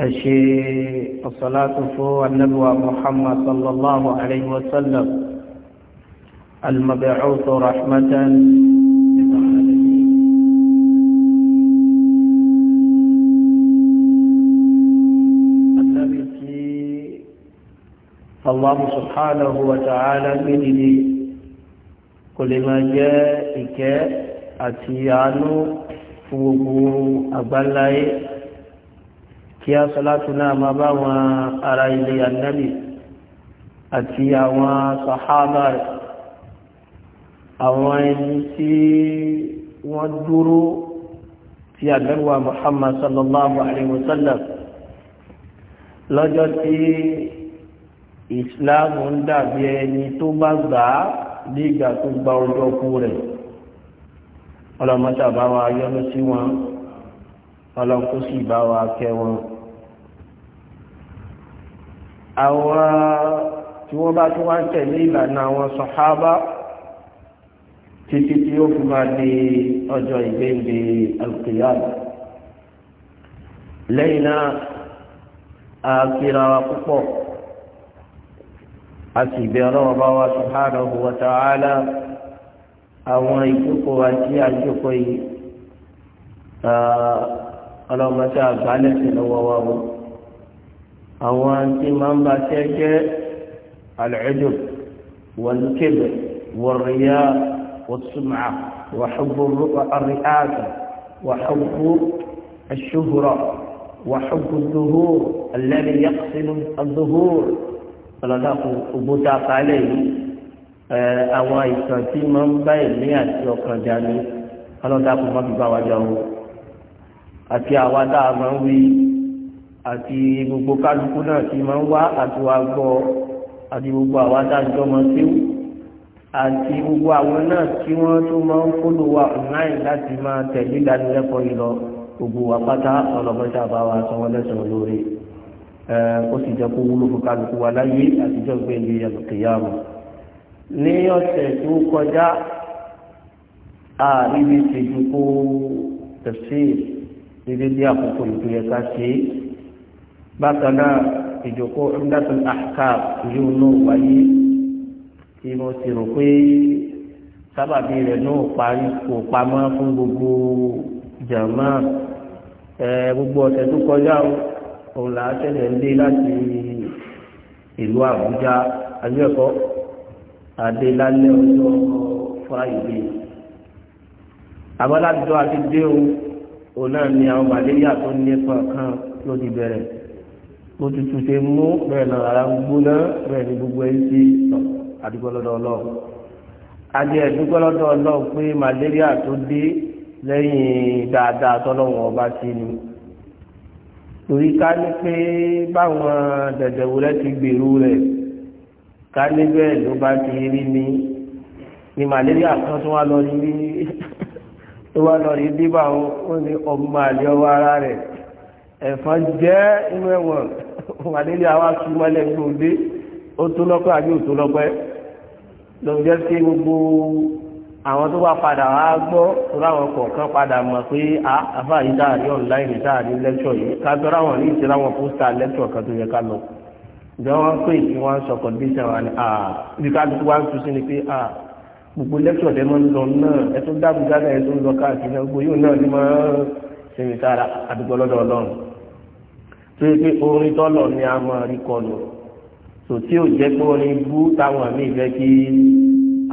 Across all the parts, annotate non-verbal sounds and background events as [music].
أشيء الصلاة فو النبوة محمد صلى الله عليه وسلم المبعوث رحمة الله سبحانه وتعالى لي كل ما جاء إكاء أتيانو فوقو أبلاي kí a sọ́látù náà ma bá wọn ara ilé annabi àti àwọn sàhábà rẹ̀ àwọn ẹni tí wọ́n dúró tí àdẹ́wà Muhammad sallallahu alaihi wasallam lọ́jọ́ tí Islam ń dàbí ẹni tó bá gbà á ní tó gba ọjọ́ kú rẹ̀ ọlọ́mọ́ta bá wa yọ́nú sí wọn ọlọ́kùn sì bá wa kẹ́ wọn àwọn tí wọ́n bá tún wá ń tẹ̀lé ìlànà àwọn sọ̀hábà títí tí ó fi máa di ọjọ́ ìgbéǹde alkiyama lẹ́yìn náà a kíra wa púpọ̀ a sì bẹ̀rẹ̀ ọba wa subhanahu wa ta'ala àwọn ìjókòó wa tí a jókòó yìí ọlọ́mọdé àgbálẹ̀ sí lọ́wọ́ wa wọ́n àwọn tí máa ń bá tẹ́ jẹ́ alẹ́jọ́ wàlúkẹ́bẹ̀ wàríyá wàtúmà wàhùbù àríyáàtà wàhùbù àṣùhùrà wàhùbù zuhur alẹ́ni yàtúnú zuhur ọlọ́dàkùn ògbóta kálẹ̀ yìí àwọn ìtàn tí máa ń bá ẹ̀mí àti ọkàn jáde ọlọ́dàkùn má fi bá wa jà àti àwa dáa máa ń wí àti gbogbo kálukú náà ti máa ń wá àti wá gbọ́ àti gbogbo àwọn adájọ́ máa ń séwú àti gbogbo àwọn náà tí wọ́n tún máa ń fóló wa online láti máa tẹ̀lé ìdánilẹ́kọ̀ọ́ yìí lọ gbogbo wa pátá ọlọ́mọdé àbáwá sanwó lẹ́sàn-án lórí ó sì jẹ́ kó wúlò fún kálukú wa láyé àtijọ́ gbẹ̀ngẹ̀ yàtọ̀kẹ̀yàmù. ní ọ̀sẹ̀ tó kọjá àríbi ṣèjú kó tẹ̀sí níbi bí àkókò ìpìlẹ̀ ṣe é bákan náà ìjòkó Umdatul Ahkam yóò náà wáyé tí mo sì rò pé sábàbí rẹ̀ náà parí kò pamọ́ fún gbogbo jàmá gbogbo ọ̀sẹ̀ tó kọjá òun là á tẹ̀lé ń dé láti ìlú Àbújá ajẹ́kọ̀ọ́ adé ọjọ́ fúráìdè àbọ̀lájọ́ àti déhùn òun náà ni àwọn màlẹ́yà tó nípa kan ló ti bẹ̀rẹ̀ bó tutù ṣe mú bẹ́ẹ̀ náà ara ń gbóná bẹ́ẹ̀ ni gbogbo ẹ̀ ń ṣe tọ̀ àdúgbò lọ́dọ̀ ọlọ́run adé àdúgbò lọ́dọ̀ ọlọ́run pé malaria tó dé lẹ́yìn dáadáa tọ́lọ́wọ́n ọba sí ni torí ká ní pé báwọn dẹ̀dẹ̀wò rẹ ti gbèrú rẹ̀ ká ní bẹ́ẹ̀ ló bá ti rí ni ni malaria kan tó wá lọ rí tó wá lọ rí bíbá wọn ó ní ọmọ àlẹ́ ọwọ́ ara rẹ̀ ẹ̀fọn jẹ́ inú ẹ̀wọ̀n wàdélé àwa sùn mọ́lẹ̀ tó dé ó tó lọ́pẹ́ àbí ó tó lọ́pẹ́ lòun jẹ́ pé gbogbo àwọn tó wá padà wá gbọ́ tó láwọn kọ̀ọ̀kan padà mọ̀ pé àfà yìí dáàrí ọ̀nláìnì dáàrí lẹ́kṣọ̀ yìí ká tọ́ láwọn ní ìṣẹ́ láwọn pósítà lẹ́kṣọ̀ kan tó yẹ ká lọ ìjọ wọn pé kí wọ́n sọ kọ̀díṣẹ̀ wa ni bí ká wá ń tu sí ni pé gbogbo lẹ́kṣọ̀ tẹ́ máa ń lọ náà ẹ tó dábùjáde ẹ tó ń lọ káàkiri gbogbo yóò náà ní máa ń ṣe mi sára àdúgbò lọ́dọ̀ tó yẹ pé orin tọ́lọ̀ ni a máa rí kọlù tòtí ò jẹ́ pé orin bú táwọn míì fẹ́ kí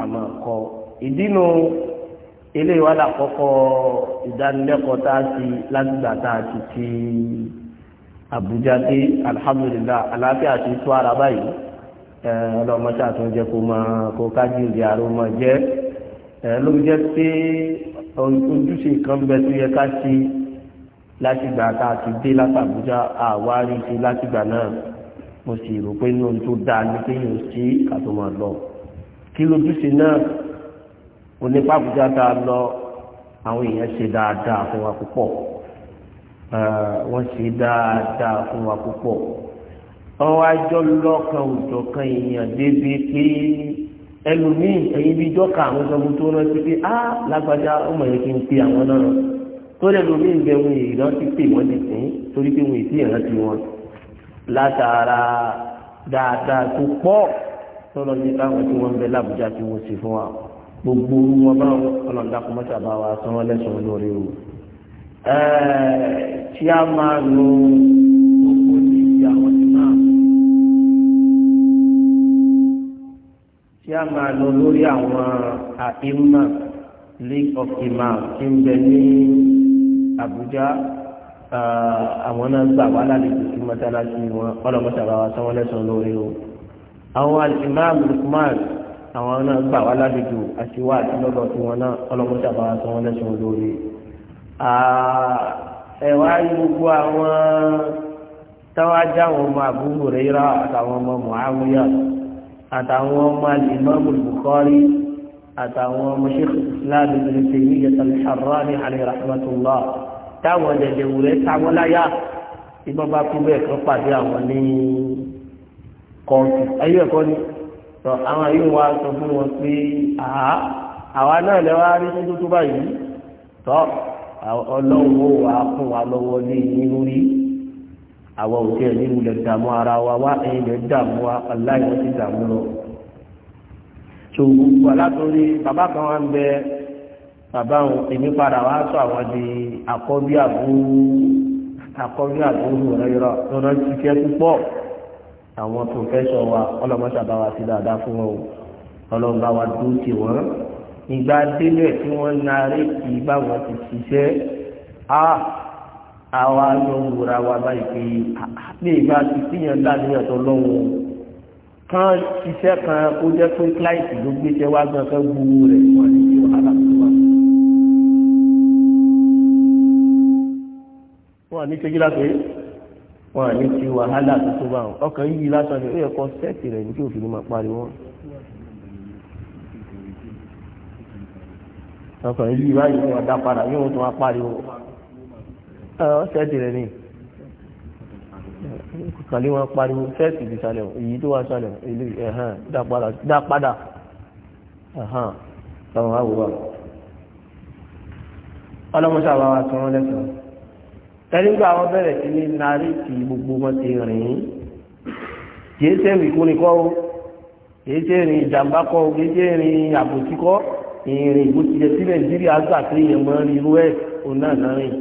a máa kọ ìdínú eléyìí wà lákọ́kọ́ ìdánilẹ́kọ̀ọ́ tá a ti lágbà tá a ti ti Àbújá dé alihamudulilayi aláfíà ti tó ara báyìí ọlọ́mọṣẹ́ àtúnjẹ kó máa kó kájí òde àrùn máa jẹ́ ló jẹ́ pé ojúṣe kan bẹ tó yẹ ká ti látìgbà tá a ti dé látàbújá àwárí sí látìgbà náà mo sì rò pé inú tó dáa ní kéèyàn sí àtúmọ̀ lọ kí lójúṣe náà onípàbújá tá a lọ àwọn èèyàn ṣe dáadáa fún wa púpọ̀ wọ́n ṣe dáadáa fún wa púpọ̀ ọwọ́ ajọ́ lọ́kàn òjọ̀kan èèyàn débi pé ẹlòmíì ẹ̀yin bíi jọ́ka àwọn ọmọ tó rántí pé á lágbájá ọmọ yẹn kí n pe àwọn náà tó lẹ́nu mí ń bẹ wọn ìran ti pè wọ́n ti sìn torí pé wọn ìsí ìrántí wọn látara dáadáa tó pọ̀ tọ́lọ́ ní káwọn tí wọ́n ń bẹ lábújá tí wọ́n ṣe fún wa gbogbo wọn bá ọlọ́dà kọ́ mọ́tà bá wa sanwó lẹ́sàn-án lórí o. tí a máa lo ọkọ̀ ní ìyá wọn ti máa tí a máa lo lórí àwọn àìmọ̀ league of imam tí ń bẹ ní. Àbújá uh, àwọn náà gbà wá lálejò sí mọ́sálásí wọn ọlọ́mọṣàbá wa sanwó lẹ́sàn lórí o àwọn Al-Imam Lukman àwọn náà gbà wá lálejò àti wá àti lọ́dọ̀ tí wọn náà ọlọ́mọṣàbá wa sanwó lẹ́sàn lórí uh, ẹ̀wá gbogbo àwọn táwa já àwọn ọmọ Abu Hurairah àtàwọn ọmọ Muawiyah àtàwọn ọmọ Al-Imam àtàwọn ọmọ Sheikh Islam ibn Taymiyyah al alayhi rahmatullah táwọn ẹlẹ́wù rẹ̀ táwọn láyà ìbọn bá kú bẹ́ẹ̀ kan pàdé àwọn ní kọ́ọ̀tù ayé ẹ̀kọ́ ni tọ àwọn yìí wá sọ fún wọn pé àá àwa náà lẹ́wọ́ á rí ní tuntun báyìí tọ́ ọlọ́run ó wàá fún wa lọ́wọ́ ní inú rí àwọn òkè ẹ̀yìn lè dààmú ara wa wá ẹ̀yìn lè dààmú wa aláìwọ́n ti dààmú lọ. ṣòwò alátorí bàbá kan wá ń bẹ bàbá àwọn èmi padà wá sọ àwọn di àkọ́bí àbúrú àkọ́bí àbúrú rẹ̀ rọ̀ ti fẹ́ púpọ̀ àwọn pòfẹ́sọ̀ wa ọlọ́mọṣà bá wa sí dáadáa fún wọn o ọlọ́run bá wa dúró tì wọ́n ìgbà délẹ̀ tí wọ́n narí kì í bá wọn ti ṣiṣẹ́ a àwa ló ń wura wa báyìí pé bí ìgbà tí tíyàn dáníyàn tó lọ́wọ́ kan ṣiṣẹ́ kan ó jẹ́ pé kíláìsì ló gbéṣẹ́ wá gan kan gbúrú rẹ̀ wọ́n ní. wọn ní kejì láti wọn ní ti wàhálà tuntun bá wọn ọkàn yìí lásán ni ó yẹ kọ sẹ́ẹ̀tì rẹ̀ ní kí òfin máa pariwo wọn. ọkàn yìí báyìí wọn dá padà yóò tún wá pariwo ọ sẹ́ẹ̀tì rẹ̀ ni kàlí wọn pariwo sẹ́ẹ̀tì ti sálẹ̀ èyí tó wá sálẹ̀ èlé ẹ̀hán dá padà ẹ̀hán táwọn àwòrán ọlọ́mọṣẹ́ àbáwá tí lẹ́sàn-án nígbà wọn bẹ̀rẹ̀ sí ní narí tí gbogbo wọn ti rìn kìí ṣe rìn ìkúnnikọ́ o kìí ṣe rìn ìjàmbá kọ́ o kìí ṣe rìn àbòsí kọ́ ìrìn ìbò ti jẹ sí nàìjíríà gbà pé èèyàn máa ń rí irú ẹ̀ e, òun náà náà rìn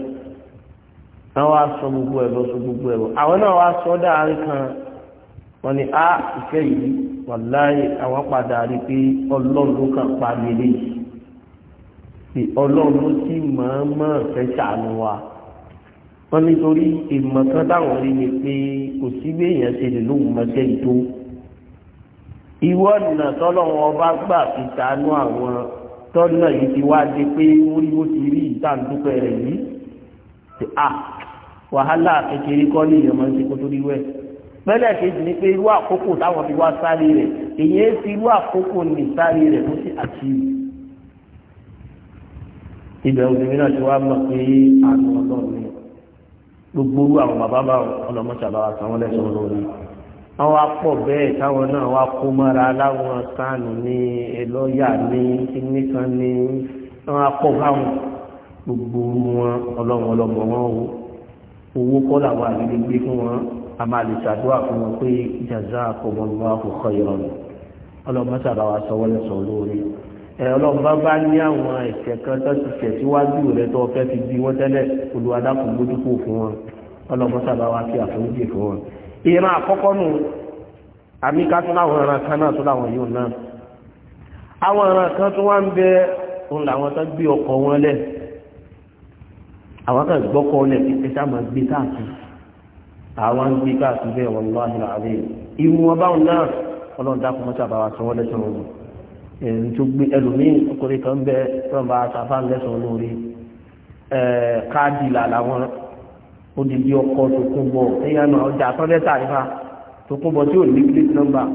náà wàá sọ gbogbo ẹ̀ e lọ sọ gbogbo ẹ̀ e lọ àwọn náà wàá sọ dáàrin kan wọn ni a ìfẹ́ yìí wàláyé àwọn padà rí pé ọlọ́run ló kàn pa mi léyìí pé ọlọ́run ló sì máa fẹ́ ṣàánú wa wọ́n nítorí ìmọ̀ kan táwọn rí ni pé kò sí bí èèyàn ṣe lè lóhùn mọ́ṣẹ́ ìtó ìwọ ọ̀nà tọ́lọ́wọ́n ọba gbà fi ṣàánú àwọn tọ́nà yìí ti wá di pé orí ó ti rí ìtàǹdúpẹ́ rẹ̀ yìí ti à wàhálà kékeré kọ́ ní ìyẹn máa ń ṣe kó tó rí wẹ̀ bẹ́lẹ̀ kejì ni pé irú àkókò táwọn fi wá sáré rẹ̀ èyí ń fi irú àkókò ní sáré rẹ̀ tó sì àṣírí ibẹ̀ obìnrin náà ti wá mọ̀ pé àánú ọlọ́run gbogbo orú àwọn bàbá bá ọlọmọṣàlá àtàwọn lẹsọọ lórí àwọn apọ bẹ́ẹ̀ táwọn náà wá kó mọ́ra láwọn sánù ní ẹlọyà ní kíníkan ní àwọn apọ báwọn gbogbo orú wọn ọlọ́run ọlọmọ wọn o owó kọ́ làwọn àgbègbè gbé fún wọn a lè ṣàdúrà fún wọn pé jazakumullahu khairan ọlọmọṣàlá wa sọ wọlé sọ lórí ọlọ́mọba bá ní àwọn ẹ̀ṣẹ̀ kan tó ti ṣẹ̀ síwájú rẹ̀ tó fẹ́ fi bí wọ́n tẹ́lẹ̀ olùwàdàkùn gbójúkò fún wọn ọlọ́mọ sábà wá sí àforíjì fún wọn. ìran àkọ́kọ́ nù àmì ká tún láwọn ọ̀ràn kan náà tún láwọn yóò náà àwọn ọ̀ràn kan tún wá ń bẹ òun làwọn tó gbé ọkọ̀ wọn lẹ̀ àwọn kan gbọ́kọ̀ lẹ̀ pípẹ́ sáàmà gbé káàkiri àwọn gbé káàkiri bẹ́ẹ̀ wọ́n lọ́wọ́ àti ẹni tó gbé ẹlòmíì ọkùnrin kan bẹ rọmba àtàfáǹgẹsàn lórí káàdì là làwọn odidi ọkọ tó kún bọ ẹyà náà ọjà tọ́lẹ́tà ìfà tó kún bọ tí ò ní plate number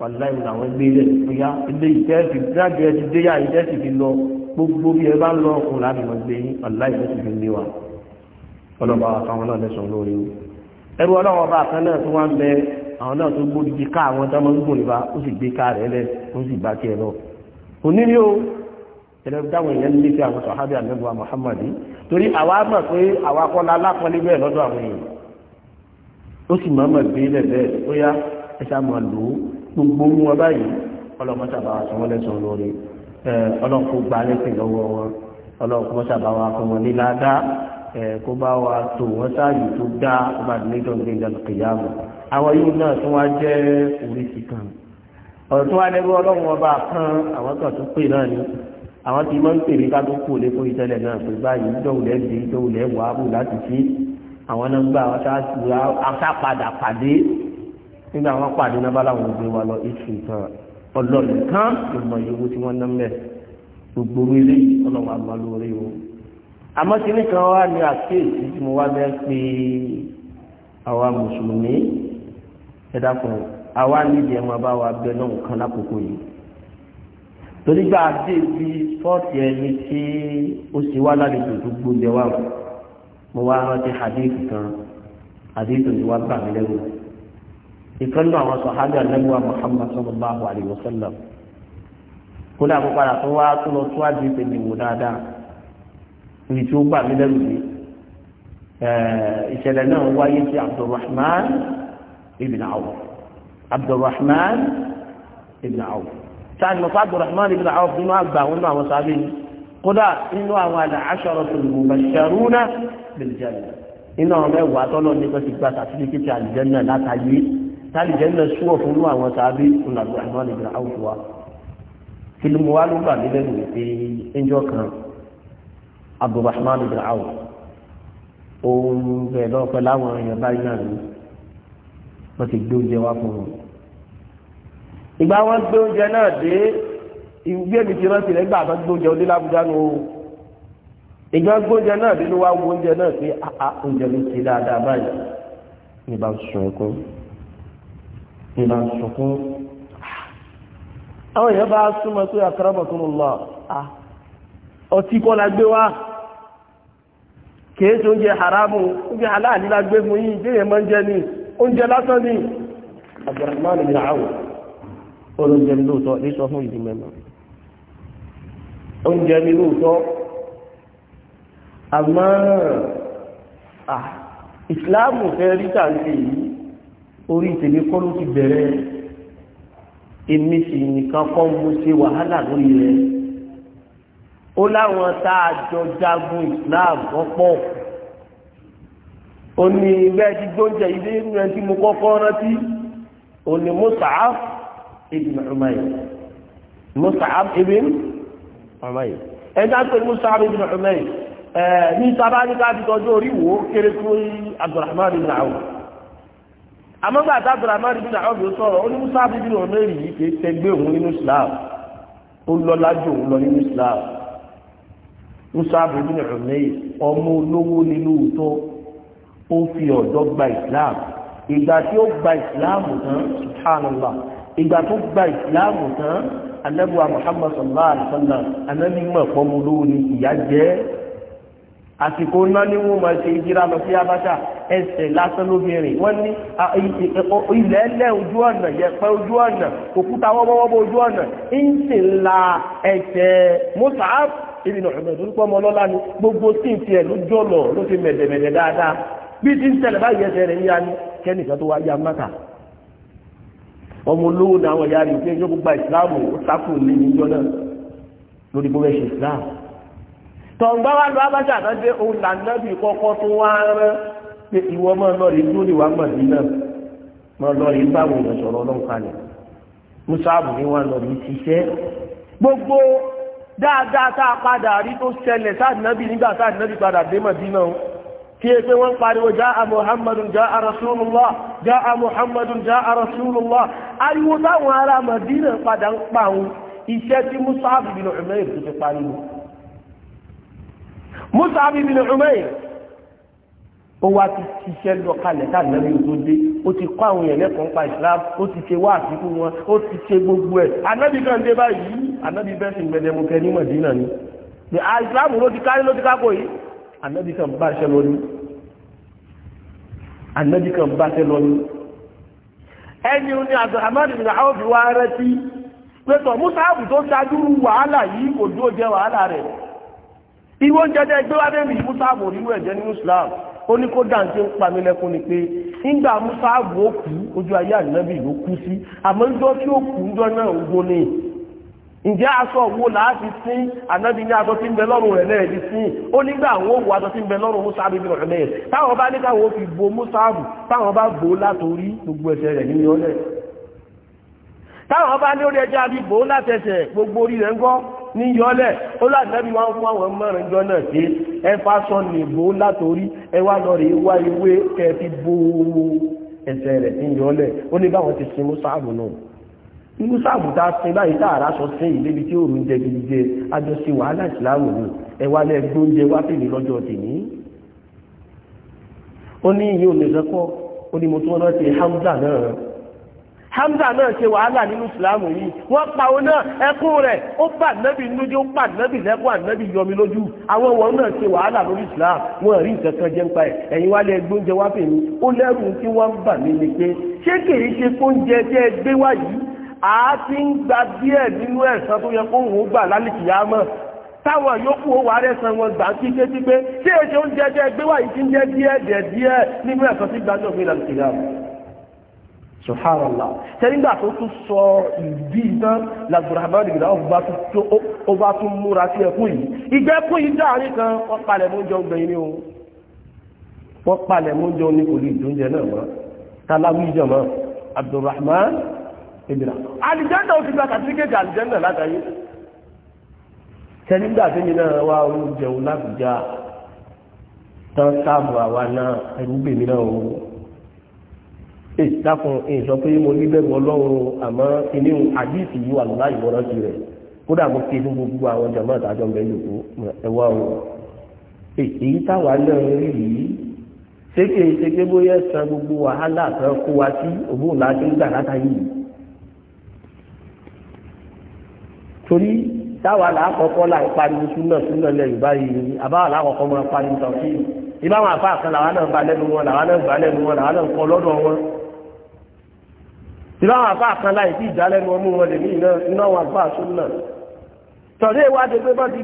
wàláì làwọn ẹgbẹ́ rẹ̀ bóyá ilé ìtẹ́ẹ̀fì dájú ẹ ti dé yá ìtẹ́ẹ̀fì fi lọ gbogbo bí ẹ bá lọ ọkùnrin láti lọ gbé yín wàláì ló ti fi lé wa ọlọ́ba àtàwọn náà lẹ́sàn lórí o ẹrú ọlọ́wọ́ bá kan náà tó wá ń bẹ àwọn náà tó gbódìdí ká àwọn tó máa ń gbòòrò ó sì gbé ká rẹ̀ lẹ̀ ó sì gbá tiẹ̀ lọ òní ni ó ẹlẹ́gbẹ́ táwọn èèyàn ní ti àwọn sọ̀hábì àlẹ́gbà Muhammad torí àwa mọ̀ pé àwa kọ́lá alápọ̀lẹ́ bẹ́ẹ̀ lọ́dọ̀ àwọn èèyàn ó sì máa mọ̀ gbé lẹ̀ bẹ́ẹ̀ ó yá ẹ ṣá máa lò ó gbogbo mú wọn báyìí ọlọ́mọṣàbá wa sọ wọ́n lẹ́sọ̀ lórí ọlọ́kó gba lẹ́sìn lọ́wọ́ wọn ọlọ́mọṣàbá wa fún wọn ní ládàá kó bá wa tò wọ́n sáàyè tó dá ọba àdínlẹ́jọ́ gbẹ̀ngàn kìyàmù àwọn yóò náà tún wá jẹ́ oríṣi kan ọ̀rọ̀ tó wá lẹ́rú ọlọ́run ọba kan àwọn tó tún pè náà ni àwọn tí máa ń pè ní ká tó kú òlé fún ìtẹ́lẹ̀ náà pé báyìí dọ́wùlẹ̀ dé dọ́wùlẹ̀ wà á bù láti fi àwọn náà ń gbà wọn sápadà pàdé nígbà wọn pàdé náà bá láwọn òbí wa lọ ìtù ìtàn ọlọ́ọ̀lẹ̀ kan ló mọ iye owó tí wọ́n ná mẹ́ gbogbo orí ilé ọlọ́wọ́ àgbà lórí o àmọ́ tí nìkan wá ní àkéèsí àwa nídìí ẹ̀ máa bá wa bẹ náà nǹkan lákòókò yìí torí gbà dé ibi fọ́ọ̀tì ẹni tí ó sì wá lálejò tó gbóúnjẹ wà mo wá rántí hadith kan hadith ni wá gbà mí lẹ́rù ìkànnì àwọn sọ̀hádì àlẹ́wà Muhammad sallallahu alayhi wa sallam kódà mo padà tó wá tó lọ tó àdé ìpè wò dáadáa ibi tí ó gbà mí lẹ́rù yìí ìṣẹ̀lẹ̀ náà wáyé sí Abdulrahman ibn Awf abdulrahman ibn awf sáàni mọ̀fá abdulrahman ibn awf nínú àgbà wọn náà àwọn sábẹ́ ni kódà nínú àwọn àlà asharatul mubashsharuna bil janna nínú àwọn mẹ́wàá tọ́lọ́ nípa ti gba sàtífíkẹ́tì àlìjẹ́nà látàyé tálìjẹ́nà súwọ̀ fún àwọn sábẹ́ nínú abdulrahman ibn awf wa filimu wa ló gbà mí lẹ́nu wípé ẹnjọ́ kan abdulrahman ibn awf òun bẹ̀rẹ̀ lọ́pẹ́ láwọn èèyàn báyìí náà ni wọ́n ti gbé oúnjẹ wá fún un ìgbà wọn gbé oúnjẹ náà dé ìgbé mi ti rántí rẹ gbà tó gbé oúnjẹ òde lábújá nù o ìgbà gbóúnjẹ náà dé ló wá wo oúnjẹ náà pé àá ah, ah, oúnjẹ ló ti dáadáa báyìí ní bá ń sun ẹkún ní bá ń sunkún àwọn èèyàn bá súnmọ́ pé akramakumullah ah, ọtí kọ́ la gbé wá kìí ṣe oúnjẹ haramu oúnjẹ halal la gbé fún yìí ìdíyẹ̀ máa ń jẹ ní oúnjẹ lásán ní Abdurrahman bin Awf oúnjẹ mi lóòótọ́ ní sọ fún ìdí mẹ́mọ́ oúnjẹ mi lóòótọ́ àmọ́ ìsìláàmù fẹ́ rí tàǹtì yìí orí ìtẹ̀lé kọ́ ló ti bẹ̀rẹ̀ èmi sì nìkan kọ́ mo ṣe wàhálà lórí rẹ̀ ó láwọn tá jagun ìsìláàmù ọ̀pọ̀ ó ní ilé ẹjí gbóúnjẹ ilé ẹni tí mo kọ́kọ́ rántí ó ní mùsàáfù ibn umayr mus'ab ibn umayr ẹ̀dá pé mus'ab ibn umayr ní sábà ní káàdì tọjú orí wo kéré tó yí abdulrahman ibn awf amọ́gbà tá abdulrahman ibn awf yóò sọ̀rọ̀ ó ní mus'ab ibn umayr yìí kì í tẹgbẹ́ òun nínú islam ó lọ́lá jù òun lọ nínú islam mus'ab ibn umayr ọmọ olówó nínú òótọ́ ó fi ọ̀dọ́ gba islam ìgbà tí ó gba islam tán subhanallah ìgbà tó gba ìsìláàmù tán anẹ́bùwà Muhammad sallallahu alaihi wasallam anẹ́bí mọ̀ pọ́nmu lórí ìyá jẹ́ àsìkò náà ni wọ́n máa ṣe ìjírá lọ sí abáṣà ẹsẹ̀ lásán lóbìnrin wọ́n ní ilẹ̀ ẹlẹ́ ojú ọ̀nà yẹpẹ́ ojú ọ̀nà òkúta wọ́wọ́wọ́ ojú ọ̀nà ìǹtì ńlá ẹsẹ̀ Mus'ab ibi nà ọ̀hún ẹ̀dùn pọ́nmọ́ lọ́la ni gbogbo tí ń fi ẹ̀ lójọ́ lọ ló fi mẹ̀dẹ̀mẹ̀dẹ̀ dáadáa bí ti ń tẹ̀lẹ̀ báyìí ẹsẹ̀ rẹ̀ yíya ni kẹ́nìkan tó wá yá ọmọ olówó ni àwọn ìyá rẹ̀ pé yóò gba ìsìláàmù ó sáfù lé níjọ́ náà lórí bó fẹ́ ṣe ìsìláàmù. tọ̀ǹgbà wa lọ abájá àtàdé òun làná bí kọ́kọ́ tó wá rán pé ìwọ máa lọ rí lórí wa mọ̀ sí náà máa lọ rí báwọn èèyàn sọ̀rọ̀ ọlọ́run kalẹ̀ mùsàlùmí ni wọn lọ rí ṣiṣẹ́ gbogbo dáadáa tá a padà rí tó ṣẹlẹ̀ sáà nàbì nígbà sáà nàbì padà dé Mádínà o tí é pé wọ́n pariwo jáà muhammadun jáà rasulullah jáà muhammadun jáà rasulullah ariwo táwọn ará madina padà ń pàun iṣẹ́ tí musab bin umair tó ti pariwo musab bin umair ó wá ti ṣiṣẹ́ lọ kalẹ̀ káàlẹ́rí tó dé ó ti kọ́ àwọn èèyàn lẹ́kọ̀ọ́ pa islam ó ti ṣe wá àfikún wọn ó ti ṣe gbogbo ẹ̀ anábì kan dé báyìí anábì bẹ́ẹ̀ sì gbẹdẹmukẹ ní madina ni islam ló ti kárí ló ti kákò yìí ànábì kan ba ṣẹ́ lọ ní ànábì kan bá ṣẹ́ lọ ní ẹni ní Abdurrahman bin pẹ́tọ̀ tó dájú wàhálà yìí kò dúró jẹ́ wàhálà rẹ̀ ìwọ ń jẹ́jẹ́ gbé wá bẹ́ẹ̀ ní Mus'ab òrìwọ̀ ẹ̀jẹ̀ ní Islam ó ní kó dáǹtí ń pàmí lẹ́kún ni ǹjẹ́ aṣọ wo láti sín ànábi ní aṣọ tí ń bẹ lọ́rùn rẹ̀ náà ti sín ó nígbà àwọn òwò aṣọ tí ń bẹ lọ́rùn Mus'ab ibn Umair táwọn bá ní káwọn fi bo Mus'ab táwọn bá bò látorí gbogbo ẹsẹ̀ rẹ̀ nínú ọlẹ̀ táwọn bá ní orí ẹja bí bò látẹsẹ̀ gbogbo orí rẹ̀ ń gọ́ ní yọlẹ̀ ó látẹ́bí wọn fún àwọn mẹ́rin jọ náà pé ẹ fásọ ní bò látorí ẹ wá lọ rèé wá ewé kẹ fi bo ẹsẹ̀ rẹ̀ ní yọlẹ̀ ó ní báwọn ti sin Mus'ab náà irú sáàbù tá a sin báyìí táàrà sọ sí yìí débi tí òun jẹ gidigidi ajọ sí wàhálà ìsìláàmù ni ẹ wá lẹ gbóúnjẹ wá pè mí lọ́jọ́ tèmi ó ní ìyẹn òun nìkan kọ́ ó ní mo tún rántí Hamza náà Hamza náà ṣe wàhálà nínú ìsìláàmù yìí wọ́n pa òun náà ẹkún rẹ̀ ó bà nẹ́bì lójú ó bà nẹ́bì lẹ́kún ànẹ́bì yọmi lójú àwọn wọn náà ṣe wàhálà lórí ìsìláàmù wọn rí nǹkan kan jẹ́ ń pa ẹ̀ ẹ̀yin wá pè mí ó lẹ́rù tí wọ́n bà mí ni pé ṣé kìí ṣe kóúnjẹ jẹ́ gbé wá yìí a ti ń gba díẹ̀ nínú ẹ̀san tó yẹ kó òun gbà lálìkìyámọ̀ táwọn yòókù ó wà rẹ̀sán wọn gbà kíké sí pé tí èsì oúnjẹ jẹ́ gbé wà yìí ti ń jẹ́ díẹ̀ díẹ̀ díẹ̀ nínú ẹ̀san tí gbàjọ́ fi lálìkìyámọ̀ subhanallah tẹ́lígbà tó tún sọ ìdí ìtàn làgbòràmọ́ ìgbìdá ó bá tún múra sí ẹkún yìí ìgbẹ́kún yìí dáàrin kan wọ́n palẹ̀ mú jọ gbẹ̀yìn ní o wọ́n palẹ̀ mú jọ ní kò lè dúnjẹ náà mọ́ táláwí jọ mọ́ abdulrahman ìmìnà alìjẹ́ndà ó ti gba kàtíríkèjì alìjẹ́ndà látàyé tẹ́lígbà tí mi náà wá oúnjẹun lábùjá tán sáàbù àwa náà ẹrúgbè mi náà o èyí dákun èyí sọ pé mo níbẹ̀rù ọlọ́run àmọ́ inú àdìsí yìí wà lọ́la ìwọ́rántí rẹ̀ kódà mo fi fún gbogbo àwọn jàmbá àtàjọ ń bẹ yòókù ẹwà o èyí táwa náà rí yìí ṣé kí n ṣe pé bóyá san gbogbo wàhálà kan kó wa sí òbóòlà tí ń gbà látàyè yìí torí táwa là á kọ́kọ́ là ń pariwo súnà súnà lẹ̀ yorùbá yìí àbáwà là á kọ́kọ́ máa pariwo tọ̀sí ìbáwọn àfa kan làwọn náà ba lẹ́nu wọn làwọn náà gbà lẹ́nu wọn làwọn náà kọ́ lọ́dọ̀ wọn ìbáwọn àfa kan láì sí ìdálẹ́nu wọn mú wọn lèmi iná iná wọn àfa súnà tọ̀lé ìwádìí pé bá ti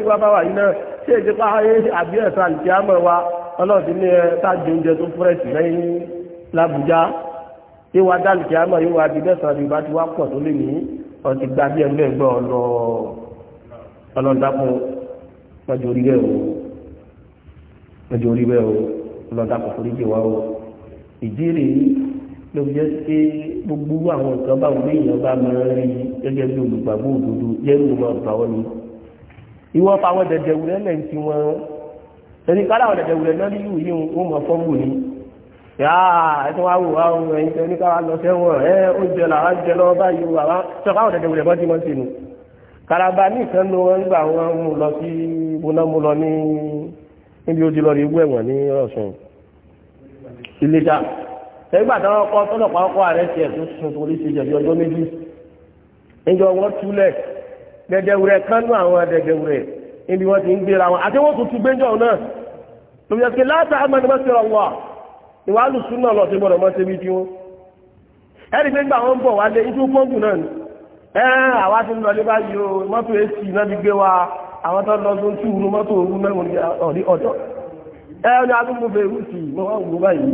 ìwà bá yìí náà ṣé èdè pa ayé àbí ẹ̀sán àlùkí àmọ́ wa ọlọ́ọ̀dì ní ọtí gba bí ẹgbẹ́ ẹgbẹ́ ọlọ ọlọ́dàpọ̀ lọ́jọ́ orí bẹ́ẹ̀ o lọ́jọ́ orí bẹ́ẹ̀ o ọlọ́dàpọ̀ foríjì wa o ìdí rèé ló fi jẹ́ pé gbogbo àwọn nǹkan báwo lè yàn bá máa ń rí gẹ́gẹ́ bí olùgbàgbọ́ òdodo yẹ́rù máa bà wọ́n ni ìwọ fáwọn dẹ̀dẹ̀wúrẹ́ lẹ́yìn tí wọ́n ẹni káláwọn dẹ̀dẹ̀wúrẹ́ náà rí yìí ó mọ̀ fọ́ọ̀mù ni yáà ẹ̀tọ́ wá wò wá ohun ẹ̀yìn tẹ́ ní káwà lọ sẹ́wọ̀n ẹ̀ oúnjẹ làwọn jẹ lọ báyìí wà wá tọ́ka àwọn tẹ̀tẹ̀ wùlẹ̀ bọ́ tí wọ́n ti nù. karaba ní ìkan ló ń gbà wọn mú lọ sí bóná mú lọ ní níbi ó ti lọ rí igbó ẹ̀wọ̀n ní ọ̀sán ìlẹ́jà ẹgbà táwọn ọkọ tọ́lọ̀pá ọkọ ààrẹ tiẹ̀ tó sun torí ti jẹ̀bi ọjọ́ méjì níjọ wọn túlẹ̀ dẹ̀dẹ̀wùrẹ̀ kánú àwọn dẹ̀dẹ̀wùrẹ̀ ìwádùn súnà lọ sí gbọ́dọ̀ mọ́ sí ibi tí wọ́n ẹ̀rí pé gbà wọ́n bọ̀ wá lé ijú pọ́ǹpù náà ni ẹ̀ẹ́n àwa ti ń lọ lébá yìí o mọ́tò ac náà ti gbé wa àwọn tó lọ sí ojú ìrú mọ́tò òru náà ní ọ̀dí ọ̀dọ̀ ẹ ọ́nà agbófinró èrú sí i wọ́n wò báyìí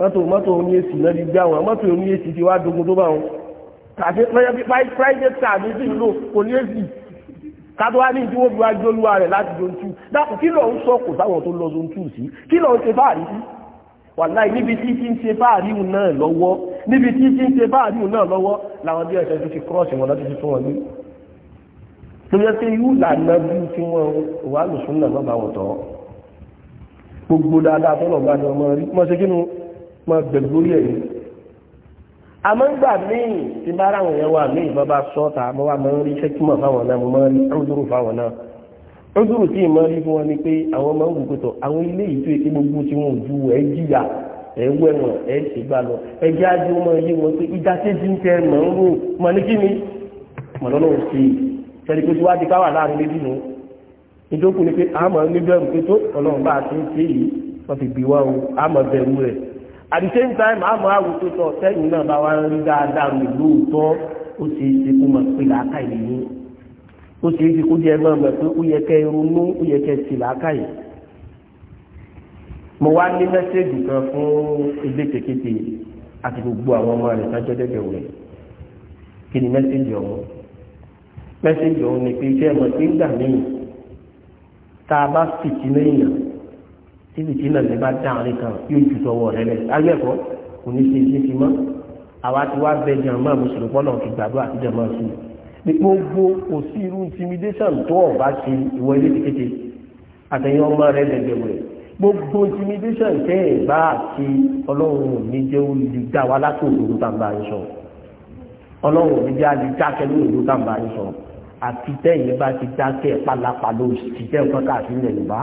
mọ́tò mọ́tò oní ac náà ti gbé àwọn mọ́tò oní ac ti wá dogun tó bá wọn kàfi private car ní sí ìlú kò ní ac kátó wá ní ìdí wọ́n fi wá jólúwa rẹ̀ láti zone two dákùn kí lọ́ọ́ ń sọ kò sáwọn tó lọ zone two sí kí lọ́ọ́ ń ṣe fáàrí sí wàláì níbi tí tí ń ṣe báàríù náà lọ́wọ́ níbi tí tí ń ṣe báàríù náà lọ́wọ́ làwọn bí ẹ̀ṣẹ́ tó ti kírọ́ọ̀ṣì wọn lọ́dún tuntun wọn ní. tó yẹ pé irú ìlànà bí tí wọn wà lùsùn náà lọ́ba wọn tọ́ gbogbo dáadáa tó lọ́ba ni ọmọ rí mọ́ ṣe kí ni mọ́ bẹ̀rù lórí ẹ̀ ni. àmọ́ ń gbà míì tí bá ráwọn yẹn wà míì bá bá sọ́ta mo wà mọ́ rí ṣẹ́kí mọ̀ fáwọn náà mọ́ rí ó dúró tí ìmọ̀ rí fún wọn ni pé àwọn ọmọ ògùn pẹ̀tọ̀ àwọn ilé yìí tó yẹ kí gbogbo tí wọn ò ju ẹ jìyà ẹ wẹ̀wọ̀n ẹ ṣègbà lọ ẹ jẹ́ ajé wọn yé wọn pé ìdákẹ́jì ń tẹ mọ̀ ń rò mọ̀ ní kí ni mọ̀ lọ́nà ò sí sẹ́ni pé síwájú káwà láàrin lédì nù ìjókòó ni pé àmọ́ níbẹ̀rù pé tó ọlọ́run bá a ti ń ṣe yìí wọ́n fi bí wá o àmọ́ bẹ̀rù rẹ̀ at the same time àmọ́ àwòrán tó sọ sẹ́yìn náà bá wá rí dáadáa lò lóòótọ́ ó ṣe é ṣe kó ó ṣe é fi kó jẹ́ ẹgbẹ́ ọmọ pé ó yẹ kẹ́ ronú ó yẹ kẹ́ sì làákàyè mo wá ní mẹ́sẹ̀gì kan fún ilé kékeré àti gbogbo àwọn ọmọ rẹ̀ sájọ́ dẹ́gbẹ̀ wẹ̀ kí ni mẹ́sẹ̀gì ọ̀hún mẹ́sẹ̀gì ọ̀hún ni pé iṣẹ́ ẹ̀mọ́ tí ń gbà míì tá a bá fìtí lẹ́yìn tí fìtí náà lè bá dá àárín kan yóò ju sọ́wọ́ rẹ̀ lẹ̀ ayẹ́kọ̀ọ́ kò ní ṣe iṣẹ́ fi mọ́ àwa ti wá bẹ jẹun mọ́ àmúṣe lọ́pọ̀ náà fi gbàdúrà àtijọ́ mọ́ sí ní gbogbo kò sí irú intimidation tó ọ̀bá ṣe ìwọ ilé kékeré àtẹ̀yìn ọmọ rẹ̀ lẹ́gbẹ̀ẹ́ rẹ̀ gbogbo intimidation tẹ́ ẹ̀ bá ṣe ọlọ́run ní jẹ́ olùdá wa látò òdodo tá n bá yín sọ ọlọ́run ní jẹ́ alìdákẹ́ lórí òdodo tá n bá yín sọ àti tẹ́yìn bá ti dákẹ́ pálapàla òsì tẹ́ nǹkan káàkiri ilẹ̀ yorùbá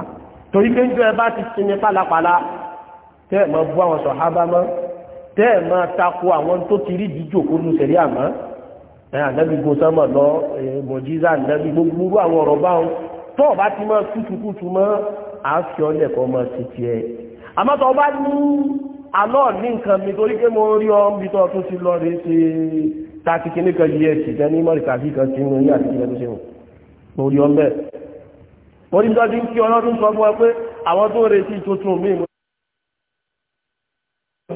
torí pé njọ́ ẹ bá ti sinmi pálapàla tẹ́ ẹ̀ máa bú àwọn sọ̀hábà mọ́ tẹ́ ẹ̀ máa takò àwọn tó ti rí ìdíjò kó lu sẹ̀rí àmọ́ ẹ ànábì gun sánmà lọ ẹ mọ̀jísà ànábì gbogbo àwọn ọ̀rọ̀ báwọn tó o bá ti máa kútukútu mọ́ àáfíọ́lẹ̀ kan máa ti tiẹ̀ àmọ́ tó o bá ní alọ́ ní nǹkan mi torí pé mo rí ọ níbi tó o tún ti lọ rí ṣe tàti kìíní kan yí ẹ̀sì jẹ́ ní mọ́ríkà sí kan ti rìn ní àti ìrẹ́lú ṣe wọn mo rí ọ mẹ́ mo rí tọ́jú kí ọlọ́dún sọ fún ẹ pé àwọn tó ń retí tuntun mi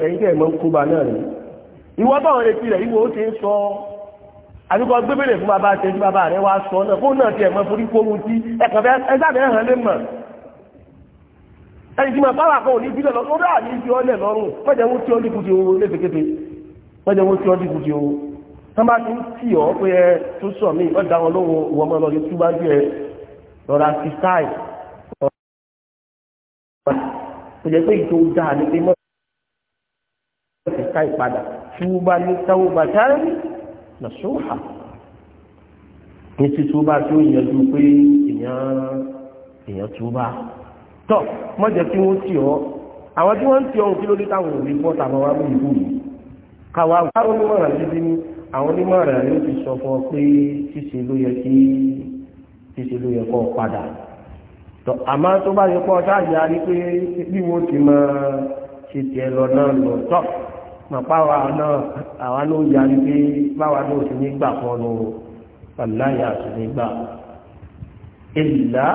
ẹ̀yìn tẹ̀ mọ́ ń kóba náà rí ìwọ báwọn retí rẹ̀ ìwọ ó ti ń sọ àbíkọ gbébèrè fún bàbá tẹ fún bàbá rẹ wá sọ náà fóun náà tiẹ̀ mọ forí kóorun tí ẹ̀kọ́ fẹ́ ẹ̀sán ẹ̀ hàn lé mọ̀ ẹni tí ma bára kan ò ní bílẹ̀ lọ́rùn ó dáa ní ibi lọ́rùn mọ́jẹ̀ wọ́n tí ó dínkù ti ooo lẹ́fẹ̀kẹ́fẹ́ mọ́jẹ̀ wọ́n tí ó dínkù ti ooo tán bá ti ń tì ọ́ pé ẹ tó sọ mí ọ́ dáwọn nàṣọ́hà ní títúbà tí ó yẹjú pé èèyàn túbà tọ́ mọ́jẹ̀ kí wọ́n tì ọ́ àwọn tí wọ́n ń tì ọ́ kí ló dé táwọn òbí bọ́ tàbí wá bú ìbú yìí káwa àwọn onímọ̀ràn dídí ní àwọn onímọ̀ràn yóò ti sọ fún ọ pé ṣíṣe ló yẹ kí ṣíṣe ló yẹ kọ́ padà tọ́ àmọ́ tó bá yẹ kọ́ ṣáàyà rí pé bí wọ́n ti máa ṣe tiẹ̀ lọ náà lọ tọ́ pàpáwà náà àwa ló yarí pé báwa ló sì ní gbà fún ọ́nù pàláyà sì ní gbà ìlà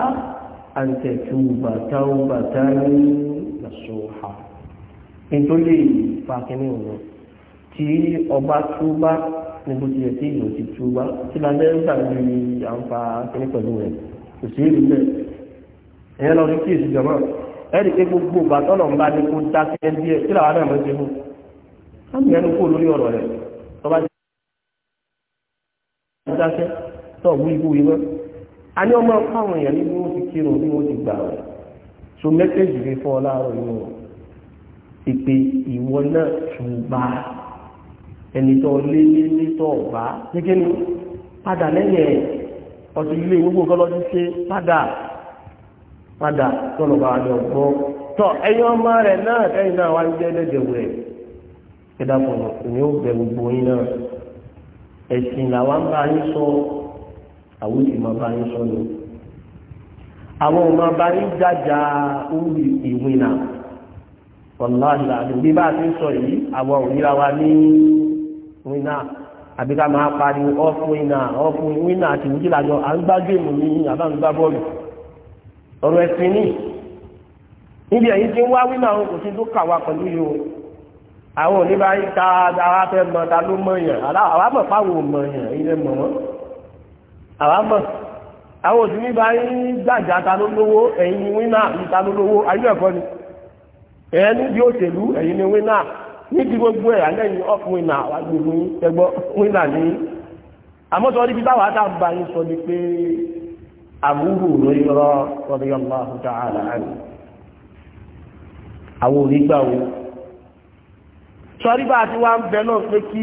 àǹtẹ̀tù bàtàù bàtàù lọ́sọ̀ọ́hà nítorí ìfàkínní òun tí ọba túbá níbo ti yẹ tí ìlú ti túbá tí lálẹ́ ń gbàgbé àǹfà kínní pẹ̀lú rẹ̀ kò sí èlú bẹ́ẹ̀ ẹ̀yẹ́ lọ rí kí èsì jọmọ́ ẹ̀rí pé gbogbo ìgbà tọ́lọ̀ ń bá ní kó dákẹ́ díẹ̀ tí làwọn náà mọ̀ ṣe láti yẹnu kó lórí ọ̀rọ̀ rẹ̀ tọ́ba ti dáṣẹ́ tọ́ wú ibú imọ́ a ní ọmọ fáwọn èèyàn ní bí wọ́n ti kírun bí wọ́n ti gbà rẹ̀ so mẹ́sẹ̀jì fi fọ́ láàárọ̀ inú wọn ìpè ìwọ náà ṣùgbọ́n ẹni tó lé lé lé tó ọ̀bá gẹ́gẹ́ ni padà lẹ́yìn ẹ̀ ọtí ilé gbogbo nǹkan lọ́dún ṣe padà padà tọ́lọ̀ bá a lọ gbọ́ tọ́ ẹ̀yin ọmọ rẹ̀ náà ẹ̀yin náà wá ń jẹ́ ẹlẹ́dẹ̀wẹ̀ kíkà pọ̀ ní ó bẹ gbogbo yín náà ẹ̀sìn làwa ń bá yín sọ àwọn sì máa bá yín sọ ni àwọn ò máa bá yín jájà orí ìwé náà wàláhì làbí bí bá a ti ń sọ yìí àwọn òyìnbá wa ní wíná àbí ká máa pariwo ọ́fù wíná ọ́fù wíná àti wíjìlájọ à ń gbá géèmù ní àbá ń gbá bọ́ọ̀lù ọ̀rọ̀ ẹ̀sìn ní níbi ẹ̀yìn tí ń wá wíná òun kò sí tó kà wá pẹ̀lú yìí o àwọn òní bá ń ta ara fẹ́ mọ ta ló mọ yàn àwa mọ̀ fáwọn mọ yàn ilé mọ̀ wọ́n àwa mọ̀ àwọn òsì ní bá ń gbàjà ta ló lówó ẹ̀yin wínà ta ló lówó ayé ẹ̀kọ́ ni ẹ̀yẹn níbi òṣèlú ẹ̀yin ni wínà níbi gbogbo ẹ̀ alẹ́yìn ọkùnrin náà wà gbogbo ẹgbọ́ wínà ní àmọ́sọ níbi táwọn àtàbà yín sọ ni pé àbúrò ló yọrọ radiyallahu ta'ala sọrí bá a ti wá ń bẹ náà pé kí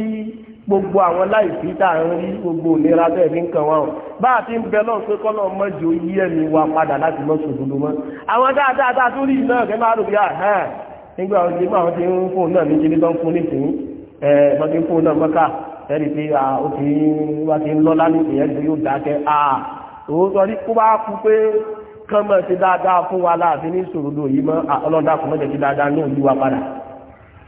gbogbo àwọn láìsí tá à ń rí gbogbo ìlera bẹ́ẹ̀ ní nǹkan wa o bá a ti ń bẹ náà pé kọ́nà mọ́jọ yí ẹ̀mí wa padà láti mọ́ sòdodo mọ́ àwọn dáadáa tá a tún rí náà kẹ́ máa rò bí i àhán nígbà wọn ti máa ti ń fóun náà níṣẹ́ ní tó ń fún nísìnyí ẹ̀ẹ́ wọ́n ti ń fóun náà mọ́ká ẹ̀rí pé ó ti wá ti ń lọ́lá nísìnyí ẹ̀rí pé yóò dákẹ́ à òótọ́ ní kó bá kú pé kán mọ̀ sí dáadáa fún wa láàfin ní sòdodo yìí mọ́ ọlọ́dà kò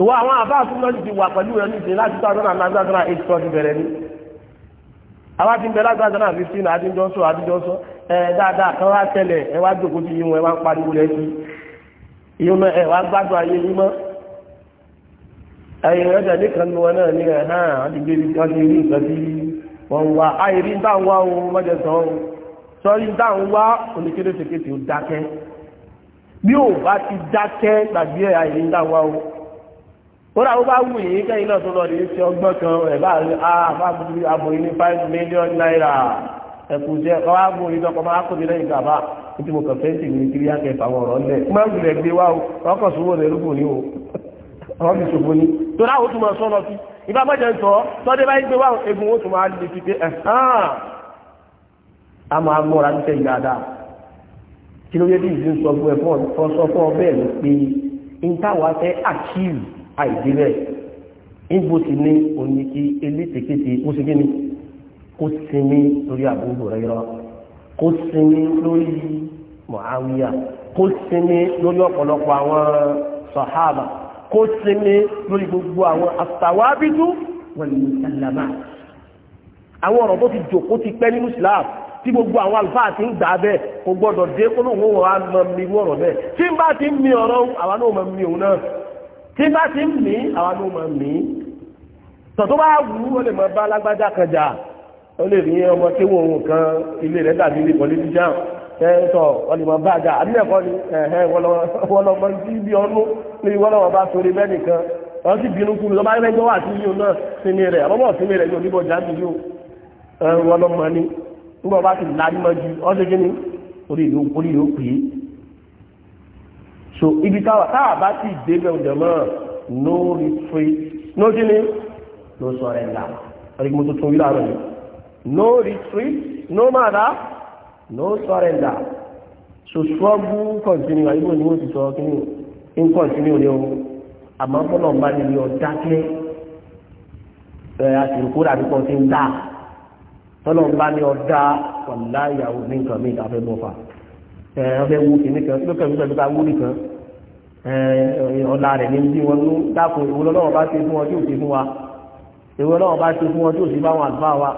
ìwọ àwọn àbá àtúntò ti wà pẹ̀lú rẹ níṣẹ́ láti tó àdúrà náà àdúrà eight forty bẹ̀rẹ̀ ni àwa ti ń bẹ láti àdúrà fifteen àdíjọ́sọ àdíjọ́sọ ẹ dáadáa kan wá tẹ́lẹ̀ ẹ wá jókòó sí yíwọn ẹ wá ń pariwo rẹ sí yíwọn ẹ wá gbádùn ayé yín mọ́ ẹ̀yìn rẹ̀ tẹ̀lé kan nu wọn náà ní ẹ̀ hàn án ti gbé wọn ti rí nǹkan tí wọn wá àìrí táwọn wá ohun mọ́jọ sàn ó sọrí táwọn wá oníkéréṣekéṣe ó dákẹ́ bí ò bá ti dákẹ́ gbàgbé àìrí táwọn wá ohun kódà ó bá wù yìí kẹ́yìn náà tó lọ rí sí ọgbọ́n kan ẹ̀ bá rí àbábí ah, aboyí ní five million naira ẹ̀kú jẹ́ ọwọ́ àbò yìí lọ́kọ̀ máa kó mi lẹ́yìn gàba títí mo kàn fẹ́ sì ní kiri akẹ́ fàwọn ọ̀rọ̀ ńlẹ̀ má wù lẹ̀ gbé wá o ọkọ̀ sówó rẹ̀ rúgbò ní o ọ̀rọ̀ mi ṣòfò ní. torí àwọn òtún máa sọ lọ sí ibà bọ́jẹ̀ ń tọ́ ó tún máa lè fi pé a máa mọ́ra níṣẹ́ yìí dáadáa kí ló yẹ bí ìdí ń sọ fún ẹ fún ọ àìdí bẹ́ẹ̀ níbo ti ní oní kí elétekéte kó sí kíni kó sinmi lórí Abu Hurairah kó sinmi lórí Muawiya kó sinmi lórí ọ̀pọ̀lọpọ̀ àwọn sàhábà kó sinmi lórí gbogbo àwọn àtàwábídú ni musallamat àwọn ọ̀rọ̀ tó ti jòkó ti pẹ́ nínú Islam tí gbogbo àwọn àlùfáà ti ń gbà bẹ́ẹ̀ kò gbọ́dọ̀ dé kó lóun ó wà á mọ mi wọ̀rọ̀ bẹ́ẹ̀ tí n bá ti mi ọ̀rọ̀ àwa náà mọ mi òun náà tí bá ti ń mí àwọn ló mọ̀ mí tọ̀ tó bá wù ó lè mọ̀ bá lágbájá kan jà ó lè rí ọmọ kéwọ́n òun kan ilé rẹ̀ dàbí ilé politician ẹ̀ẹ́tọ̀ ọlùmọ̀ bá jà àbílẹ̀kọ́ ni ẹ̀ẹ́ wọlọmọ tí bí ọdún ní wọlọmọ bá sórí bẹ́ẹ̀ nìkan wọ́n sì bínú kú lọ́ba ẹgbẹ́ wà sí yíò náà sinmi rẹ̀ ọmọ sinmi rẹ̀ yóò níbọ̀ jáde yóò ẹ̀ẹ́ wọlọmọ ni nígbà bá ti lágbájú ọdún kí ni orí ìlú orí so ibi táwa táwa bá ti débẹ̀ ọ̀dọ̀ mọ́ no retreat no kíni no surrender ọ̀rẹ́ mo tuntun wíwá rẹ̀ no retreat no mada no surrender so struggle continue àyíkò ni wọ́n ti sọ kíni in continue ni o àmọ́ fọlọ́ bá níbi ọ̀dá kílẹ̀ ẹ̀ àti ìkó dàbí kan ti ń dà fọlọ́ bá ní ọ̀dá wàlá ìyàwó ní nǹkan mi ìdáfẹ́ bọ́fà ọbẹ̀ wo kìíní kan lókè nígbà tó bá wúlì kan ọ̀la rẹ̀ ní bí wọn ló dákun ìwọ lọ́wọ́ bá ṣe fún wọn tí ò ṣe fún wa ìwọ lọ́wọ́ bá ṣe fún wọn tí ò ṣe báwọn àlùfáà wa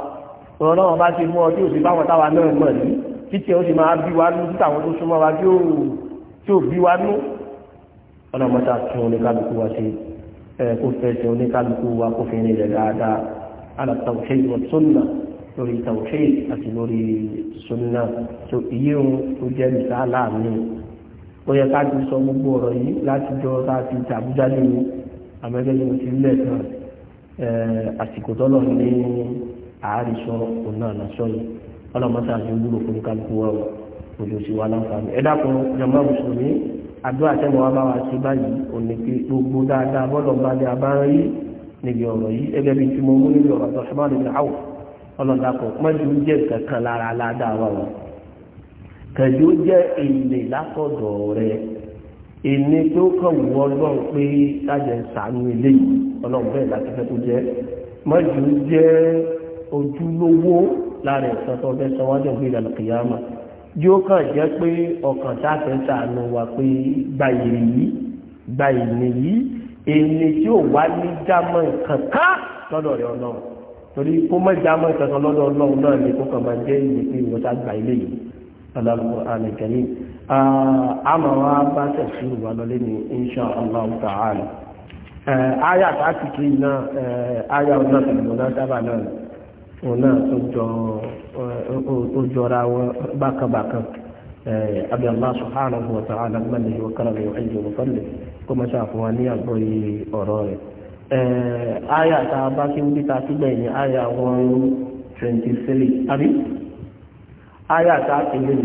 ìwọ lọ́wọ́ bá ṣe fún wọn tí ò ṣe báwọn táwa náà mọ̀ ní títí ó sì máa bí wa nú títà àwọn tó súnmọ́ wa tí ò bí wa nú ọlọ́mọta tún oníkálukú wa ṣe kó fẹ́ ṣe oníkálukú wa kó fi ní ilẹ̀ dáadáa alàtàwọ̀ ṣe ìwọ̀n tó nà lórí tawhid àti lórí sunna tó iye òun tó jẹ́ mìsàlá mi ó yẹ ká ti sọ gbogbo ọ̀rọ̀ yìí láti jọ tá a ti tàbújá nínú amẹ́gẹ́lẹ́ mo ti rí lẹ́ẹ̀kan àsìkò tọ́lọ̀ ní àárí sọ̀rọ̀ òun náà lọ́sọ̀ yìí ọlọ́mọta àti wúlò fún kálukú wa òjò sí wa láǹfààní ẹ dákun jọmọ mùsùlùmí àdúrà tẹ́wọ̀ wá bá wa sí báyìí òní pé gbogbo dáadáa bọ́lọ̀ bá dé abáyé níbi ọ̀rọ̀ yìí ẹgbẹ́ bíi tí mo mú níbi ọ̀rọ̀ àtọ̀ṣọ́mọ́ ọlọ́dà kò mọ́jú jẹ́ kankan lára aládàá wa wọn kẹjọ jẹ́ èlé látọ̀dọ̀ rẹ èmi tó kàn wọ ọlọ́run pé kájẹ sànú eléyìí ọlọ́run bẹ́ẹ̀ láti fẹ́ kó jẹ́ mọ́jú jẹ́ ojúlówó lára ẹ̀sán tó fẹ́ sọ wájú ìgbéga lọ́kìyàmà yóò kàn jẹ́ pé ọkàn tá a fẹ́ sànú wa pé gba ìrì yìí gba ìrì yìí èmi tí ò wá ní jámọ́ kankan lọ́dọ̀ rẹ ọlọ́run torí kó má já mọ́ ìtọ́sọ lọ́dọ̀ ọlọ́run náà ni kó kàn máa jẹ́ ìwé pé ìwọ́n gba ilé yìí aláàbò àlẹ́kẹ̀rí àmọ́ wa bá tẹ̀sí ìwà lọlé ní insha allah ta'ala aya àtàkìkì náà aya ọ̀nà ìmọ̀nà sábà náà òun náà tó jọra wọn bákanbákan abi allah subhanahu wa ta'ala mọ́lẹ̀ wa kárọ̀ ní ọ̀hìn ìjọba fọ́lẹ̀ kó má ṣàfihàn ní àgbọ̀yé ọ̀rọ̀ rẹ̀. àyà eh, tá a bá kí wúlé ta sígbẹ̀ ní 123 àbí àyà tá a ní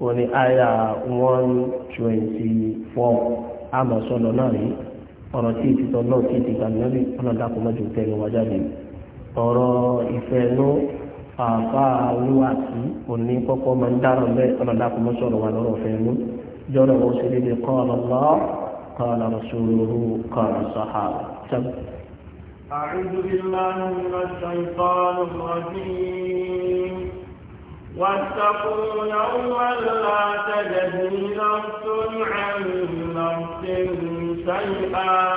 o ni àyà 124 àmọ̀ sọ̀nà náà rí ọ̀rọ̀ tí ìtìtọ̀ náà tí ìtìtà nílẹ̀ ọlọ́dàkùn mọ́jú tẹ́lẹ̀ wájà ní ọ̀rọ̀ ìfẹ́ ló sí òní kọ́kọ́ máa ń wà lọ́rọ̀ fẹ́ ló jọ́rọ̀ wọ́n سم. أعوذ بالله من الشيطان الرجيم واتقوا يوما لا تجزي نفس عن نفس شيئا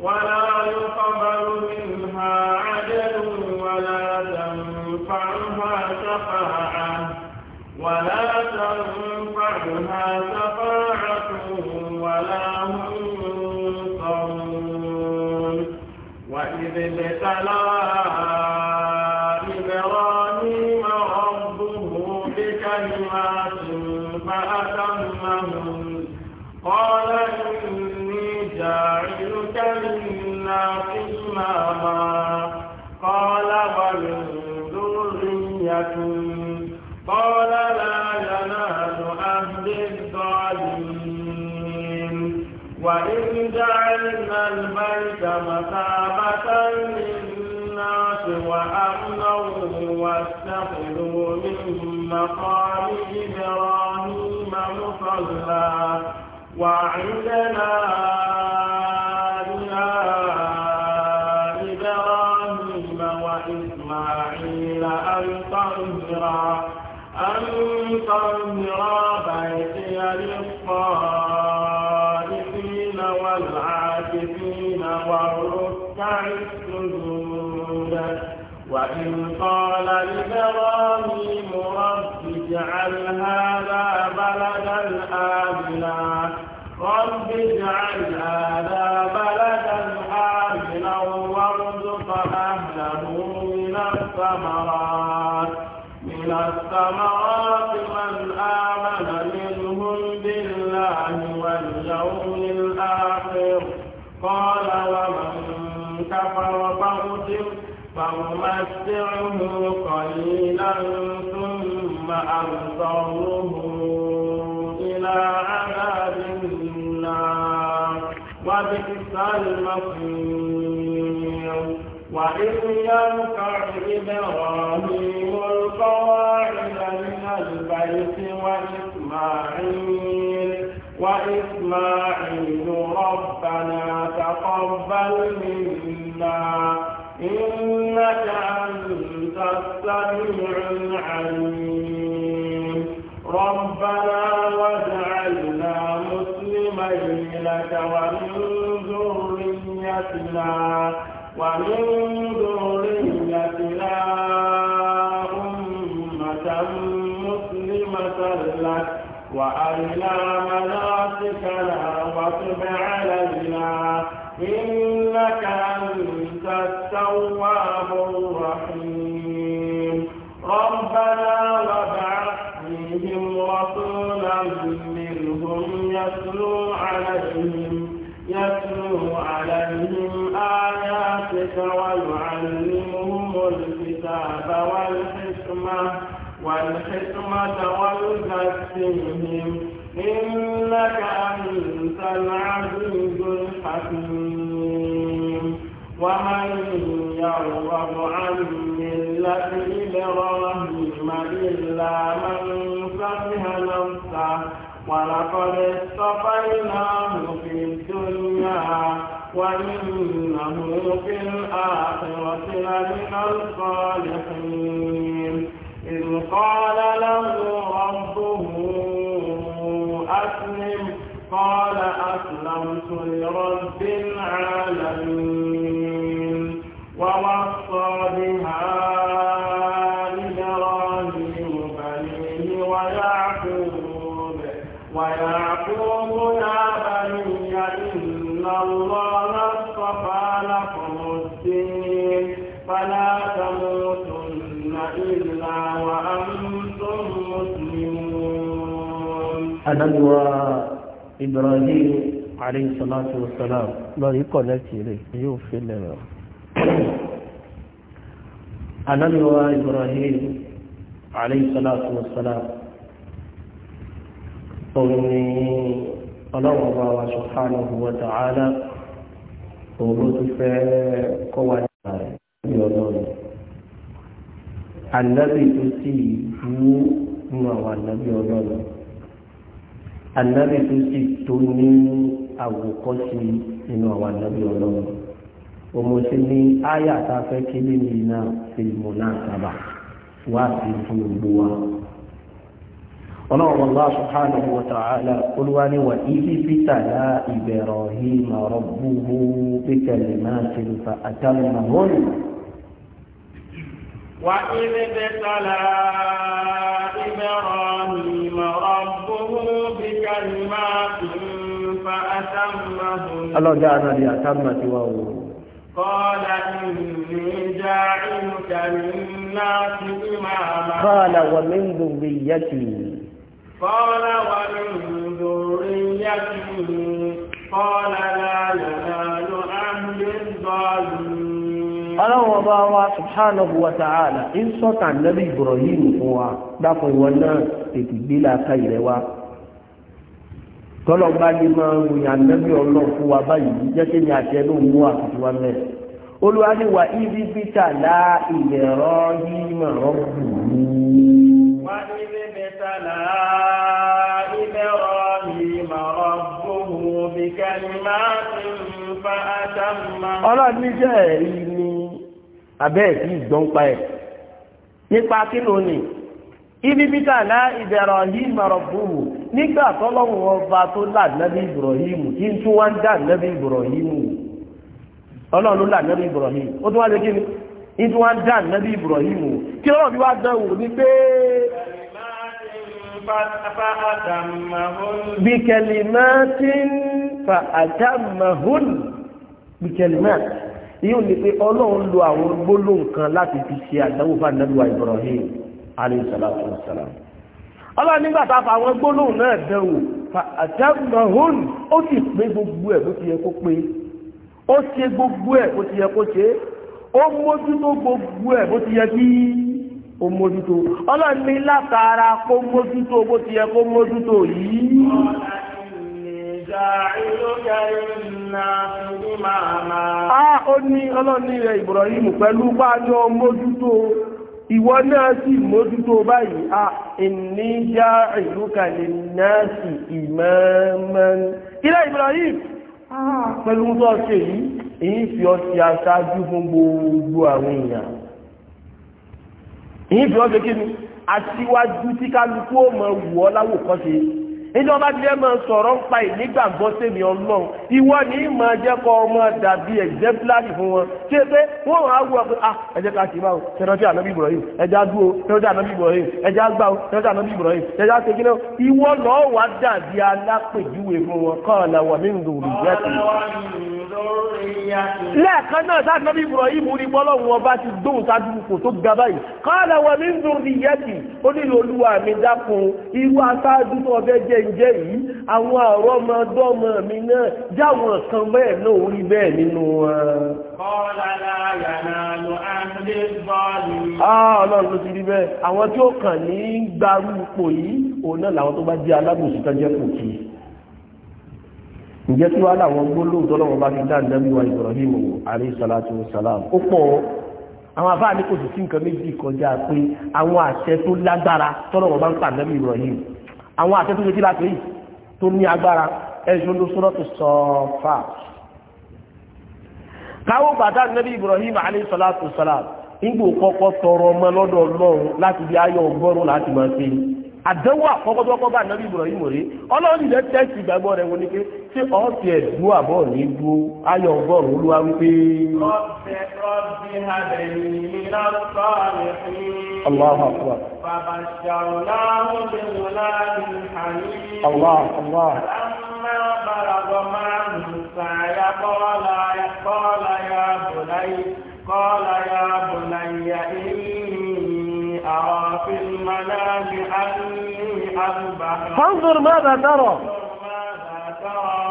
ولا يقبل منها عدل ولا تنفعها شفاعة ولا تنفعها شفاعة ولا هم ابتلى إبراهيم ربه بكلمات فأتمهن قال إني جاعلك للناس إماما قال ومن ذرية قال لا ينال أهل الظالمين وإن جعلنا البيت مثابة للناس وأمنا واتخذوا من مقام إبراهيم مصلى وعندنا وإذ قال إبراهيم رب اجعل هذا بلدا آمنا رب اجعل هذا بلدا آمنا وارزق أهله من الثمرات من الثمرات من آمن منهم بالله واليوم الآخر قال ومن كفر فأمتعه قليلا ثم أضطره إلى عذاب النار وبئس المصير وإذ يرفع إبراهيم القواعد من البيت وإسماعيل وإسماعيل ربنا تقبل منا إنك أنت السميع العليم ربنا واجعلنا مسلمين لك ومن ذريتنا ومن ذريتنا أمة مسلمة لك وأرنا مناسكنا وتب علينا إنك أنت أنت التواب الرحيم ربنا وابعث فيهم رسولا منهم يتلو عليهم يتلو عليهم آياتك ويعلمهم الكتاب والحكمة والحكمة ويزكيهم إنك أنت العزيز الحكيم ومن يرغب عن ملة إبراهيم إلا من سفه نفسه ولقد اصطفيناه في الدنيا وإنه في الآخرة لمن الصالحين إذ قال له ربه أسلم قال أسلمت لرب العالمين ووصى بها إبراهيم بنيه ويعقوب ويعقوب يا بني إن الله اصطفى لكم الدين فلا تموتن إلا وأنتم مسلمون أدلوا إبراهيم عليه الصلاة والسلام لا يقول لك يوفي لنا anábíwá Ibrahim alayhi salatu wassalam òun ni ọlọ́wọ́ bá wa subhanahu wa ta'ala òun ló ti fẹ́ kọ́ wa nípa rẹ̀ ní ọlọ́run anábì tó sì bú nínú àwọn anábì ọlọ́run anábì òmòsí ní àyà tá a fẹ́ kí nínú iná fílmù náà sábà wá sí fún gbogbo wa. ọlọ́run Allah subhanahu wa ta'ala olúwa ní wà ibi peter lá Ibrahim rabbuhu bi kalimatin fa atammahun. وإذ ابتلى إبراهيم ربه بكلمات فأتمهن. الله جعلنا لأتمة وأولو. قال إني جاعلك للناس إماما قال ومن ذريتي قال ومن ذريتي قال لا ينال أهل الظالمين Ọlọ́run ọba wa Subhanahu wa ta'ala, ń sọ́tà lẹ́bí Ibrahim fún wa, dákùn ìwọ̀n náà tètè gbé láàká ìrẹwà tọ́lọ́gbá ní máa ń ròyìn ànábì ọlọ́ fún wa báyìí jẹ́ kí ni àti ẹnu mú àtúntò wa mẹ́. olúwa ni wa ibi bíta lá ìlẹ̀rọ yìí mà rọ́ bù ú. wá ibi bíta lá ìlẹ̀rọ yìí mà rọ́ bù ú bí kẹ́lí máa ti ń fa àtàmà. ọlọ́ọ̀dún iṣẹ́ ẹ̀rí ni abẹ́ẹ̀ tí gbọ́n pa ẹ̀ nípa kí ló ní ibibita la Ibrahim rabbuhu nígbà tọ́lọ́hùn ọba tó là nábì Ibrahim kí n tún wá ń dá nábì Ibrahim ọlọ́run ló là nábì Ibrahim ó tún wá lé kíni ní tún wá ń dá nábì Ibrahim kí ọlọ́run bí wá dán wò ní pé. bikẹlimatin fa atamahun bikẹlimat yóò ní pé ọlọ́run lo àwọn gbólóhùn kan láti fi ṣe àdánwò fún àdánwò Ibrahim. aléìsàlátù ìsàlám ọlọ́ nígbàtà fàwọn gbólóhùn náà dẹ̀wò àtẹ́gbọ̀hún ó sì pé gbogbo ẹ̀ bó ti yẹ kó pé ó ṣe gbogbo ẹ̀ bó ti yẹ kó ṣe ó mójútó gbogbo ẹ̀ bó ti yẹ kí ó mójútó ọlọ́ ní látara kó mójútó bó ti yẹ kó mójútó yìí ah, ó ní ọlọ́ni rẹ̀ pẹ̀lú mójútó ìwọ náà sì mójútó báyìí a inni ja'iluka linnasi imaman ilé Ibrahim pẹ̀lú tó ṣe yìí èyí fi ọ́ sí aṣáájú fún gbogbo àwọn èèyàn èyí fi ọ́ ṣe kí ni aṣíwájú tí kálukú ó mọ̀ láwòkọ́ṣe nínú ọba tí ẹ máa sọ̀rọ̀ ń pa ìnígbàgbọ́ sẹ́mi ọlọ́run ìwọ ni í máa jẹ́ kọ́ ọmọ dàbí exemplary fún wọn ṣé pé wọ́n á wọ pé à ah, ẹ jẹ́ ká ṣe báwo tẹ̀rọ̀tì ànábì Ibrahim ẹja dúró tẹ̀rọ̀tì ànábì Ibrahim ẹja gbà ó tẹ̀rọ̀tì ànábì Ibrahim ẹja ṣe kí náà ìwọ lọ́ wà dàbí alápèjúwe fún wọn kọ́ọ̀lá wà mí lẹ́ẹ̀kan náà sáà nàbí Ibrahim rí bọ́lọ́run ọba ti dóhùn sáájú kò tó ga báyìí kọ́ọ̀lá wà mí ń dùn ní yẹ́tì ó ń jẹ́ yìí àwọn àrọ́mọdọ́mọ mi náà jáwọn kan bẹ́ẹ̀ náà orí bẹ́ẹ̀ nínú wọn. kọ́lálá yàrá ló á bọ́ọ̀lù. ọlọ́run ti rí bẹ́ẹ̀ tí ó kàn ní tó lọ́wọ́ bá fi dá ìdábí wa Ibrahim alayhi salatu wa salam ó pọ̀ àwọn afáàní kò sì sí nǹkan méjì kọjá pé àwọn àṣẹ tó lágbára tọ́lọ́wọ́ bá ń pàdánù Ibrahim àwọn àtẹ́túnṣe tí láti rí tó ní agbára ẹ̀ṣùn ló sọ́rọ̀ tó sọ fà káwó bàtà nẹ́bí Ibrahim alayhisalatu salam ìgbò kọ́kọ́ tọrọ ọmọ lọ́dọ̀ Ọlọ́run láti bí ayọ̀ ọgọ́rùn láti máa ṣe àdánwò àkọ́kọ́tọ́kọ́ bá nàbí Ibrahim mòrè ọlọ́run ìlẹ̀ tẹ́sì ìgbàgbọ́ rẹ̀ wọ́n ni pé tí ọ̀ọ́sì ẹ̀ àbọ̀ ní dúró ayọ̀ ọgọ́rùn-ún olúwa wípé. Allah akbar. Allah Allah. فانظر ماذا ترى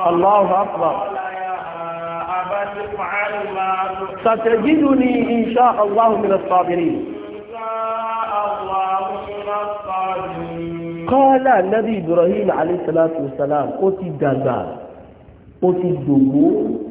الله أكبر ستجدني إن شاء الله من الصابرين قال النبي إبراهيم عليه الصلاة والسلام اوتي ti اوتي ó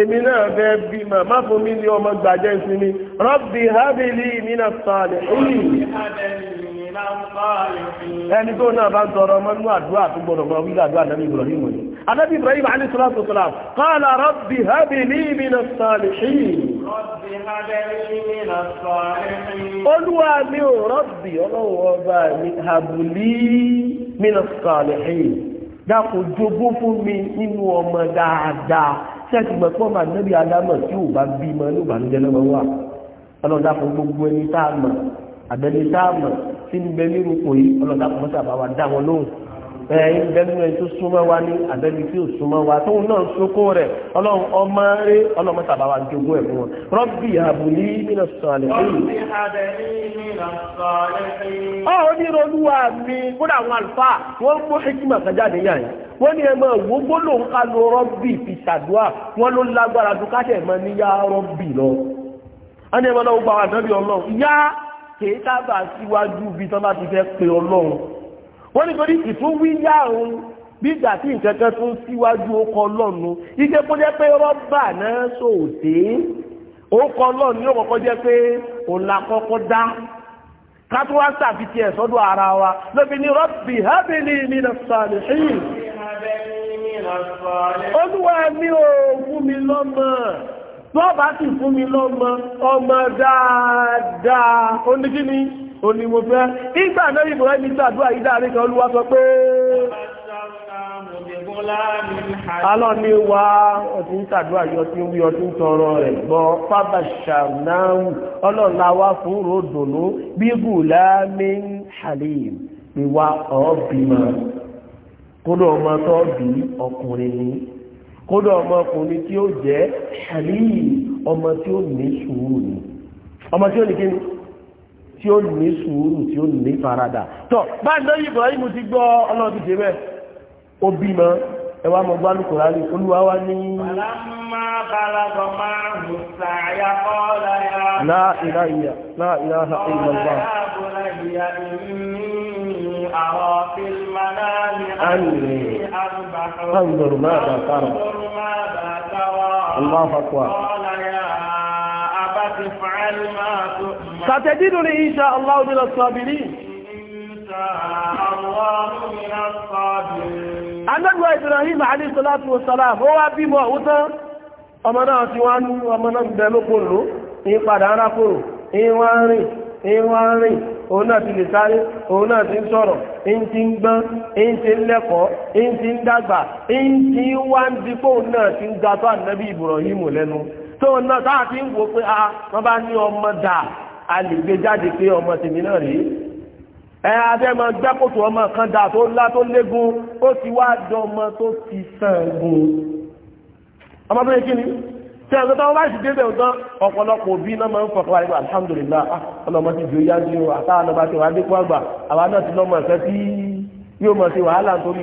èmi náà fẹ́ bí mà má fún mi ní ọmọ gbàjẹ́ ìsinmi rọ́bì hábìlì mi náà sọ̀lẹ̀ ẹni tó náà bá tọrọ ọmọ inú àdúrà tó gbọdọ̀ gbọdọ̀ wíwá àdúrà nàbí Ibrahim wọ̀nyí anábì Ibrahim alayhi salatu wasalam qala rọ́bì hábìlì mi náà sọ̀lẹ̀ olúwa mi ò rọ́bì ọlọ́wọ́ ọba mi ṣẹ́gbẹ̀ pọ́ máa nẹ́bí adámọ̀ tí ò bá bí mọ́ ní ìbànújẹ́ lọ́wọ́ wà ọlọ́dà fún gbogbo ẹni táàmọ̀ àbẹ́ni táàmọ̀ sínú bẹ́ẹ̀ nírúkọ yìí ọlọ́dà fún mọ́sàbáwá lóhùn ẹ̀yìn bẹ́nu ẹ̀ tó súnmọ́ wa ní àbẹ́ni tí ó súnmọ́ wa tóun náà sókó rẹ̀ ọlọ́run ọmọ rẹ̀ ọlọ́mọ tàbá wa ti ogún ẹ̀ fún wọn rọ́bì àbùlí nínú sọ̀rọ̀ ẹ̀yìn. ọ̀ onírọ̀lúwa mi kódà àwọn àlùfáà wọ́n mú hekima kájáde yàn yìí wọ́n ní ẹ̀mọ́ ìwó gbólóhùn ká lo rọ́bì fi ṣàdúrà wọ́n ló lágbára tó káṣẹ̀ mọ́ ní yá rọ́bì lọ. wọ́n ní ẹ̀mọ́ náà gbọ́ àwọn àdánbì wọ́n nítorí ìtúwíyá òun bí ìgbà tí nǹkan kan tún síwájú ọkọ̀ ọlọ́run ike kó jẹ́ pé rọ́bà náà sòòté ọkọ̀ ọlọ́run yóò kọ́kọ́ jẹ́ pé òun la kọ́kọ́ dá kátó wá sọ́dọ̀ ara wa lóbi ní rọ́bì hábìlì nínú sàlìhìn olúwa mi ò fún mi lọ́mọ tó bá sì fún mi lọ́mọ ọmọ dáadáa ó ó ní mo fẹ́ nígbà náà ìbò ẹni gbàdúrà yìí dáadé kan olúwa sọ pé alọ́ni wa ọdún tàdúrà yọ tí wí ọdún tọrọ rẹ̀ gbọ́ fábàṣàmáhù ọlọ́láwá fún ròdùnú bíbù láàmì halim ìwà ọ̀bìmọ̀ kódò ọmọ tó bí ọkùnrin ni kódò ọmọkùnrin tí ó jẹ́ halim ọmọ tí ó ní sùúrù ni ọmọ tí ó ní kí ni tí ó ní sùúrù tí ó ní farada tọ́ bá ń lọ́yìn Ibrahim ti gbọ́ ọlọ́dún ti rẹ̀ ó bímọ ẹwà mọ̀ gbá lùkùrá olúwa wá ní La ilaha illallah أنظر ماذا ترى الله أكبر تفعل ما تؤمر ستجدني إن شاء الله من الصابرين إن شاء الله من الصابرين Ànábì Ibrahim alayhi salatu wa salam, ó wá bímọ òótán, ọmọ náà ti wá ní ọmọ náà bẹ lókòrò, ní padà arákòrò, ní wá ń rìn, ní wá ń rìn, òun náà ti lè sáré, òun náà ti ń sọ̀rọ̀, ń ti ń gbọ́n, ń ti ń lẹ́kọ̀ọ́, ń ti ń dàgbà, ń ti wá ń dipò náà ti ń ga tó Ànábì Ibrahim lẹ́nu. tó ná táà fi ń wò pé a ah, wọn bá ní ọmọ dà a lè gbé jáde pé ọmọ tèmi náà rèé ẹ abẹ́ máa gbẹ́ ọmọ kan dà tó ńlá tó ó ti wá jọ ọmọ tó ti sàn gun ọmọ kí ni tí a ń ti débẹ̀ ọ̀pọ̀lọpọ̀ máa ń ah, o ti wà á dékun àgbà àwa náà ti lọ́mọ ẹ̀fẹ́ tí yóò mọ̀ sí wàhálà ọmọ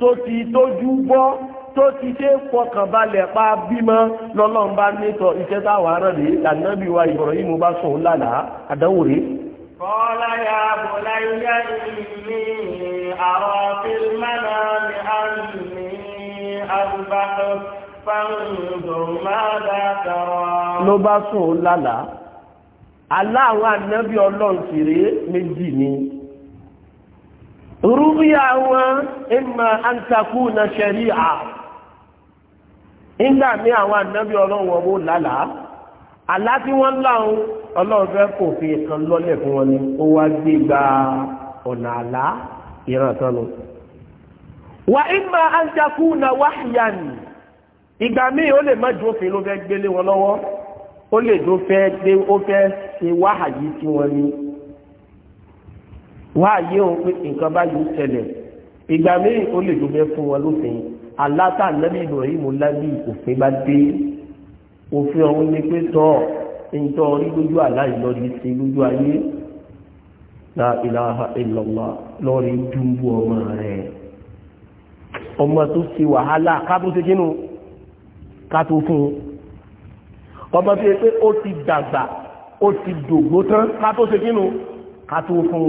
tó ti tójú bọ́ tó ti ṣe fọkànbalẹ̀ pa bímọ lọ́lọ́run nítọ̀ iṣẹ́ táwọn ará rèé ànábì wa ìbọ̀rọ̀ yìí mo bá sùn lánàá àdánwò rèé. ya bùláyá ìní àwọn fílmánà ni a ní àrùbáwọ̀ fáńdùn máa dákọ̀ọ́. Ló bá sùn lánàá. Aláwọn ànábì ọlọ́run kìrì méjì ni rúbíyà wọn ìmọ̀ àǹtakù na ṣẹ̀ríà nígbà mí àwọn ànábì ọlọ́run ọmọ lálàá àlá tí wọ́n láwọn ọlọ́run fẹ́ kò fi kan lọ́lẹ̀ fún wọn ni ó wá gbé gba ọ̀nà àlá ìran kan lọ. wà ìmọ̀ àǹtakù na wáhìyàn ìgbà mí ó lè má jófin ló fẹ́ gbélé wọn lọ́wọ́ ó lè jó fẹ́ gbé ó fẹ́ ṣe wáhàyí tí wọ́n ní wá ayé òun pé nǹkan báyìí ó ṣẹlẹ̀ ìgbà míì ó lè dùn bẹ́ẹ̀ fún wọn lófin aláta nàbí Ibrahim lábí òfin bá dé òfin ọ̀hún ni pé tọ́ ìtọ́ orí lójú aláìlọ́rí sí lójú ayé la ilaha illallah lọ́rí dúnbù ọmọ rẹ̀ ọmọ tó ṣe wàhálà kábó ṣe kínú ká tó fún un ọmọ tó yẹ pé ó ti dàgbà ó ti dògbó tán ká tó ṣe kínú ká tó fún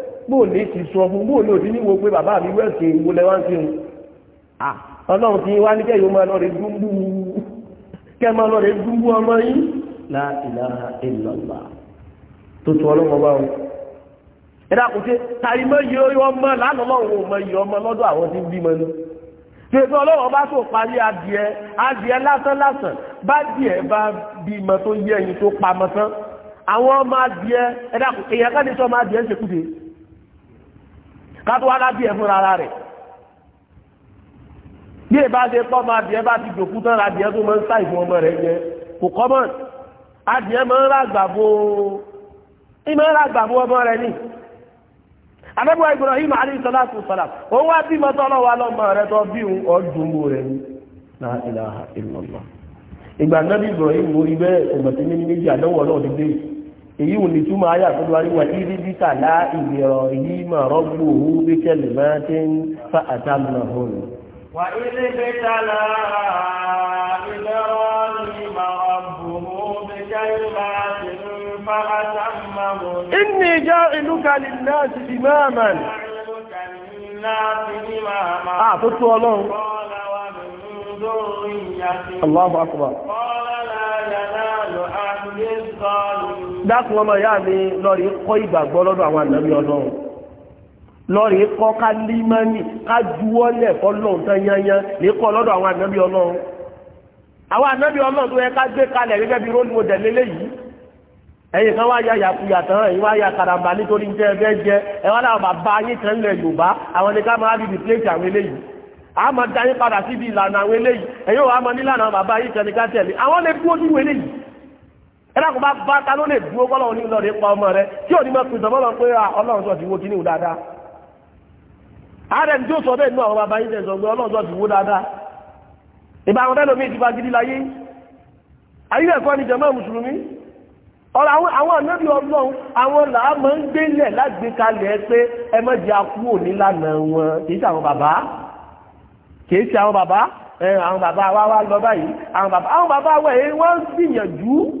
bóòlù ti sọ fún bóòlù òdí níwò pé bàbá mi wẹ́ẹ̀sì ìwò lẹ́wà ń sìn ọlọ́run ti wá ní kẹ́yìn ọmọ ẹlọ́rẹ̀ dúnbú kẹ́mọ ẹlọ́rẹ̀ dúnbú ọmọ yìí la ilaha illallah tó tu ọlọ́run ọba o ẹ̀dá kò ṣe tàyí mọ́ yìí ọyọ ọmọ lánàá lọ́wọ́ ọmọ yìí ọmọ lọ́dọ̀ àwọn tí ń bímọ ni tètè ọlọ́run ọba tó parí adìẹ adìẹ lásán lásán bá diẹ bá bímọ tó yẹ ẹyin tó pamọ́ tán àwọn ọmọ adìẹ ẹ̀dá kò èèyàn ká kátó wá láti ẹ̀ fúnra ara rẹ̀ bí ẹ bá ṣe pọ́ máa dìẹ́ bá ti jòkú tán adìẹ tó máa ń sá ìfún ọmọ rẹ̀ jẹ kò kọ́mọ̀ adìẹ máa ń ràgbàbo ìmọ̀ ń ràgbàbo ọmọ rẹ̀ ni àdébọ̀ Ibrahim alayhi salatu salam òun wá bímọ tọ́lọ́ wa lọ́mọ rẹ̀ tó bí òun ọdún mú rẹ̀ ni la ilaha ìgbà náà bí Ibrahim mú ibẹ̀ ọmọ èyí ò ní túmọ̀ ayé àtọ́jú aríwá ìdí bíkà lá ìgbèrọ̀ yìí mà rọ́gbò owó bíkẹ́lì máa ti ń fa àtàmìnà hàn. wà ilé bíkà lá ìgbèrọ̀ yìí mà rọ́gbò owó bíkẹ́lì máa ti ń fa àtàmìnà hàn. inni ja'iluka lin-nasi imaman. àtúntò ah, ọlọ́run. Allahu akbar. Qala la yanalu ahdi az-zalim dákun ọmọ ìyá mi lọ́ọ̀rì kọ́ ìgbàgbọ́ lọ́dọ̀ àwọn ànábì ọlọ́run lọ́ọ̀rì kọ́ ká límánì ká juwọ́lẹ̀ fọlọ́run tán yányá lè kọ́ lọ́dọ̀ àwọn ànábì ọlọ́run àwọn ànábì ọlọ́run tó yẹ ká gbé kalẹ̀ gẹ́gẹ́ bí role model lélẹ́yìí ẹ̀yin kan wá ya yàkuyà tán ẹ̀yin wá ya karamba nítorí ń tẹ́ ẹgbẹ́ jẹ ẹwà láwọn bàbá yín kan lẹ̀ yorùbá àwọn ẹni ká máa bí bàbá yín kan ẹ̀rọ kò bá bá ta ló lè dúró bọ́lá òní lọ rí pa ọmọ rẹ tí ò ní mọ̀ pèsè bọ́lá pé ah, ọlọ́run sọ̀ ti wo kíní wò dáadáa ààrẹ ní tí ó sọ bẹ́ẹ̀ nínú àwọn bàbá yìí sẹ̀sọ̀ pé ọlọ́run sọ̀ ti wo dáadáa ìbá àwọn tẹ́lẹ̀ mi ti bá gidi láyé ayílẹ̀ ẹ̀kọ́ ni jẹ̀mọ́ mùsùlùmí ọ̀rọ̀ àwọn ànábì ọlọ́run àwọn là á máa ń gbélẹ̀ lágbèkalẹ̀ pé ẹ má jẹ́ akú òní lánàá wọn kì í ṣe àwọn bàbá kì í ṣe àwọn bàbá àwọn bàbá wa wá lọ báyìí àwọn bàbá wa wẹ̀ wọ́n gbìyànjú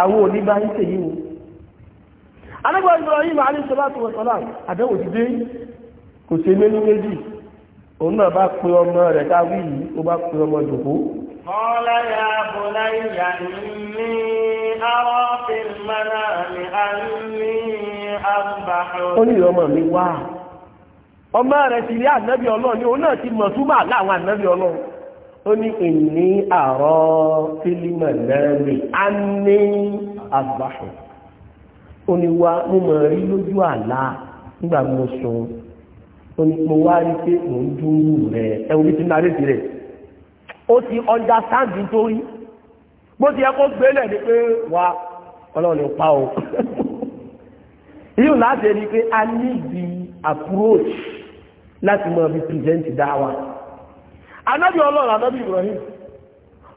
àwọn oníbá ń tèyí wọn alẹ́gbọ́n Ibrahim alẹ́sọ́láàtù wọ́sọ́lá àdẹ́wò ti dé kò sí méjì méjì òun náà bá pe ọmọ rẹ̀ káwí yìí ó bá pe ọmọ jòkó Kọ́lá Ó ní ọmọ mi wá. Ọmọ rẹ̀ ti rí ànábì Ọlọ́run ni òun náà ti mọ̀ túmọ̀ láwọn ànábì Ọlọ́run ó ní ìní àrọ́ fílímọ̀ náà lè á ní àgbàṣọ ó ní wá mo mọ̀ rí lójú àlá nígbà mo sùn ó ní mo wá rí pé mò ń dúró rẹ ẹ̀wọ̀n bí ti náà rédí rẹ̀ ó ti understand tó rí bó ti yẹ kó gbélẹ̀ ni pé wá ọlọ́run ní pa o yíò láti rí pé a ní di approach láti mọ̀ bí present dáwà. anábì ọlọ́run anábì Ibrahim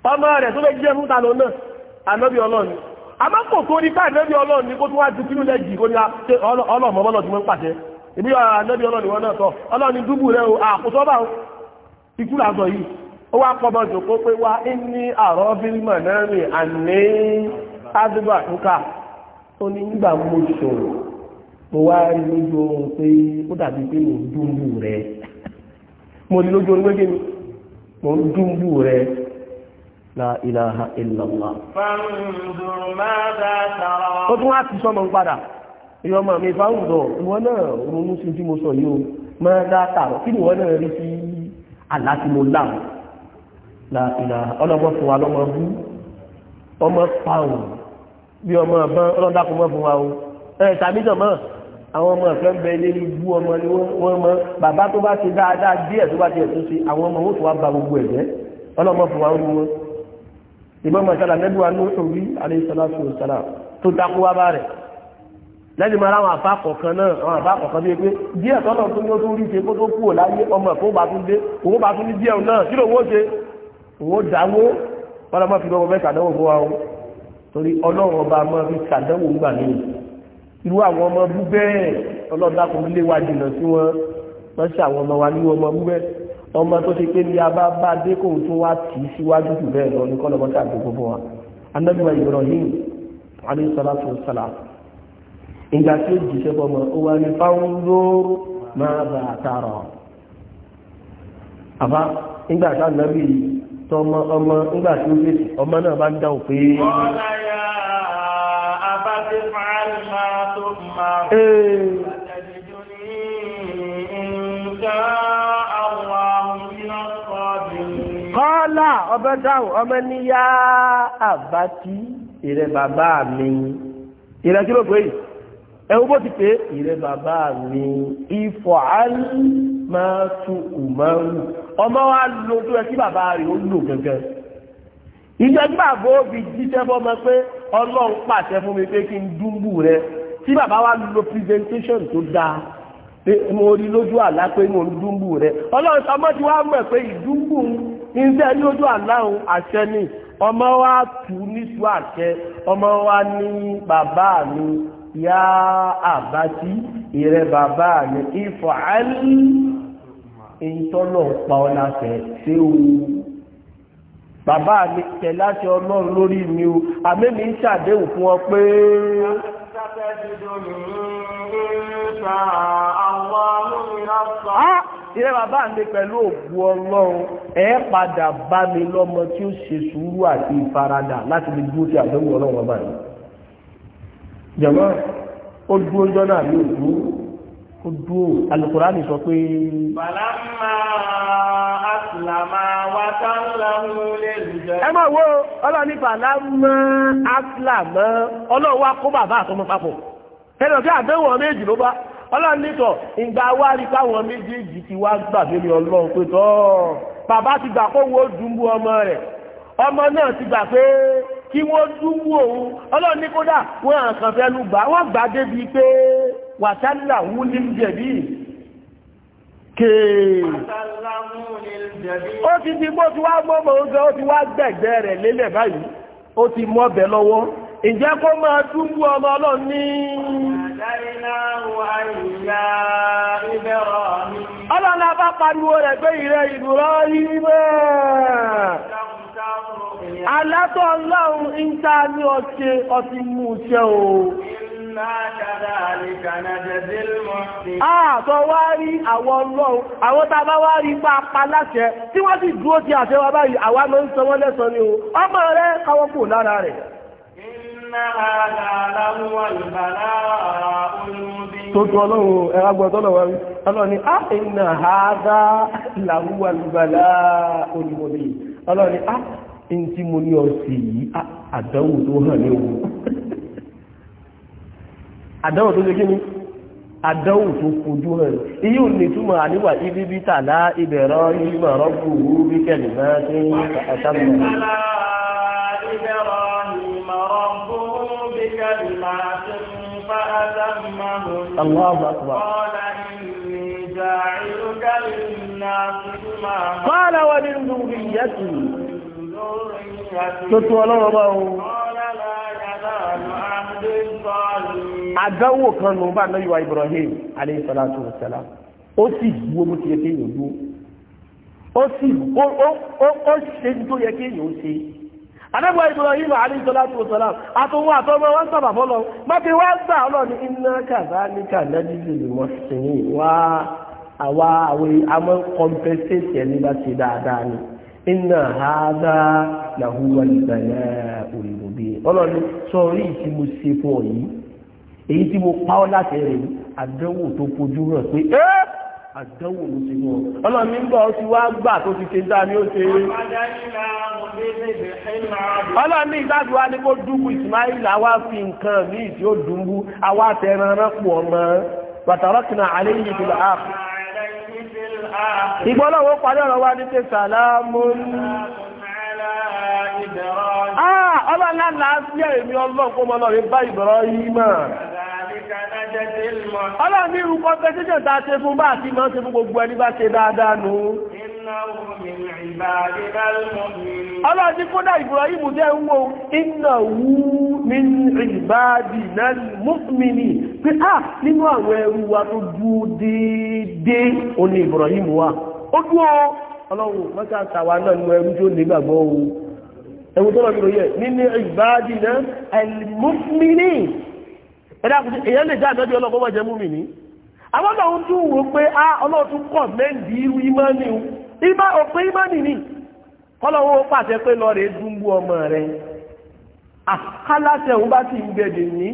ọmọ rẹ̀ tó fẹ́ jíjẹ́ fún ta lọ́nà anábì ọlọ́run ni àmọ́ kò tó ní káà anábì ọlọ́run ni kó tó wá ti kínú lẹ́jì kó ní ọlọ́mọ bọ́lọ̀ wá ní àrọ́ bílmọ̀ ní lójú [laughs] mo ń dúnbù rẹ la ilaha illallah. ó tún wá ti sọmọ ń padà ìyọ ọmọ mi fáwùdọ̀ ìwọ náà ronú sí tí mo sọ yìí o máa dá tààrọ̀ kí ìwọ náà rí sí àlá tí mo láàmú la ilaha ọlọ́mọ fún wa lọ́mọ bú ọmọ pa òun bí ọmọ ọ̀bọ̀n ọlọ́dàkùn mọ́ fún wa o ẹ̀ tàbí jọ̀mọ́ àwọn ọmọ ìfẹ́ ń bẹ ilé ibú ọmọ ni wọ́n mọ bàbá tó bá ti dáadáa díẹ̀ tó bá ti ẹ̀tún sí àwọn ọmọ wọn tó wá ba gbogbo ẹ̀jẹ́ ọlọ́mọ fún wa ń lu wọn ìmọ̀ mọ̀sálà nẹ́bí wa ní òbí aléṣọ́láṣù sálà tó dákú wá bá rẹ̀ lẹ́yìn mara àwọn àbá kọ̀ọ̀kan náà àwọn àbá kọ̀ọ̀kan bíi pé díẹ̀ tọ́lọ̀ tó ní ó tó rí ṣe kó tó kúrò láyé ọmọ ẹ̀kọ́ bá tún dé òun bá tún ní díẹ̀ náà ń gbà irú àwọn ọmọ bú bẹ́ẹ̀ ọlọ́dàkùn lè wá jìnnà sí wọn wọ́n ṣe àwọn ọmọ wa ní ọmọ bú bẹ́ẹ̀ ọmọ tó ṣe pé ní a bá bá dé kò tó wá tì í síwájú jù bẹ́ẹ̀ lọ ní kọ́lọ́mọ́ tá a gbogbo fún wa Ànábì wa Ibrahim alayhi salatu wa ìgbà tí ó jìṣẹ́ bọ́mọ ó wá ní fáwọ́nzóró máa bà á tààrọ̀ àbá nígbà tá Ànábì tọmọ ọmọ nígbà tí ó fèsì ọmọ náà bá ń dáhùn pé. ọ̀la ya abá ti fa ما تؤمر فتجدني إن شاء الله من الصابرين قال أبداه أمن يا أبتي إلى بابا من إلى كيلو كويس ẹ̀wọ́n bó ti pé ìrẹ́ bàbá mi ifọ̀ alì máa tu ùmọ́rù ọmọ wa lo tó ẹ sí bàbá rẹ̀ ó lò gẹ́gẹ́ ìjọgbàgbọ́ òbí jíjẹ́ bọ́ mọ pé ọlọ́run pàṣẹ fún mi pé kí n dúnbù rẹ tí bàbá wa lo presentation tó dáa pé mo rí lójú àlá pé mo ń dúnbù rẹ ọlọ́run sọmọ tí wàá mọ̀ pé ìdúnbù iṣẹ́ lójú àlá òun àṣẹ ni ọmọ wa tù níṣu àṣẹ ọmọ wa ní bàbá mi yá àbátí ìrẹ bàbá mi ìfọ̀ àìlú ìtọ́lọ̀ pa ọ́ láṣẹ ṣé o bàbá mi tẹ̀ láti ọlọ́run lórí mi o àmẹ́mi ń ṣàdéhùn fún ọ pé. Ah, Ilé bàbá mi pẹ̀lú òkú ọlọ́run ẹ padà bá mi lọ́mọ tí ó ṣe sùúrù àti ìfaradà láti lè dúró sí àdéhùn ọlọ́run ọba yìí. Jẹ̀mọ́ ó dúró jọ́nà mi ò dúró ó dúó alukurani sọ pé ẹ wo ọlọ́ni bàlámà aslamọ́ ọlọ́wà kó bàbá àtọmọ papọ̀ ẹnà tí àdéhùn méjì ló bá ọlọ́ni nítọ̀ ìgbà wá rí káwọn méjèèjì ti wá gbàgbé ní ọlọ́run pé tọ́ bàbá ti gbà kó wo dùnbù ọmọ rẹ̀ ọmọ náà ti gbà pé kí wọ́n dùnbù òun ọlọ́ni kódà wọ́n àkànfẹ́ lù wọ́n gbà débi pé wàtàláwú ní jẹ̀bí kèè ó ti ti bó ti wá gbọ́mọ̀ oúnjẹ ó ti wá gbẹ̀gbẹ̀ rẹ̀ lélẹ̀ báyìí ó ti mú ọbẹ̀ lọ́wọ́ ìjẹ́ kó máa dúnbú ọmọ ọlọ́run ní ọlọ́run ń ta ní mú iṣẹ́ o Àtọ́ wá rí àwọn ọlọ́run, àwọn tá bá wá rí bá pa láṣẹ tí wọ́n sì dúró ti àṣẹ wa báyìí, àwa mọ́ ń sọ wọ́n lẹ́sọ ni o. Ọmọ rẹ̀ káwọ́ kò lára rẹ̀. Tó tó ọlọ́run ẹ̀rọ agbọ̀tọ́lọ̀ wá rí. Ọlọ́run ni, "Ah, ìnà àádá làwúwà lùbàlá olùmọ̀lì." Ọlọ́run ni, "Ah, [laughs] àdánwò tó ṣe kí ni àdánwò tó kojú hàn iye ò ní túmọ̀ àníwà ibi bí tàlá ìbẹ̀rọ ìmọ̀ rọ́gbù wú bí kẹ́lì máa ṣe ń ṣàtàmì. الله أكبر قال إني جاعلك للناس قال ومن ذريتي تتولى الله àdánwò kan nù bá nàbí wa Ibrahim alayhi salatu wa salam ó sì wú omi tí yẹ kí èèyàn dúró ó sì ó ṣe tó yẹ kí èèyàn ṣe àdánwò Ibrahim alayhi salatu wa salam àtòwò àtọmọ wọn sábà fọlọ mọtì wọn sà ọ lọni inna kadhalika najzil muhsinin wá àwa àwọn àmọ kọmpẹsẹsì ẹni bá ṣe dáadáa ni. iná àádá làhúwà ìgbàlẹ̀ òyìnbóbi ọlọ́ni sọ́rí tí mo se fun yi eyi ti mo pa o lati rẹ̀ àdánwò to fojú ran pe ẹ́ àdánwò ló ti mọ̀ ọlọ́ni ń bọ̀ ti wá ti wa ni kó dúbú Ismail àwa fi nǹkan míì tí ó dùnbú àwa tẹran rán pọ̀ mọ́ bàtàrọ́kìnà àlẹ́ yìí ti ìgbọ́lọ́wọ́ parí ọ̀rọ̀ wa ní pé sàlámù ọlọ́lá láàáfíà èmi ọlọ́pọ̀ mọ́lọ́rin bá ìbọ̀rọ̀ yìí mọ̀ ọlọ́rin ní irú kọ́ńtẹ́síṣẹ̀ tá a ṣe fún bá àti mọ́ ṣe fún gbogbo ẹni bá ṣe dáadáa nù Ọlọ́run ti kódà Ibrahimu jẹ́ wó iná wú ní ìbáàdì náà mọ́sùmìnì pé á nínú àwọn ẹrù wa tó jú dédé oní Ibrahimu wa. Ó dúó ọlọ́run mọ́ká tàwà náà nínú ẹrù tí ó lè gbàgbọ́ ohun. Ẹwù tó lọ́gbìnrin yẹ nínú ìbáàdì náà ẹ̀lmọ́sùmìnì. ìbá òpin ìbá nìní kọ́lọ́wọ́ pàṣẹ pé lọ rẹ̀ dúnbú ọmọ rẹ̀ àkálàṣẹ òun bá ti ń gbẹ̀dẹ̀ ní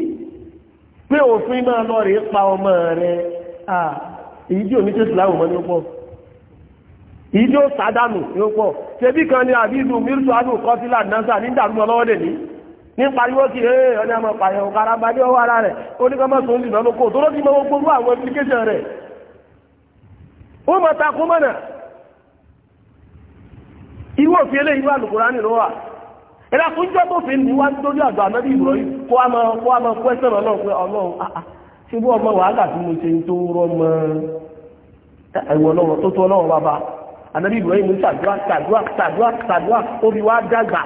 pé òfin máa lọ rẹ̀ pa ọmọ rẹ̀ èyí tí òní tẹ́sí láwùmọ́ ní ó pọ̀ èyí tí ó sádánù ní ó pọ̀ tẹ́bí kan àbídù mírùsù kọ́sílà ní ìdàrúmọ́ lọ́wọ́ dẹ̀ ní ní pariwo kí ẹ ara irú òfin eléyìí wà lùkùránì ló wà ìlà fún jọ́ tó fi ní wá lórí àgbà náà bí ìbúrọ̀ yìí kó a máa kó a máa kó ẹsẹ̀ rẹ̀ náà pé ọlọ́run ah, ah, ṣé bí ọmọ wàhálà tí mo ṣe ń tó rọmọ ẹ̀wọ̀n lọ́wọ́ tó tó ọlọ́run bàbá ànábì ìbúrọ̀ yìí mú ṣàdúrà ṣàdúrà ṣàdúrà ṣàdúrà ó fi wá dàgbà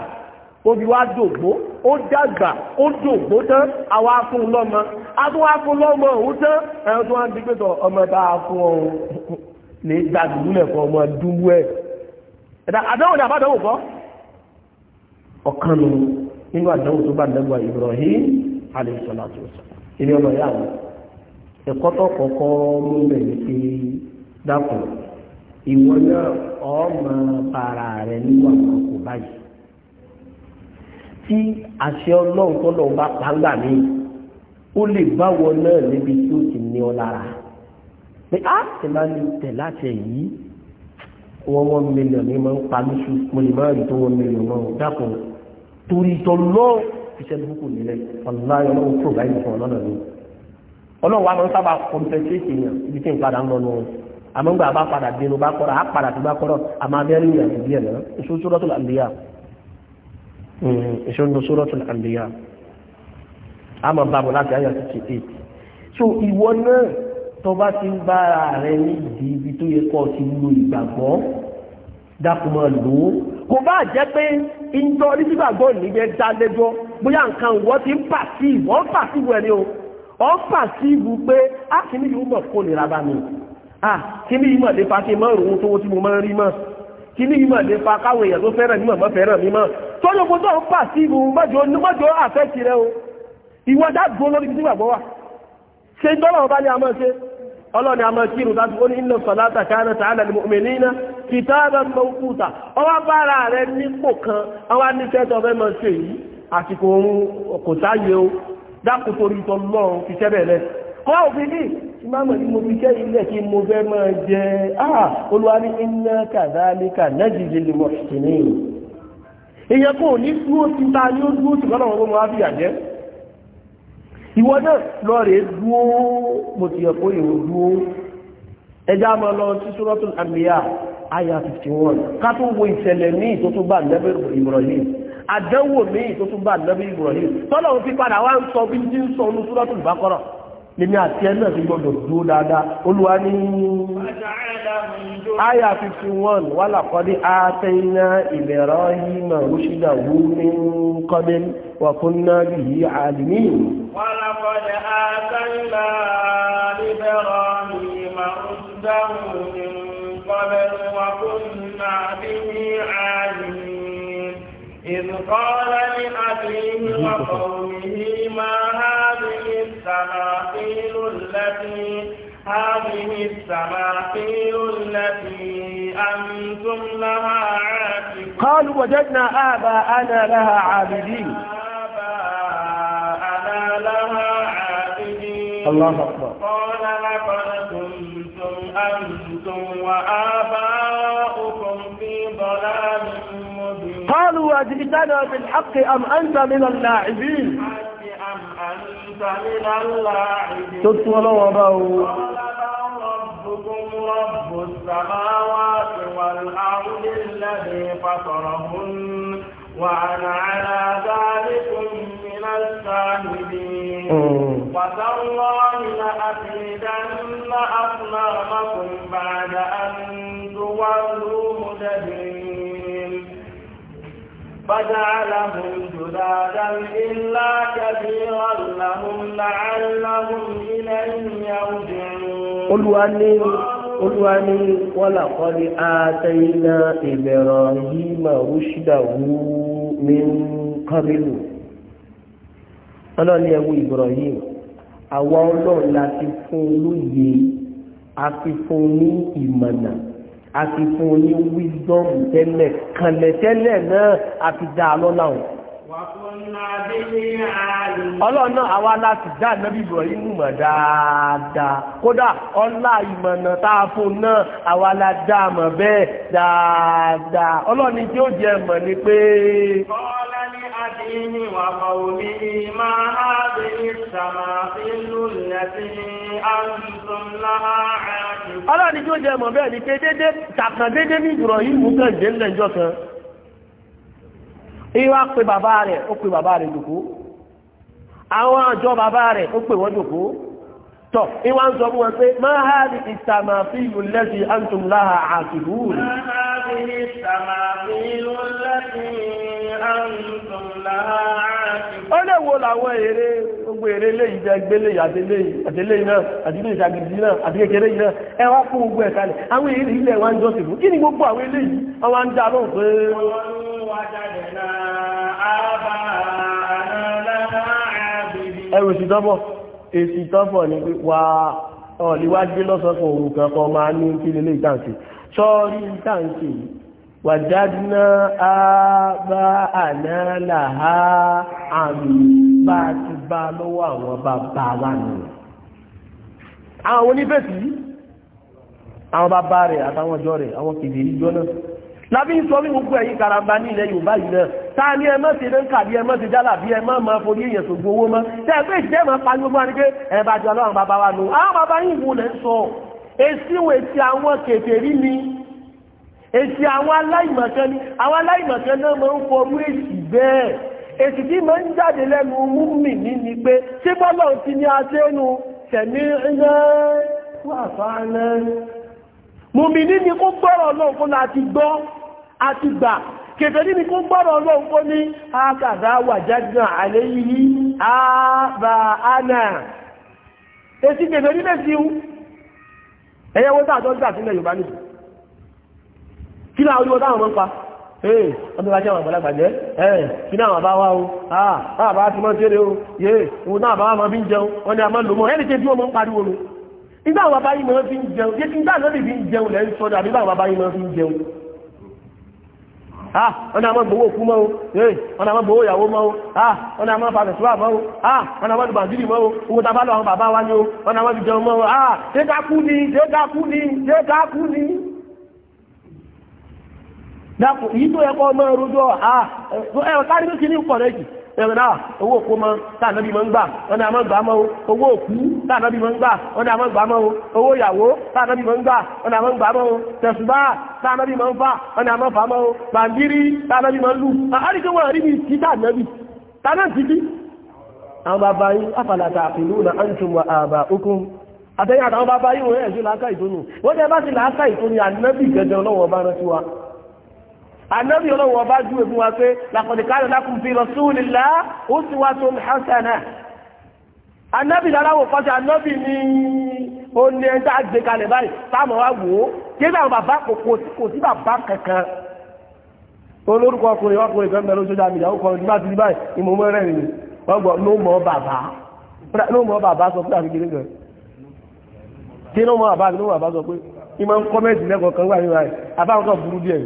obi wa dògbó ó dàgbà ó dògbó tán àwa fún lọ́mọ àtúwà fún lọ́mọ òun tán ẹ̀rọ tó wá ń dígbé tọ ẹ̀dà àdánwò ní àbádánwò kọ́ ọ̀kanu nínú àdánwò tó bá dẹ́gbà Ibrahim alaihissalatu wasalam ilé ọmọ ìyá mi ẹ̀kọ́ tó kọ́kọ́ mú bẹ̀ para rẹ níwà kò báyìí tí àṣẹ ọlọ́run tó lọ́ọ́ bá pàǹgà mi ó lè báwọ náà níbi tí ó ti ní ọ lára pé á ti máa ń tẹ̀ láti wọ́n wọ́n mílíọ̀n ní máa ń pa lóṣù mo lè máa rí tó wọ́n mílíọ̀n náà dákun torí ìtọ́lọ́ iṣẹ́ burúkú nílẹ̀ ọ̀láyọ̀ ọlọ́run tó báyìí fún ọlọ́dọ̀ mi ọlọ́run wa máa ń sábà kọ́ńtẹ́tẹ́tì yàn ibi tí n padà ń lọ nù àmọ́ ń gbà bá padà dénú bá kọ́ra á padà tó bá kọ́rọ̀ àmọ́ abẹ́rẹ́ ìyàn ìdí ẹ̀ náà èso suratul anbiya hmm, èso so ìwọ tó bá ti ń bára rẹ nídìí ibi tó yẹ kọ́ ti lo ìgbàgbọ́ dákùmọ̀ lò ó kò bá jẹ́ pé ìjọ onígbàgbọ́ nìyẹn dá lẹ́jọ́ bóyá nǹkan ìwọ́ ti ń pàṣí ìwọ́ ń pàṣí ìwọ́ ẹni o ọ̀ ń pàṣí ìwú pé á ah, kì ní ìwúmọ̀ kó nira bá mi à ah, kì ní ìmọ̀ lè kí n mọ̀ òun tó tí mo máa ń rí mọ̀ kì ní ìmọ̀ lè káwọn èèyàn tó fẹ́ràn mímọ̀ mọ́ fẹ́ràn mímọ̀ tọ́jú ogun tó ń pàṣí ìwú mọ́jọ mọ́jọ àfẹ́ tirẹ̀ o ìwọ́dá gbó lórí ìgbàgbọ́ wa ṣe dọ́là ọba ọlọ́ni a máa kírun láti ó ní inna salata kanat ala al-mu'minina kitaban mawquta ọwọ́ bára rẹ nípò kan ọwọ́ níṣẹ́ tó fẹ́ máa ṣe yìí àsìkò òun kò sáyé o dákò torí tọ́ lọ́run fi ṣẹ́ bẹ̀rẹ̀ kọ́ òfin ní ìmáàmù ni mo fi ṣẹ́ ilẹ̀ kí mo fẹ́ máa jẹ olúwa ní inna kadhalika najzil muhsinin ìyẹn kò ní dúró ti ta ni ó dúró ti kọ́ ìwọ náà lọ rèé dúó mo ti yẹ kó ìwọ dúó ẹjá máa lọ sí suratul anbiya aya 51 ká tó wo ìṣẹ̀lẹ̀ míì tó tún bá nẹ́bẹ̀ Ibrahim àdánwò míì tó tún bá nẹ́bẹ̀ Ibrahim tọ́lọ̀ fi padà wá ń sọ bí ti ń sọ ní suratul Baqara lèmi àti ẹ náà ti gbọdọ̀ dúó dáadáa olúwa ní aya 51 wà làkọ́dé atayna Ibrahima rushdahu min qabl wa kunna ولقد آتينا إبراهيم رشده من قبل وكنا به عالمين إذ قال لأبيه وقومه ما هذه التماثيل التي هذه التماثيل التي أنتم لها عاكفون قالوا وجدنا آباءنا لها عابدين لها عابدين الله أكبر قال لقد كنتم أنتم وآباؤكم في ضلال مبين قالوا أجئتنا بالحق أم أنت من اللاعبين أم أنت من اللاعبين تطوى الله ربكم رب السماوات والأرض الذي فطرهن وأنا على ذلكم من الشاهدين وتالله لأكيدن أصنامكم بعد أن تولوا مدبرين فجعلهم جدادا إلا كبيرا لهم لعلهم إليه يرجعون قلوا أني olúwa ní wọ́là kọ́ ní àtẹ́yìnà ìbẹ̀rọ̀ yìí mà rúṣìdà wú ní kọ́bílù ọlọ́ni ẹ̀wù Ibrahim àwa ọlọ́run la ti fún un lóye a ti fún un ní ìmọ̀nà a ti fún ní wisdom tẹ́lẹ̀ kànlẹ̀ tẹ́lẹ̀ náà a ti dá lọ́la o. ọlọ́run náà àwa la ti dá ànábì Ibrahim mọ̀ dáadáa kódà ọlá ìmọ̀nà tá a fún un náà àwa la dá mọ̀ bẹ́ẹ̀ dáadáa ọlọ́run tí ó jẹ́ mọ̀ ni pé. يأتيهم وقومه ما هذه السماثيل التي أنتم لها عاكفون Allah tí ó jẹ mọ̀ bẹ́ẹ̀ ni pé dédé tàkàn dédé ní ìrọ̀ yìí mú kàn jẹ́ ńlẹ̀ ìjọ kan ìwà pé bàbá rẹ̀ ó pè bàbá rẹ̀ jòkó àwọn àjọ bàbá rẹ̀ ó pè wọ́n jòkó tọ̀ ịwa ń sọ fún wọn ha di ìtàmàfíìlù lẹ́sìn antum láha àtìbúrù. máa ha di ìtàmàfíìlù lẹ́sìn antum láha ere gbogbo èrè léyìí jẹ gbélé àtẹlé náà àdúgbò ìṣàgìdì náà àti kékeré yìí náà ẹ wá fún gbogbo ẹ̀ gbogbo èsì tọ́fọ̀ ní wà ọ̀líwájú lọ́sọ̀kan òru kankan máa ní kí lélé ìtàǹsì sọ́ọ́rí ìtàǹsì wàjádínà àbá ànáàlà ha àmì bá ti bá lọ́wọ́ àwọn bàbá wa nù àwọn onífẹ̀sì àwọn bàbá rẹ̀ àtàwọn ọjọ́ rẹ̀ àwọn kìdìrí jọ lábí ń sọ ní gbogbo ẹ̀yìn karamba ní ilẹ̀ yorùbá yìí náà ta ni ẹ má ní kàbí ẹ má jálà bí ẹ ma forí èèyàn ṣògbó owó mọ́ tẹ́ ẹ pé ìṣẹ́ máa pariwo mọ́ àdígbé ẹ bá jọ ọlọ́run bàbá wa nù ni èsì àwọn aláìmọ̀kẹ́ ni àwọn aláìmọ̀kẹ́ náà máa ń forú èsì bẹ́ẹ̀ èsì tí máa ń jáde lẹ́nu múmi ní ni pé ṣé bọ́lọ̀ ti mùmìnì ni kó gbọ́rọ̀ ọlọ́run kó láti gbọ́ àti gbà kèfèrí ni kó gbọ́rọ̀ ọlọ́run kó ní àkàdá wà jágbà àléyìí àbà ánà èsì kèfèrí lẹ́sí ẹ̀yẹ́wó tààtọ́ gbà sílẹ̀ Yorùbá nìyí kí náà orí ọdá àwọn pa ee ọdún bá jẹ́ àwọn àgbàlagbà jẹ́ ẹ̀ kí náà bá wá o àà bá ti mọ́ sí eré o yé nígbà àwọn bàbá yìí máa fi ń jẹun yé kí nígbà lórí fi ń jẹun lẹ́ sọ dà nígbà àwọn bàbá yìí máa fi ń jẹun. ah ọ̀nà àmọ́ gbowó òkú mọ́ o ọ̀nà eh, àmọ́ gbowó ìyàwó mọ́ o ah ọ̀nà àmọ́ fàṣẹ̀sọ́wà mọ́ o ah ọ̀nà àmọ́ dùbàdìrì mọ́ o owó ta bá lọ àwọn bàbá wa ni o ọ̀nà àmọ́ fi jẹun mọ́ o ah ṣé ká kú ni ṣé ká kú ni ṣé ká kú ni dàpọ̀ yìí tó yẹ kọ́ ọmọ ẹrú ah ẹ̀rọ kárí ló ti ní pọ̀ ẹ̀rìnà owó òkú mọ́ tàànàbí mọ́ ń gbà ọ̀nà àmọ́ gbà mọ́ owó òkú tàànàbí mọ́ ń gbà ọ̀nà àmọ́ gbà mọ́ owó ìyàwó tàànàbí mọ́ ń gbà ọ̀nà àmọ́ gbà mọ́ tẹ̀sùbá tàànàbí mọ́ ń fà ọ̀nà àmọ́ fà mọ́ bàndírí mọ́ ń lù okun àtẹ́yìn àtàwọn bàbá yín wọ́n ẹ̀ṣù láákà ìtónù wọ́n tẹ́ bá ìtónù bá anabi ọlọ́wọ́ bá ju èfún wa pé làkọ̀dìkálẹ̀ lákùn fi rasulillah uswatun hasana anabi láráwọ̀ kọ́sí anabi ní oní ẹjọ́ àgbékalẹ̀ báyìí táàmù wa wò ó kí ní àwọn bàbá kò sí bàbá kankan olórúkọ ọkùnrin ọkùnrin kan mẹ́rin sójà mi ìyàwó kan nígbà tí báyìí ìmọ̀mọ́ rẹ̀ rìn wọ́n gbọ́ ló mọ̀ bàbá ló mọ̀ bàbá sọ fún àfikiri kan kí ló mọ̀ bàbá ló mọ̀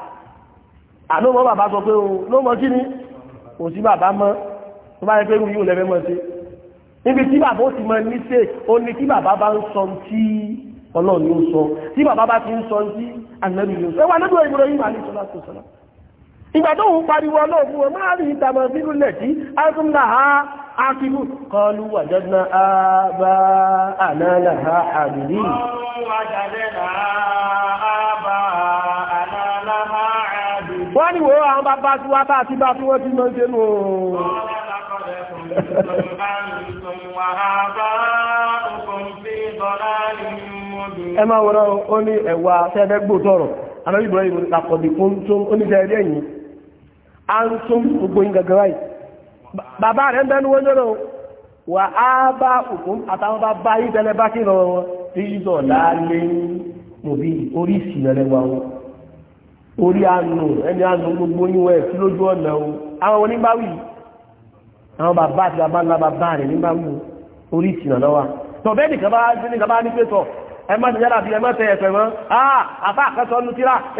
àná mọ́ bàbá sọ pé òun ló mọ kí ni kò sí bàbá mọ́ tó bá yẹ pé yóò lẹ́fẹ́ mọ́ sí níbi tí bàbá ó ti mọ ní ṣe ó ní tí bàbá bá ń sọ tí ọlọ́run yóò sọ tí bàbá bá ti ń sọ tí ànábì yóò sọ ẹwà nígbà ìgbòrò yìí wà ní sọlá tó sọlá ìgbà tó ń pariwo ọlọ́ọ̀fún wọn máa rí ìtàmà sínú lẹ́tí azúnláha akílù kọlu wàjọ́dúnà àbá ànáàláha àdìrí wọ́n ni wo àwọn bàbá tí wá bá ti bá tí wọ́n ti mọ́ ṣe nù ẹ wọ́n ó ẹ̀wà tẹ́ẹ̀fẹ́ tọ̀rọ̀ àwọn ìbúrọ̀ àkọ̀dì fún tó oníṣẹ́ ẹ̀rí ẹ̀yìn antum gbogbo yín gàgàrà yìí bàbá rẹ̀ ń bẹ́nu wọ́n jọ́nà wà á bá òkun àtàwọn bá bá yí tẹ́lẹ̀ bá kí rọrọ wọn rízọ̀ láàlé mòbí orí ìsìnlẹ̀ wa wọn orí àánú ẹni àánú gbogbo yín wọ́n lójú ọ̀nà o àwọn oníbáwì àwọn bàbá àti bàbá ńlá bàbá rẹ̀ nígbàmù orí ìsìnlẹ̀ wa tọ̀bẹ́ nìkan bá dé nìkan bá ní pé tọ̀ ẹ má tẹ̀yẹ́ láti ẹ má tẹ̀ ẹ̀fẹ̀ wọn àfà àkẹ́sọ̀ọ́nù tíra ẹ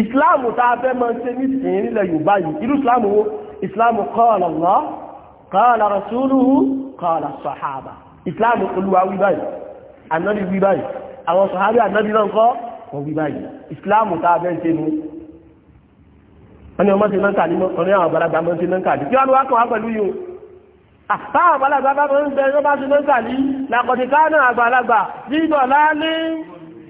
ìsìláàmù tá a fẹ́ máa ṣe nísìnyí nílẹ̀ yorùbá yìí irú ìsìláàmù wo ìsìláàmù qala Allah qala rasuluhu qala sahaba ìsìláàmù olúwa wí báyìí ànábì wí báyìí àwọn sàhábì ànábì náà kọ́ wọ́n wí báyìí ìsìláàmù fẹ́ ṣe ní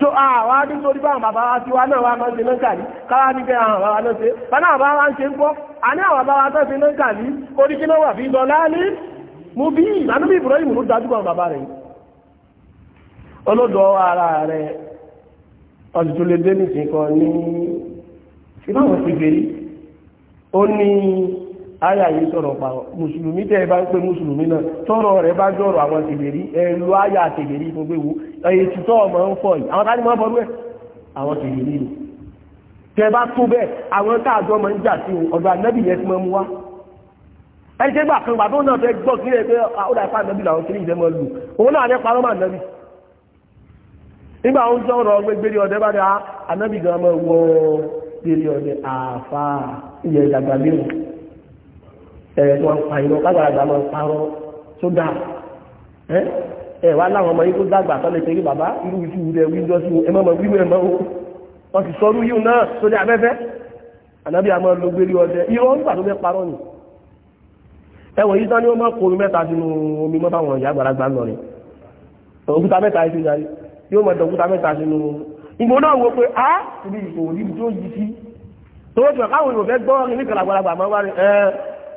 so ah, àwọn adúgbòrí bá àwọn bàbá wa tí wa náà wá máa ń ṣe lọ́nkàlí káwá ní pé àwọn bàbá náà ṣe báná àwọn bàbá wa ń ṣe ń gbọ́ a ní àwọn bàbá wa tó ṣe lọ́nkàlí orí kí ló wà fi lọ láàní mú bí ìlànà bí ìbúrọ́ ìmúlò dájú kan bàbá rẹ̀ olódò ara rẹ̀ ọ̀sùn lè dé nìsín kan ní ìbáwọn ti gbèrí ó ní Aya yìí sọ̀rọ̀ pa mùsùlùmí tẹ́ ẹ bá ń pe mùsùlùmí náà tọ́rọ̀ rẹ bá jọ̀rọ̀ àwọn tèbèrí ẹ̀lú àyà tèbèrí fún pé wo tọ́ ọmọ ń fọ yìí àwọn tá ní máa ń fọdú ẹ̀ àwọn tèbèrí ni tẹ́ bá tó bẹ́ẹ̀ àwọn táàjọ máa ń jà sí ọ̀dọ̀ yẹn ti wá ẹni tẹ́ gbà kan gbà tó náà fẹ́ gbọ́ kí ẹ pé ah, ó dà Eh, wọn pa iná kágbàlagbà máa parọ́ tó dáa ẹ eh, eh, wá láwọn ọmọ yìí tó dàgbà tó lè tẹ́lẹ̀ bàbá irú ìfú rẹ̀ wíjọ sí ẹ mọ́mọ́ wíwọ́ ẹ̀mọ́ o wọ́n ti sọ́rú yìí náà tó dé abẹ́fẹ́ ànábì àmọ́ ló gbé rí ọdẹ irọ́ nígbà tó fẹ́ parọ́ nì ẹwọ̀ yìí tán ni wọ́n máa kó omi mẹ́ta sínú omi mọ́ báwọn ìyá àgbàlagbà lọ rẹ̀ òkúta mẹ́ta yìí ti yarí yóò mọ̀ òkúta mẹ́ta sínú ìgbò náà wo pé a ibi ìfòwò níbi tó yí sí tó wọ́n ti mọ̀ káwọn ìwò fẹ́ gbọ́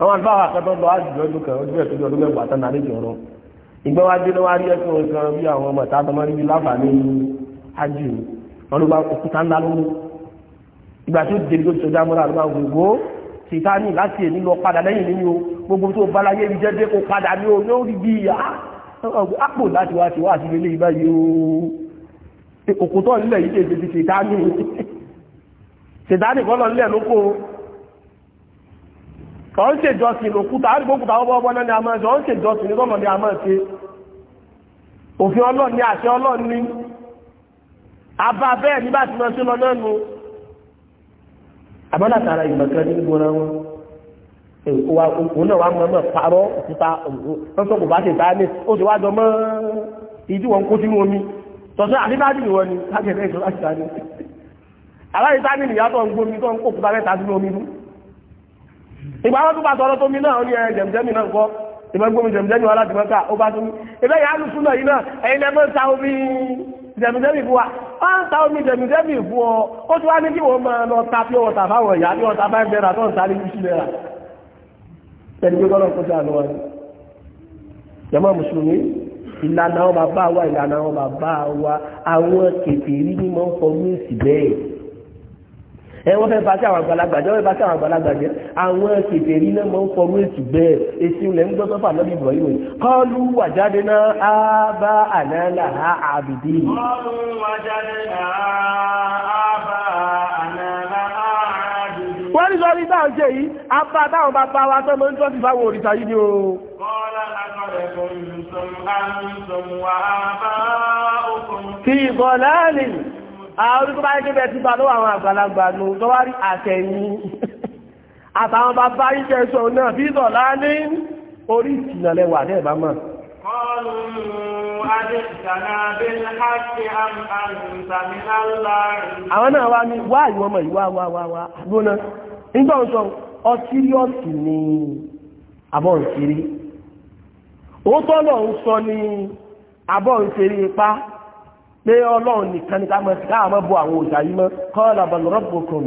àwọn àgbáwà akẹ́tọ́ lọ àjùjọ ọdún kan ọdún ẹ̀tọ́jú ọdún mẹ́wàá tán náà lẹ́jọ́ ọ̀rọ̀ ìgbẹ́ wa dé ló wá rí ẹ̀sùn nǹkan bí àwọn ọmọ ìta tọmọ níbi láǹfààní ájì wọn ló bá òkúta ńlá lóhùn ìgbà tó débi tó sọjá mọ́ra ló bá gbogbo sìtáni láti èmi lọ padà lẹ́yìn nínú gbogbo tó balaye ibi jẹ́dẹ́ kó padà ní o ló rí àpò láti wá sí wá sí ilé ìbáyé o òkútọ́ kàn ń ṣèjọsìn òkúta àrígbókúta ọgbọ́ ọgbọ́ náà ni a máa ṣe ọ́n ṣèjọsìn ní gọ́mọ̀ ni a máa ṣe òfin ọlọ́run ní àṣẹ ọlọ́run ní abá bẹ́ẹ̀ nígbà tí wọ́n ṣe lọ náà nu àbọ́látara ìgbàkan ní gbọ́nà wọn òun náà wà mọ́ mọ́ parọ́ òkúta wọ́n sọ ni wọ́n ni láti ẹ̀rẹ́ ìṣọ́ láti ni aláìsá ni ìyá tó ń gbómi ìgbà wọn tún bá mi náà ó ní ẹ jẹmjẹmì náà kọ ìbá gbómi jẹmjẹmì wọn láti mẹ́ta ó bá tún ìbẹ́ yà á lù súnà yìí náà ẹ̀yin lẹ́ mọ́ ta omi jẹmjẹmì fún wa ó ń ta omi jẹmjẹmì fún ọ ó tún wá ní kí wọ́n máa lọ ta pé wọ́n ta fáwọn wa jẹ́mọ́ mùsùlùmí ìlànà wọn bàbá wa ìlànà wọn àwọn kèfèrí ni mọ́ fọmí sí bẹ́ẹ̀ ẹ wọ́n fẹ́ bá sí àwọn àgbàlagbà jẹ́ wọ́n fẹ́ bá sí àwọn àgbàlagbà jẹ́ àwọn kèfè rí náà máa ń fọwọ́ ètù bẹ́ẹ̀ èsì ilẹ̀ ń gbọ́ sọ́fà lọ́bì bọ̀ yìí kọ́lù wàjáde náà á bá àlàálà á àbìdí. kọ́lù wàjáde náà á bá àlàálà á àbìdí. ṣe yìí apá táwọn bá bá wa tó máa ń tọ́sí fáwọn òrìṣà yìí ni o. kọ́lá lákọ̀ọ́lẹ̀ àwọn ah, tó bá yẹ kébẹ̀ tí lọ́wọ́ àwọn àgbàlagbà nù tó wá rí àtẹ̀yìn [laughs] àtàwọn bàbá iṣẹ́ náà bí ìtọ̀lá ní orí ìtìnà lẹ́wà lẹ́ẹ̀bá mọ̀. àwọn náà wá ní wá ìwọ́n mọ̀ ìwá wá wá wá nígbà ọtíríọ̀sì ni ní pé ọlọ́run nìkan ní káàmọ́ sí káàmọ́ bọ àwọn òjà yìí mọ́ kọ́ọ̀lá bọ̀ rọ́bù kan.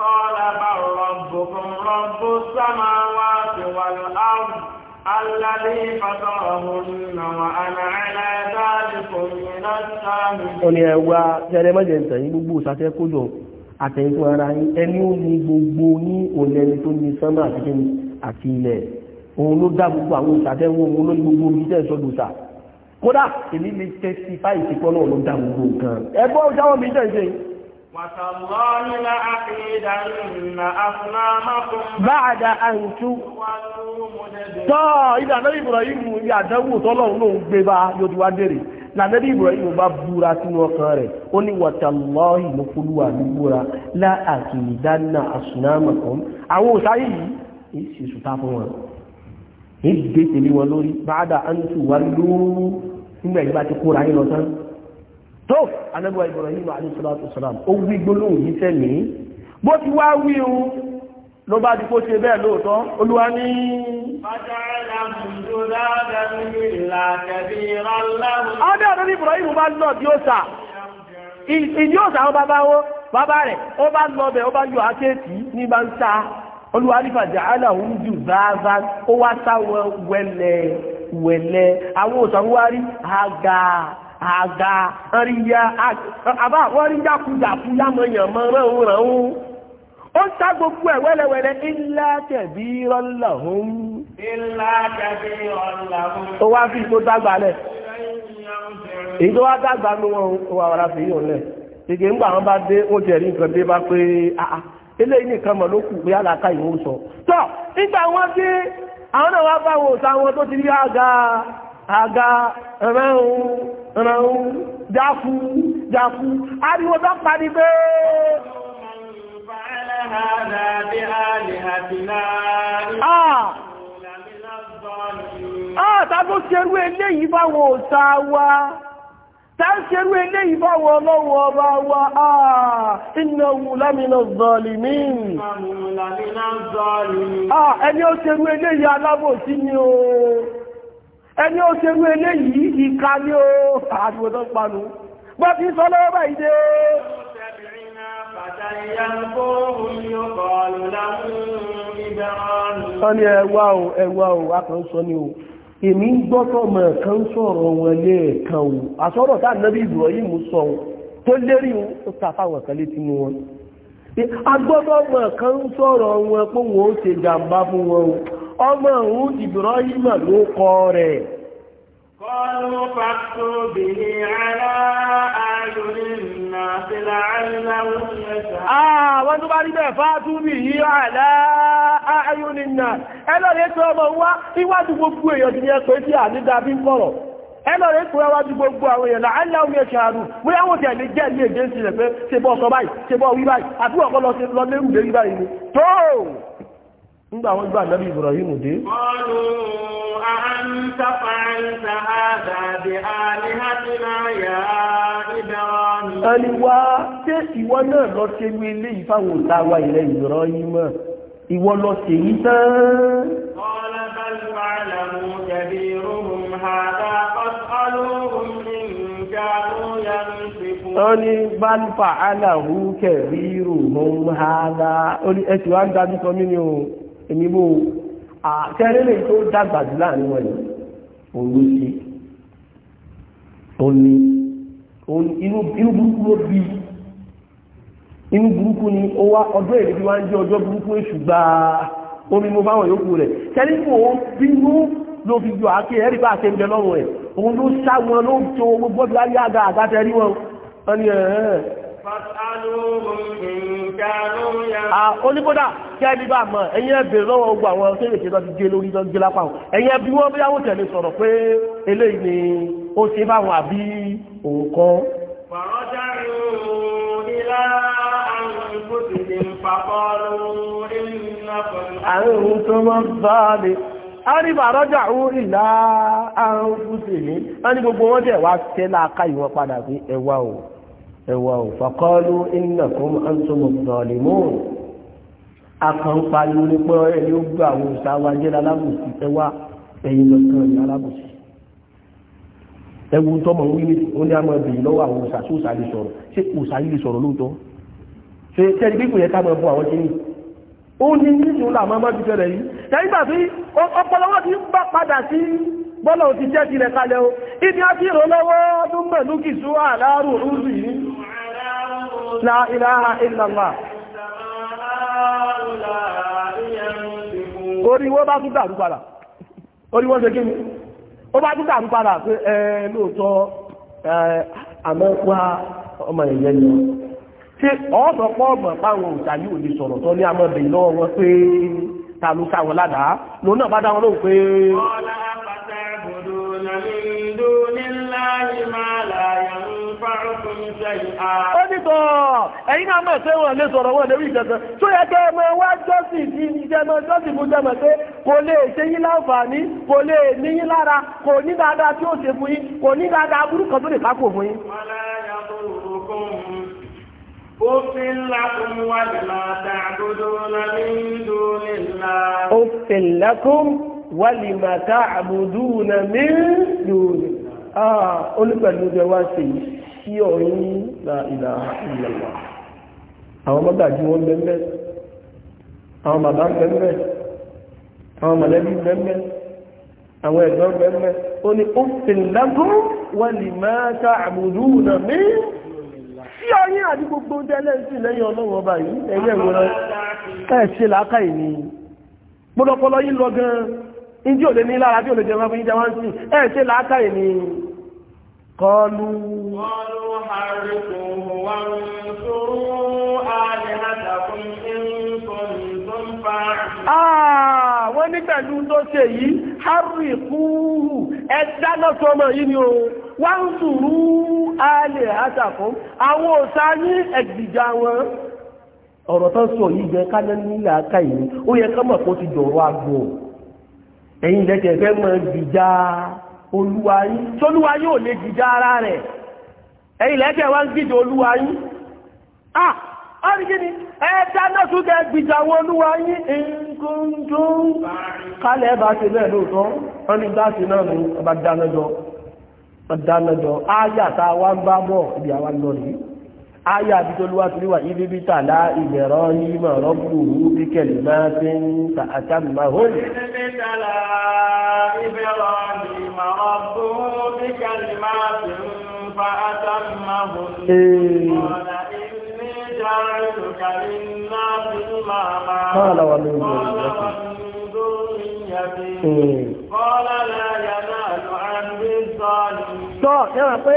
kọ́ọ̀lá bọ̀ rọ́bù kan rọ́bù sámà wá sí wà láàrú aládé fàtọ́rọ̀hún náà àná ẹlẹ́dáàdì kò ní náà sáàmì. ó ní ẹwà tẹ́lẹ̀ mọ́jẹ̀ ń tẹ̀yìn gbogbo ìsàtẹ́ kójọ àtẹ̀yìn ara yín ẹni ó ní gbogbo ní òun tó ní sánmà àti ilẹ̀ òun ló dá gbogbo àwọn ìsàtẹ́ wọn òun ló ní gbogbo ibi tẹ́ kódà èmi lè testify ìsìnkọ́ náà ló dá gbogbo nǹkan ẹgbọ́ ìjáwọ́ mi jẹ́ ìṣe Báàdà àìsú. Tọ́ ìdànẹ́bí Ibrahim ibi àdánwò tọ́lọ́run ló ń gbé bá yóò ti wá dèrè. Nàdẹ́bí Ibrahim bá búra sínú ọkàn rẹ̀. Ó ní wàtàlọ́ọ̀hì ló fúlúwà ní búra láàkì ìdáná àṣùnámà kan nígbà yìí bá ti kóra yín lọ tán tó anábíwá Ibrahim alayhi salatu wassalam ó wí gbólóhùn yìí sẹ́mi bó ti wá wí o ló bá di kó ṣe bẹ́ẹ̀ lóòótọ́ olúwa ní. ọdẹ ọdún ní Ibrahim bá lọ di òòṣà ìdí òòṣà àwọn bàbá wọn bàbá rẹ̀ ó bá lọ bẹ̀ ó bá yọ àkéèkì ní bá ń sa olúwa nípa jàálà òun jù bá bá ó wá sáwọn wẹlẹ wẹ̀lẹ́ àwọn òsànwárí àgà àgà àríyá àbá wọ́n rí jákujàku yámọ̀yàmọ̀ ránranrun ó sá gbogbo ẹ̀ wẹ́lẹ́wẹ́lẹ́ ilá tẹ̀bí rọ́lọ́hún. ilá tẹ̀bí rọ́lọ́hún. ó wá fi tó dágbà lẹ̀ èyí tó wá dágbà ló wọn wà wàrà fi yàn lẹ̀ gègé ńgbà wọn bá dé ó jẹ̀rí nǹkan dé bá pé ah, ah, eléyìí nìkan mọ̀ ló kù pé àlàkà ìwọ sọ. tọ́ nígbà wọn dé àwọn náà wá sáwọn tó ti rí àga àga rẹ̀hún rẹ̀hún jáfú jáfú ariwo tó parí pé Ah, ah tàbí ó ṣerú eléyìí báwọn òṣà tàṣẹrú eléyìí fáwọn ọlọ́wọ́ ọba wa àà iná wùlámínà zọlìmí ẹni ó ṣerú eléyìí alábòsí ni o ẹni ó ṣerú eléyìí ìka ni o àdìwòtọ́ panu bọ́ ti sọ lọ́wọ́ báyìí dé Wọ́n ni ẹwà o, ẹwà o. Emi ń gbọ́tọ̀ mọ̀ kan sọ̀rọ̀ wọn lẹ́ẹ̀kan o àsọ̀rọ̀ Ibrahim sọ tó mú wọn agbọ́tọ̀ mọ̀ kan sọ̀rọ̀ fún Ibrahim قالوا فأتوا به على أعين الناس لعلهم يشهدون آه ah, wọ́n tó bá rí bẹ́ẹ̀ فأتوا به على أعين الناس ẹlọ́rẹ̀ tó ọmọ wá níwájú gbogbo èèyàn ti ní ẹ̀kọ́ tí à ní dábí ń kọ̀rọ̀ ẹlọ́rẹ̀ tó wájú gbogbo àwọn èèyàn لعلهم يشهدون bóyá wọ́n ti ẹ̀lẹ́ jẹ́ ilé ìgbésí rẹ̀ pé ṣe bọ́ ọkọ̀ báyìí ṣe bọ́ nígbà wọ́n gbà lọ́bí Ibrahim dé. Qalu a'anta fa'alta hadha bi alihatina ya Ibrahim. ẹni wá ṣé ìwọ náà lọ ṣe wí ilé ìfáwọn òta wa ilẹ̀ Ibrahim mọ́ ìwọ lọ ṣe yí tán. Qala bal fa'alahu kabiruhum hadha fas'aluhum in kanu yanfiqun. wọ́n ní bal fa'alahu kabiruhum hadha ó ní ẹ̀sìn wa ń dájú sọ mí ni o èmi bó àtẹ́rẹ́lẹ̀ tó dàgbà jù láàrin wọn ni òun ló ṣe òun ni inú burúkú ló bí inú burúkú ni ó wá ọjọ́ èrè bí wá ń jẹ́ ọjọ́ burúkú èṣù gba omi mo báwọn yòókù rẹ̀ tẹ́lẹ̀ kò bínú ló fi jọ àáké ẹ̀rí bá àṣẹ ń bẹ lọ́wọ́ ẹ̀ òun ló sá wọn ló tó gbogbo bí wá rí àga àgátẹ́rí wọn. wọ́n ní ẹ̀ẹ́ oníbódà kí ẹni bá mọ̀ ẹ̀yin ẹ̀bẹ̀ lọ́wọ́ ogun àwọn kéèké lọ gé lórí lọ gé lápá wọn ẹ̀yin ẹbí wọn bóyá tẹ̀lé sọ̀rọ̀ pé eléyìí ni ó ṣe báwọn àbí òun kan. fàrọ́jà rò ilá àrùn lè papọ̀ lórí ìnáfọ̀. ń bá a lè àríbà rọ́jà òun wọ́n ní gbogbo wọ́n jẹ́ wá tẹ́lá aká ìwọ̀n padà sí ẹwà òun ẹwà ò fàkọ́lù innakum antum zalimun akànpariwo ní pé ẹni ó gbà àwọn òṣàwájẹ́ alábùsí ẹwà ẹ̀yìn lọ́kàn ní alábùsí ẹwù tọmọ wí ní ó ní àmọ́ ìbìyìn lọ́wọ́ àwọn òṣà yìí ṣe tẹ́lẹ̀ bí kò yẹ ká mọ̀ bọ àwọn bọ́lọ̀ ti jẹ́ tilẹ̀ kalẹ̀ o ibi a ti rò lọ́wọ́ ọdún pẹ̀lú kìsú àlárù rúrù yìí la bá tún dàrú padà oríwọ́ ṣe ó bá tún dàrú padà ọmọ تعبدون من دون الله ما لا ينفعكم شيئا ọ́nìtọ̀ ẹ̀yin náà mọ̀ ṣé wọ́n lè sọ̀rọ̀ wọ́n lè rí ìjọsìn tó yẹ kẹ́ ọmọ wá jọ́sìn tí ìjẹmọ jọ́sìn fún jẹmọ pé kò lè ṣe yín láǹfààní kò lè ní yín lára kò ní dáadáa tí ó ṣe fún yín kò ní dáadáa burúkọ tó lè kápò fún yín. wọ́n láyà tó rò kún أفل لكم ولما تعبدون من دون الله أفل لكم wálìmà tá àbùdú na mẹ́rìndòrò àà onípẹ̀lú ọjọ́ wá sí sí ọ̀yìn na ìlà ìlẹ̀wà àwọn mọ́gàjí wọn bẹ́ẹ̀ àwọn bàbá bẹ́ẹ̀ àwọn mọ̀lẹ́bí bẹ́ẹ̀ àwọn ẹ̀gbọ́n bẹ́ẹ̀ ó ní ó fi lágún wálìmà tá àbùdú na mẹ́rìndòrò sí ọyìn àti gbogbo ìdí òde ní lára tí òde jẹ mọ́fún ìjẹ wọ́n sí ẹ̀ ṣe látàrí ni kọlu ah, wọ́n ní pẹ̀lú tó ṣe yìí harry kúrù ẹ̀dá náà tó ọmọ yìí ni ohun wọ́n ń sùúrù alẹ́ àtàkùn àwọn òṣà ní ẹ̀gbìjà wọn ọ̀rọ̀ tán sọ yìí jẹ́ ká lẹ́nu ilẹ̀ akáyìí ó yẹ ká mọ̀ kó ti dọ̀rọ̀ agbóhùn eyi lẹ́tẹ̀ fẹ́ mọ jìjà oluwa yín toluwa yín ò lè jìjà ara rẹ̀ ẹ̀yin lẹ́tẹ̀ wá ń gbìjà olúwa yín à ọ́rìgìnì ẹ̀ẹ́dá náà tún kẹ́ gbìjà wọn olúwa kálẹ̀ bẹ́ẹ̀ náà ọba aya abitoluwa tó níwà ibi bí tàlá ìbẹ̀rọ yìí mà rọ́pù bí kẹlẹ̀ máa ti ń ta àtàmì máa hó ní. ibi tàlá ìbẹ̀rọ yìí mà rọ́pù bí kẹlẹ̀ máa ti ń fa àtàmì máa hó ọ̀nà ìní járe tó kàrí náà ti máa máa. máa làwọn mi ń bọ̀ ìyá kan. kọ́ lọ́la yàrá àlọ́ àbí sọ́ọ̀lì. sọ yẹ́wà pé.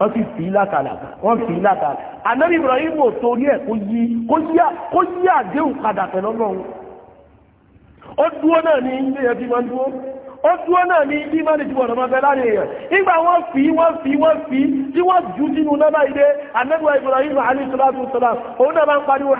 wọ́n sì fi látàlà wọ́n fi látàlà ànábì Ibrahim ò torí ẹ̀ kó yí àdéhùn padà pẹ̀lú ọlọ́run ó dúró náà ní ilé ẹ̀ fi máa ń dúró ó dúró náà ní ilé máa ń dúró ọ̀nà máa bẹ láàrin èèyàn nígbà wọ́n fi wọ́n fi wọ́n fi tí wọ́n jù sínú náà ilé ànábì Ibrahim alayhi salatu wassalam òun náà máa ń pariwo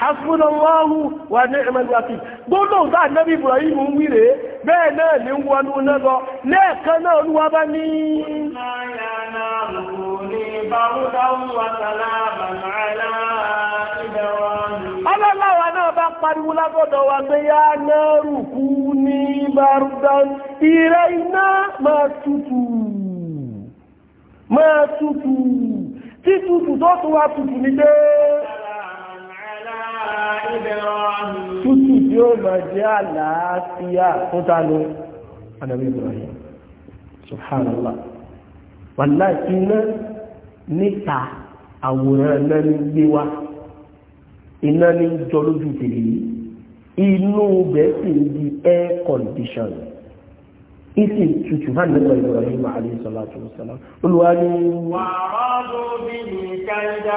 hasbunallahu wa ni'mal wakil gbọ́dọ̀ bá nẹ́bí ibrahim ń wí rèé bẹ́ẹ̀ náà ní wọnú náà lọ lẹ́ẹ̀kan náà olúwa bá ní aláláwa náà bá pariwo lábọ́dọ̀ wa pé yá náà rùkú ní barudan ìrẹ́ iná máa tutù máa tutù títutù tó tún wá tutù ní dé tútù tí ó lọ jẹ́ àlàáfíà tó ta ló Ànábì Ibrahim subhanallah wàláì iná níta àwòrán iná ní gbé wá iná ní jọ lójú tèlè yìí inú bẹ́ẹ̀ sì ń di air condition ìsìn tutù hàn nípa Ibrahim alayhi salatu wa salam olùwárí. wàá rọ́ọ̀dù bíi kẹ́ńdà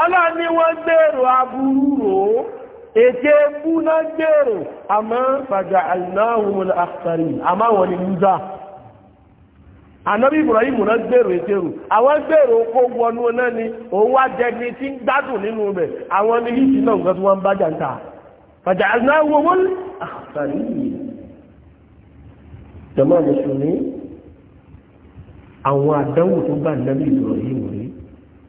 aláàní wọ́n gbèrò aburú rò ó ètè búná gbèrò àmọ́ fàjà àìnáhùn àkàrí àmọ́ wọn ni múzà ànábí Ibrahim náà gbèrò ètè rò àwọn gbèrò kó wọnú náà ni òun wá jẹni tí ń gbádùn nínú rẹ̀ àwọn ní yìí náà nǹkan tí wọ́n ń bá jà ń ta fàjà àwọn àdánwò tó bá nàbí Ibrahim rí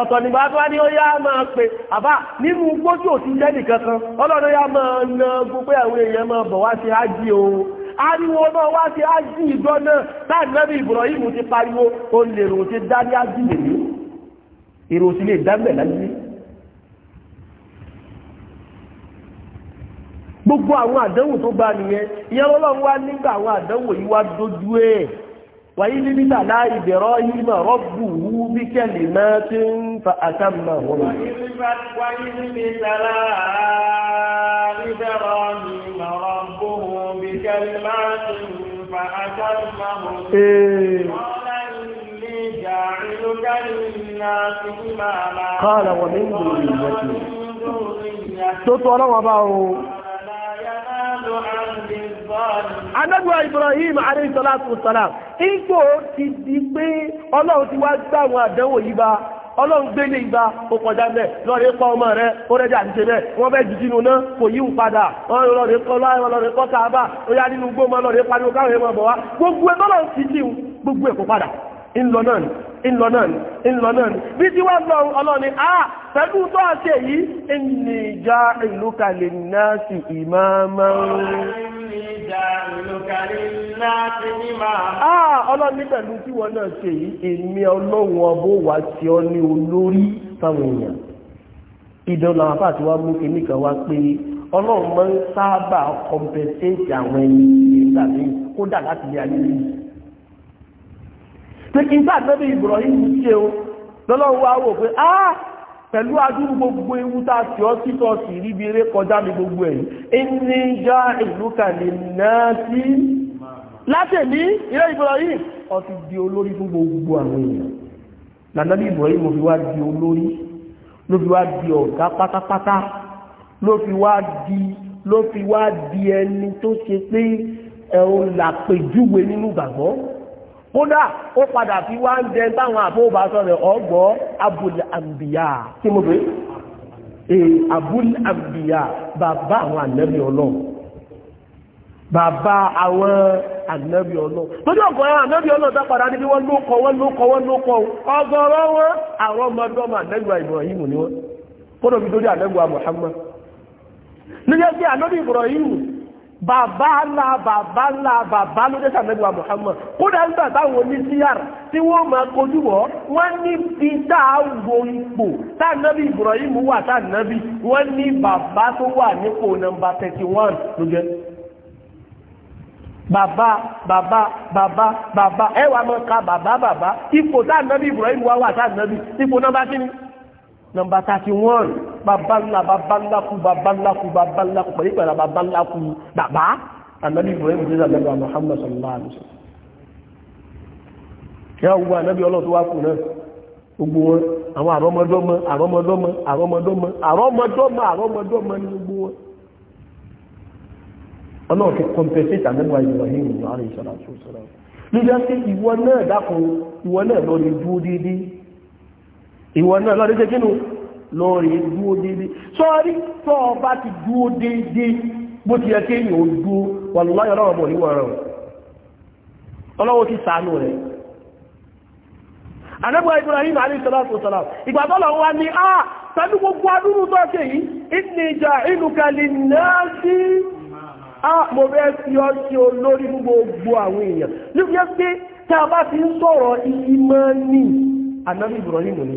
ọ̀tọ̀ nígbà tó wá ní ó yá máa pè àbá nínú gbójú òtí jẹ́ nìkan kan yá máa na gbogbo àwọn èèyàn máa bọ̀ wá sí ájì o ariwo náà wá sí ájì ìgbọ́ náà táà nẹ́bí Ibrahim ti pariwo o lè rò ti dá ní ájì وإذ ابتلى إبراهيم ربه بكلمات فأتمهن وإذ ابتلى إبراهيم ربه بكلمات فأتمهن إيه قال إني جاعلك للناس إماما قال ومن ذريتي صوت وضعه وباو لا ينال anábíwá Ibrahim alayhi salatu wassalam ipò ti di pé ọlọ́run ti wá gbá àwọn àdánwò yìí bá ọlọ́run gbé ní ìgbà ó kọjá mẹ́ lọ́rẹ̀ kọ́ ọmọ rẹ̀ ó rẹ̀jà ti ṣe mẹ́ wọ́n fẹ́ jù sínú náà kò yíwù padà lọ́rẹ̀ kọ́ láàrín lọ́rẹ̀ kọ́ káàbà ó yá nínú ni a pẹ̀lú tó à ṣe yìí ìnìjà ìlú kalẹ̀ náà sì ìmáàmá ń ọlọ́run ní pẹ̀lú tí wọ́n náà ṣe yìí èmi ọlọ́run ọbọ̀ wá tí ọ ní olórí fáwọn èèyàn ìdánwò àwọn àpá àti wá mú kí nìkan wá pé ọlọ́run máa ń sábà compensate àwọn ẹni ìgbàgbé kódà láti ilé ayé yìí pé kí n bá àgbẹ̀bí Ibrahim ṣe o lọ́lọ́run wá wò pé ah pẹ̀lú adúrú gbogbo ewu tá a sì ọ́ títọ́ sí ríbi eré kọjá mi gbogbo ẹ̀yìn ẹni já ìlú kàlẹ̀ náà sí látẹ̀lí ilé ìbọ̀rọ̀ yìí ó ti di olórí fún gbogbo àwọn èèyàn lànàbí Ibrahim di olórí ló fi wá di ọ̀gá pátápátá ló fi kódà ó padà fi wá ń jẹ táwọn àfọwọ́bà sọ̀rọ̀ ọgbọ́ abul anbiya kí mo abul bàbá àwọn ànábì ọlọ́run bàbá àwọn ànábì ọlọ́run lójú ọ̀gọ́ àwọn tó padà níbi wọ́n ló kọ́ ló ló wọn àwọn Ibrahim ni kódà wa Muhammad Ibrahim bàbá ńlá bàbá ńlá bàbá ló dé sàmẹ́lúwà Muhammad kódà nígbà táwọn oníṣíyàr tí wọ́n máa kojú wọ́ wọ́n ní bí dáàwò ipò táànábì Ibrahim wà táànábì wọ́n ní bàbá tó wà nípò nọmbà 31 ló jẹ́ bàbá bàbá bàbá bàbá ẹwà mọ́ ka bàbá bàbá ipò táànábì Ibrahim wà wà táànábì ipò nọmbà kí ni nọmba thirty one bàbá ńlá bàbá ńlá kú bàbá ńlá kú bàbá ńlá kú pẹ̀lú ìgbàlá bàbá ńlá kú bàbá ànábì ibrahim ṣe ṣe àgbàgbà muhammad sallallahu alayhi wa sallam kí wọ́n wo ànábì ọlọ́run tó wá kù náà gbogbo wọn àwọn àrọ́mọdọ́mọ àrọ́mọdọ́mọ àrọ́mọdọ́mọ àrọ́mọdọ́mọ àrọ́mọdọ́mọ ní gbogbo wọn ọlọ́run ti compensate àdẹ́gbà ibrahim ní àárín ìṣọ́lá tó sọ́lá nígbà tí ìwọ náà dákun ìwọ náà lọ ní dúró déédéé ìwọ náà lọ́dún ṣe kínú lórí dúó déédéé sọ́ọ́rí o ti dúó déédéé bó ti yẹ kéèyàn ó dúó ọrụ, yọ lọ́wọ́ bọ̀ níwọ̀n rẹ̀ ọlọ́wọ́ ti sàánú rẹ̀ ni a pẹ̀lú gbogbo adúrú tó ṣe yìí ìjà náà sí a fi ọ́ sí olórí gbogbo àwọn èèyàn pé a bá ń sọ̀rọ̀ ìmọ̀ ní ni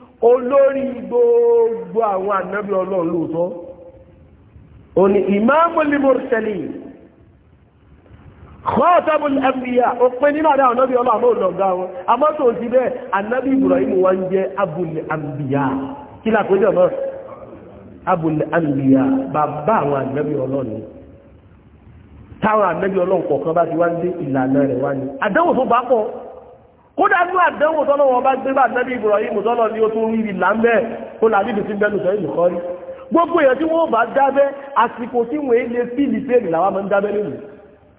olórí gbogbo àwọn ànábì ọlọ́run lóòótọ́ ó ní imamul mursalin khatabul anbiya ó pé nínú àdá ànábì ọlọ́run lọ́gá wọn àmọ́ tó ti bẹ́ẹ̀ ànábì Ibrahim wá ń jẹ́ abul anbiya kí lápẹjọ náà abul anbiya bàbá àwọn ànábì ọlọ́run táwọn ànábì ọlọ́run kọ̀ọ̀kan bá ti wá ń dé ìlànà rẹ̀ wá ní kódà ní àdánwò tọ́lọ́ wọn bá gbé bá nẹ́bí Ibrahim tọ́lọ́ ní ó tún rí ìlà ń bẹ́ẹ̀ kó làbí bìtí bẹ́ẹ̀ lùsọ ìlú kọ́rí gbogbo èèyàn tí wọ́n bá dábẹ́ àsìkò tí wọ́n é lè fíìlì fèèrè làwọn máa ń dábẹ́ lónìí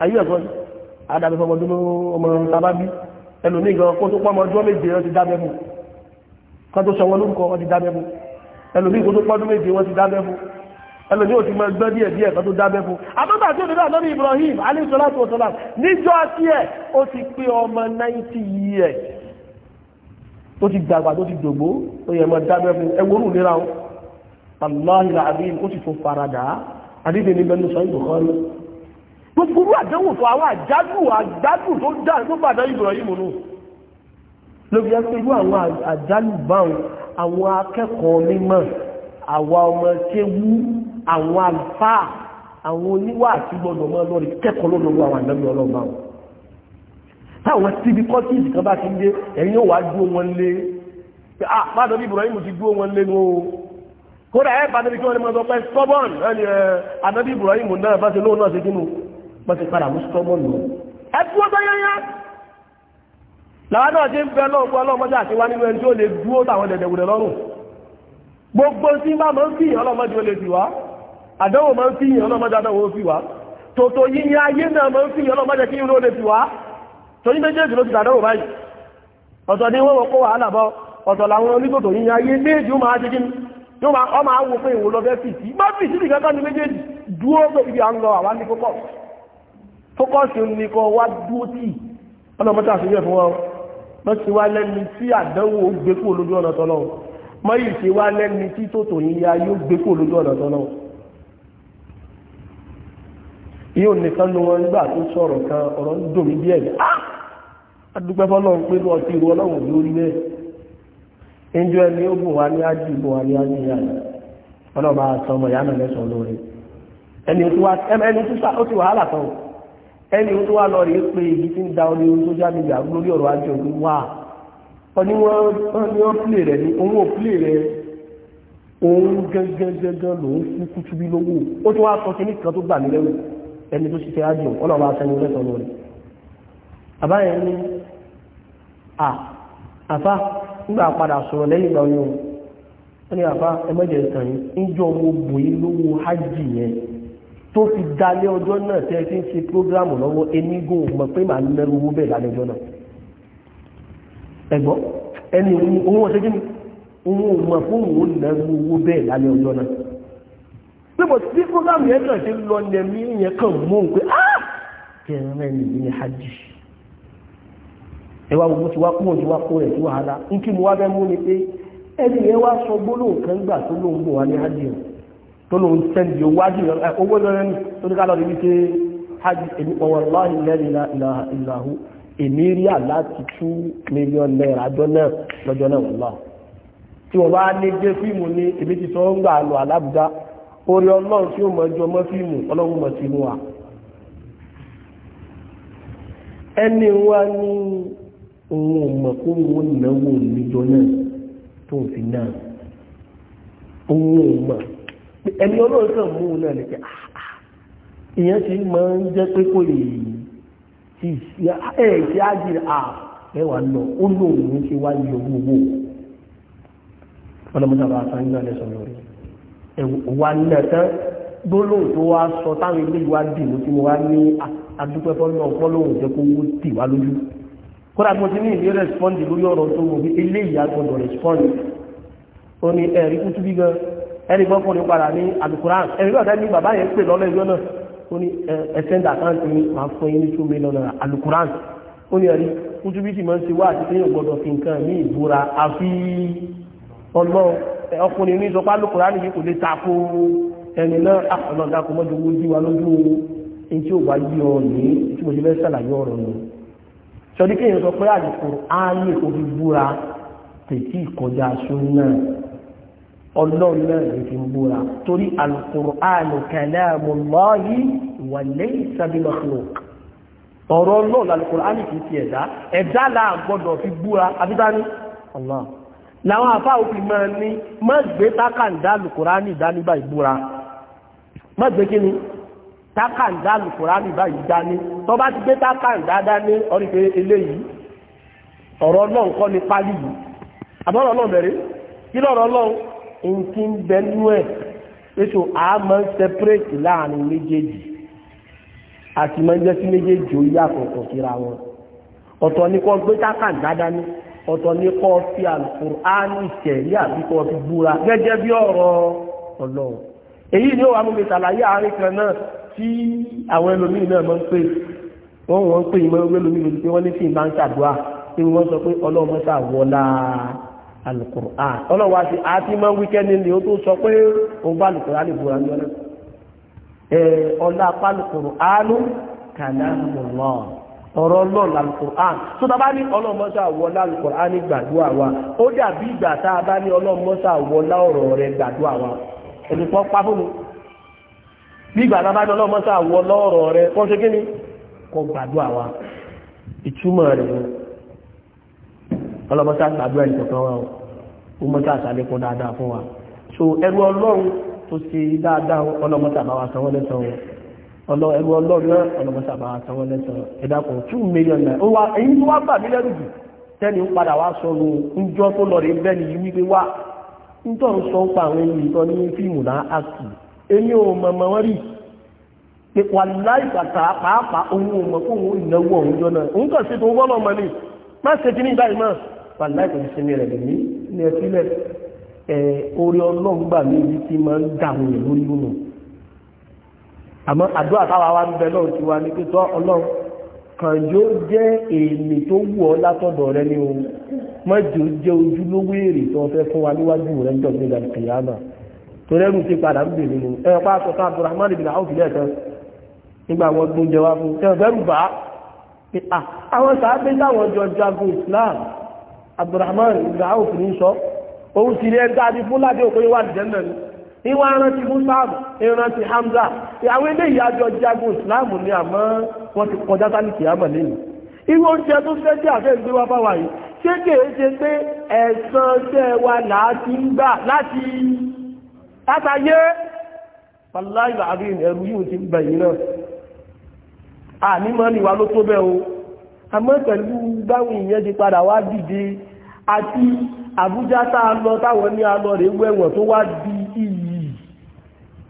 ayé ẹ̀kọ́ ni adábẹ́ fọmọdún ọmọ tàbá bí ẹlòmíì gan kó tó pọ́ ọmọ ọdún méje wọn ti dábẹ́ fún kó tó sọ wọn lórúkọ wọn ti dábẹ́ fún ẹlòmíì kó tó pọ́ ọdún méje wọn ti dábẹ́ fún ẹlòmí ò ti mọ ẹgbẹ́ díẹ̀ díẹ̀ kan tó dábẹ́ fún àbábà tí ó dé náà Ibrahim alayhisalatu wasalam níjọ́ tí ẹ̀ ó ti pé ọmọ 90 years tó ti dàgbà tó ti dògbó ó yẹ mọ dábẹ́ fún ẹwọ́rù nira wọn aláhìlá àbíyìn ó sì tún faradà àdídé ní bẹnu sọ́yìn bùkọ́rí gbogbo rú àdánwò tó àwọn àjádù àjádù tó dà tó bàdá Ibrahim nù lóbi ẹ pé irú àwọn àjálù àwọn àlùfáà àwọn oníwà àti gbọdọ̀ mọ́ lọ́rí kẹ́kọ̀ọ́ lọ́dọ̀ àwọn àdàbí ọlọ́gbà wọn táwọn síbi kọ́tíìsì kan bá ti ń dé ẹ̀yìn ò wá dúró wọn lé pàdé ah, bí Ibrahim ti dúró wọn lé nu o kódà ẹ̀ pàdé bí kí wọ́n lè máa sọ stubborn ẹni ẹ̀ eh, àdàbí Ibrahim náà bá ti lóun náà ṣe kí nu bá ti padà mú stubborn nù ẹ dúró tó yányá làwọn náà ti ń bẹ lọ́wọ́ ọlọ́mọdé àti wá nínú ẹni tí ó lè dúró táwọn àdánwò máa ń fi yìn ọlọ́mọdé àdánwò fi wá tòótọ́ yíyan ayé náà máa ń fi yìn ọlọ́mọdé kí irú lè fi wá torí méjèèjì ló ti dàdánwò báyìí ọ̀tọ̀ ni wọ́n kó wàhálà bọ́ ọ̀tọ̀ làwọn onígbòtò yíyan ayé méjì ó máa ṣe kí ni ó máa wò pé ìwò lọ fẹ́ fìtì má fìtì nìkan kan ní méjèèjì dúró pé ibi à ń lọ àwa ní fókọ̀ fókọ̀sì ní kan wá dúró tì ọlọ́mọdé àṣeyẹ fún wọn mọ́ ti wá lẹ́ni tí àdánwò gbé kúrò lójú ọ̀nà tọ́lọ́wọ́ mọ́ yìí ti wá lẹ́ni tí tòtò yíyan ayé ó ihe nìkan ló wọn nígbà tó sọ̀rọ̀ kan ọ̀rọ̀ ń dùn mí bí ẹ̀dá adúgbẹ́ ah! fọlọ́run pé lọ́ọ́ ti ru ọlọ́run bí orí bẹ́ẹ̀ ẹnjọ ẹni ó wá ní ájú wá ní ájú bá sọ ọmọ ìyá náà lẹ́sọ̀ lórí ẹni tó wá ẹni tó sá ó ti wàhálà ẹni tó wá lọ rí pé ibi tí ń da ọ ní tó lórí ọ̀rọ̀ wà ọ ní ní ní òun ò òun kú ẹni tó ṣiṣẹ́ ájò ọlọ́wọ́ aṣẹ́ni lẹ́tọ̀ lórí àbáyẹn ní à àfá nígbà padà sọ̀rọ̀ lẹ́yìn ìgbà oyún ó ní àfá ẹmọ́jẹ̀ ìtàn yìí níjọ́ mo bù yí lówó hajj yẹn tó fi dalẹ́ ọjọ́ náà tẹ́ fi ń ṣe prógráàmù lọ́wọ́ ẹni gò mọ̀ pé màá nẹ́rù owó bẹ́ẹ̀ lálẹ́ ọjọ́ náà ẹ̀gbọ́n ẹni òun ọ̀ṣẹ́jú ni òun ò mọ̀ fóun ò nẹ́rù owó bẹ́ẹ̀ lálẹ́ ọjọ́ náà pípọ̀ tí program yẹn kàn ṣe lọ lẹ́mí yẹn kàn mú un pé ah kẹrin rẹ̀ nìyí ni hajj ẹwà gbogbo ti wá kú òjò wá kó rẹ̀ sí wàhálà ń kí mo wá fẹ́ mú ni pé ẹni yẹn wá sọ gbólóhùn kan gbà tó lóun bò wá ní hajj rẹ̀ tó lóun sẹ́ndì owó hajj rẹ̀ owó lọ́rẹ́ ní tó ní kálọ̀ níbi ṣe hajj èmi ọ̀wọ̀ láàyè lẹ́rìí ìlàhù èmi rí àláti tú mílíọ̀nù náírà àjọ náà lọ́jọ́ náà wọ́n lọ tí wọ́n bá orí ọlọ́run tí ó mọ ẹjọ́ mọ́ fíìmù ọlọ́run mọ̀ sínú wa ẹni wa ní òun ò mọ̀ kó wọn náwó níjọ náà tó ń fi náà òun ò mọ̀ ẹni ọlọ́run kàn mú un náà lẹ́kẹ̀ ah, ah, ah. ìyẹn ti máa ń jẹ́ pé kò lè ti ẹ̀ ti eh, á di à ẹwà lọ ó lóun ṣe wá yọ owó ọlọ́mọdé àbá sáńgbà lẹ́sọ̀rọ̀ rẹ̀ wà nílẹ̀ tán gbólóhùn tó wá sọ táwọn ilé ìwà dìbò tí mo wá ní adúpẹ́ fọ́lọ́ fọ́lọ́hùn jẹ́ kó wó tì wá lójú kódà mo ti ní ìlú rẹ́spọ́ndì lórí ọ̀rọ̀ tó wò bí eléyìí agbọ́dọ̀ rẹ́spọ́ndì ó ní ẹ̀rí kútú bí gan ẹni gbọ́ fún mi padà ní alukuran ẹ̀rí ọ̀dá ní bàbá yẹn pè lọ́lọ́ ìjọ náà ó ní ẹ̀sẹ̀ndà àkáǹtì mi máa fún yín ní two million naira alukuran ó ní ẹ̀rí kútú bí ti máa ń ṣe wá àti pé yóò gbọ́dọ̀ fi nǹkan ní ìbúra àfi ọlọ́run ọkùnrin ní ìsọpá lókùnrin yìí kò lè takò ẹni náà àkọlọ́dà ah, kò mọ́jú owó yí wa lójú ní tí ó wá yí ọ ní tí mo ti fẹ́ sàlàyé ọ̀rọ̀ nù sọdí kéèyàn sọ pé àdìkù áyè kò fi búra tètè ìkọjá súnà ọlọ́run náà ló fi ń búra torí al-Qur'an kalamullahi wa laysa bi makhluq ọ̀rọ̀ náà al-Qur'an kìí ti ẹ̀dá ẹ̀dá là gbọ́dọ̀ fi búra abídání Allah láwọn àfá òfin máa ní má gbé tákàndá lùkùránì ìdánibà ìbúra má gbé kí ni tákàndá lùkùránì báyìí dání tó bá ti gbé tákàndá dání orí pé eléyìí ọ̀rọ̀ náà kọ́ ni pálí yìí àbọ̀rọ̀ náà bẹ̀rẹ̀ kí lọ́rọ̀ náà nǹkan bẹnu ẹ̀ pẹ̀sù àmọ́ sẹ́pẹ̀rẹ̀tì láàrin méjèèjì àti máa ń jẹ́ sí méjèèjì ó yà kọ̀ọ̀kan síra wọn ọ̀tọ̀ ni kò gbé tákàndá dání ọ̀tọ̀ ní kọ́ fi àlùkùránì tẹ̀lé àbí kọ́ fi búra gẹ́gẹ́ bí ọ̀rọ̀ ọlọ́run èyí ni ó wà mú mi ṣàlàyé àárín kan náà tí àwọn ẹlòmíì náà máa ń pè wọ́n wọ́n ń pè ìmọ̀ ẹgbẹ́ ẹlòmíì lòdì pé wọ́n ní sí ìbá ń ṣàdúrà tí wọ́n sọ pé ọlọ́run ṣà wọlá àlùkùránì ọlọ́run àti àti máa ń wíkẹ́ nílé ó tó sọ pé òun bá àlùkùránì búra ní ọlá ọlá pálùkùránì kàlámùlọ́ọ̀ ọ̀rọ̀ ọlọ́run lálùkùrán tó tá ní ọlọ́mọ́sá wọlá lálùkùrán ní gbàdúrà wa ó dàbí ìgbà tá a bá ní ọlọ́mọ́sá wọlá ọ̀rọ̀ rẹ gbàdúrà wa kan pa fún mi tá a bá ní ọlọ́mọ́sá wọlá ọ̀rọ̀ rẹ ṣe kíni so ẹrú ọlọ́run tó ṣe dáadáa ọlọ́mọ́sá bá wa ẹrù ọlọ́run ọlọ́mọsàbà àtàwọn lẹ́sọ̀ ẹ̀dàkùn two million naira ó wá èyí tó wá bà mí lẹ́rù jù tẹ́ni ń padà wá sọ̀rọ̀ ńjọ́ tó lọ rí bẹ́ẹ̀ ni wípé wá ńtọ́ ń sọ ń pa àwọn èyí tó ní fíìmù náà àkì èmi ò mọ̀mọ́ wọn rí pé wà láì bàtà pàápàá òun ò mọ̀ kó òun ìnáwó òun jọ náà òun kàn sí tó wọ́n lọ́mọ ni má ṣe kíní báyìí mọ́ wà láì kò sí rẹ̀ lèmi ní ẹ sílẹ̀ ẹ orí ọlọ́run gbà mí ibi tí máa ń dààmú lórí òun àmọ́ àdúrà táwa wá ń bẹ lọ́run ti wá ní pé tọ́ ọlọ́run kàn yóò jẹ́ èmi tó wù ọ́ látọ̀dọ̀ rẹ ni o mọ́jọ́ jẹ́ ojúlówó èrè tó fẹ́ fún wa níwájú rẹ̀ jọ gbé gàdì kìyàmà tó rẹ́rù ti padà ń bè nínú ẹ pa aṣọ ká Abdulrahman ibn Awf ilé ẹ̀kan nígbà àwọn gbóúnjẹ wá fún ẹ fẹ́ rù bá àwọn sàábé táwọn jọ jagun Islam Abdulrahman ibn Awf ní sọ òun sì rí ẹ dáadé fún ládé òkè jẹ́ náà ìwọ̀n arántí musamu ìrántí hamza àwọn eléyìí àjọ jagun islamu ni àmọ́ wọ́n ti kọjá sálìkì àmọ̀ lẹ́yìn irú oúnjẹ tó fẹ́ jẹ́ àfẹ́ ìgbé wá báwa yìí ṣé kèé ṣe pé ẹ̀san ṣẹ́ wa láti ń gbà láti látàyé pàláì láàrin ẹ̀rù yìí ti gbẹ̀yìn náà ànímọ́ ni wa ló tó bẹ́ o àmọ́ pẹ̀lú báwọn ìyẹn ti padà wá dìde àti àbújá tá a lọ táwọn ní a lọ wẹ̀wọ̀n tó wá di iyì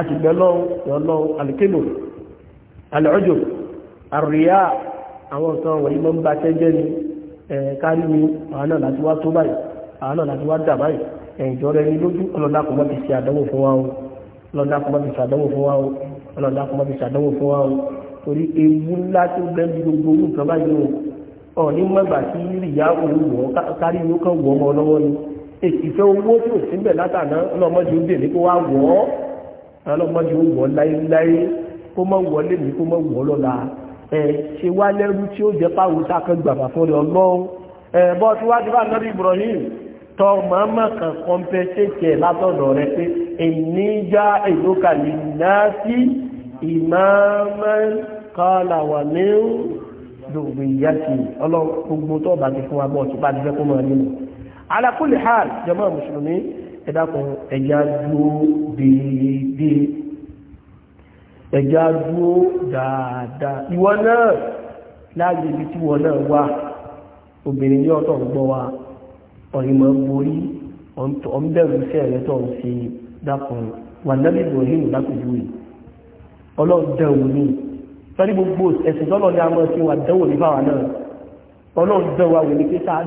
àtìgbẹ́ lọ́wọ́ ìrọ̀lọ́wọ́ alìkínú alìọ́jò àríyá àwọn nǹkan wọ̀nyí mọ́ ń ba tẹ́jẹ́ ni kárí ni àwọn náà láti wá tó báyìí àwọn náà láti wá dà báyìí ẹ̀jọ́ rẹ ní lójú ọlọ́dà kò má fi ṣe àdánwò fún wa o ọlọ́dà kò má fi ṣàdánwò fún wa o ọlọ́dà kò má fi ṣàdánwò fún wa o torí ewu ńlá tó bẹ́ẹ̀ bí gbogbo olùkọ́ báyìí o ọ̀ ní mọ́gbà tí ìyá òun wọ̀ kárí ni ó kàn wọ̀ ọmọ ọlọ́wọ́ ni èsì fẹ́ owó tí ò síbẹ̀ látàná ọlọ́mọdé ó dè ní kó wá wọ̀ ọlọ́gbọ́n yóò wọ̀ láéláé kó mọ̀ wọlé mi kó mọ̀ wọ̀ lọ́la ẹ̀ ṣe wá lẹ́rú tí ó jẹ́ páwọn sákan gbàgbà fún rẹ̀ ọlọ́run ẹ̀ bọ́ tí wá ti bá lọ́rí Ibrahim tọ́ màmá kan kọ́mpẹ́sẹ̀tì ẹ̀ látọ̀dọ̀ rẹ pé ìníjà ìlókàlì náà sí ìmáàmá kọ́là wà ní lóògùn ìyá sí ọlọ́run gbogbo tó bá ti fún wa bọ́ ti bá ti fẹ́ kó mọ̀ nínú alákùlì hàn jàmá mùsùlùmí ẹ̀dàkùn ẹ̀yà dúó déédéé ẹ̀yà dúó dáadáa ìwọ náà láàrin ibi tí wọ́n náà wà obìnrin yóò tọ̀ ń gbọ́ wa ọ̀rìnmọ̀ borí ọ̀nbẹ̀rù iṣẹ́ rẹ̀ tọ̀ ń ṣe dákùn wà lábẹ́ ìbòhìn lákòjúwe ọlọ́dẹ̀wò ní torí gbogbo ẹ̀sìn tọ́lọ́ ní a mọ̀ sí wà dẹ́wò ní fáwa náà ọlọ́dẹ̀wò àwọn ènìyàn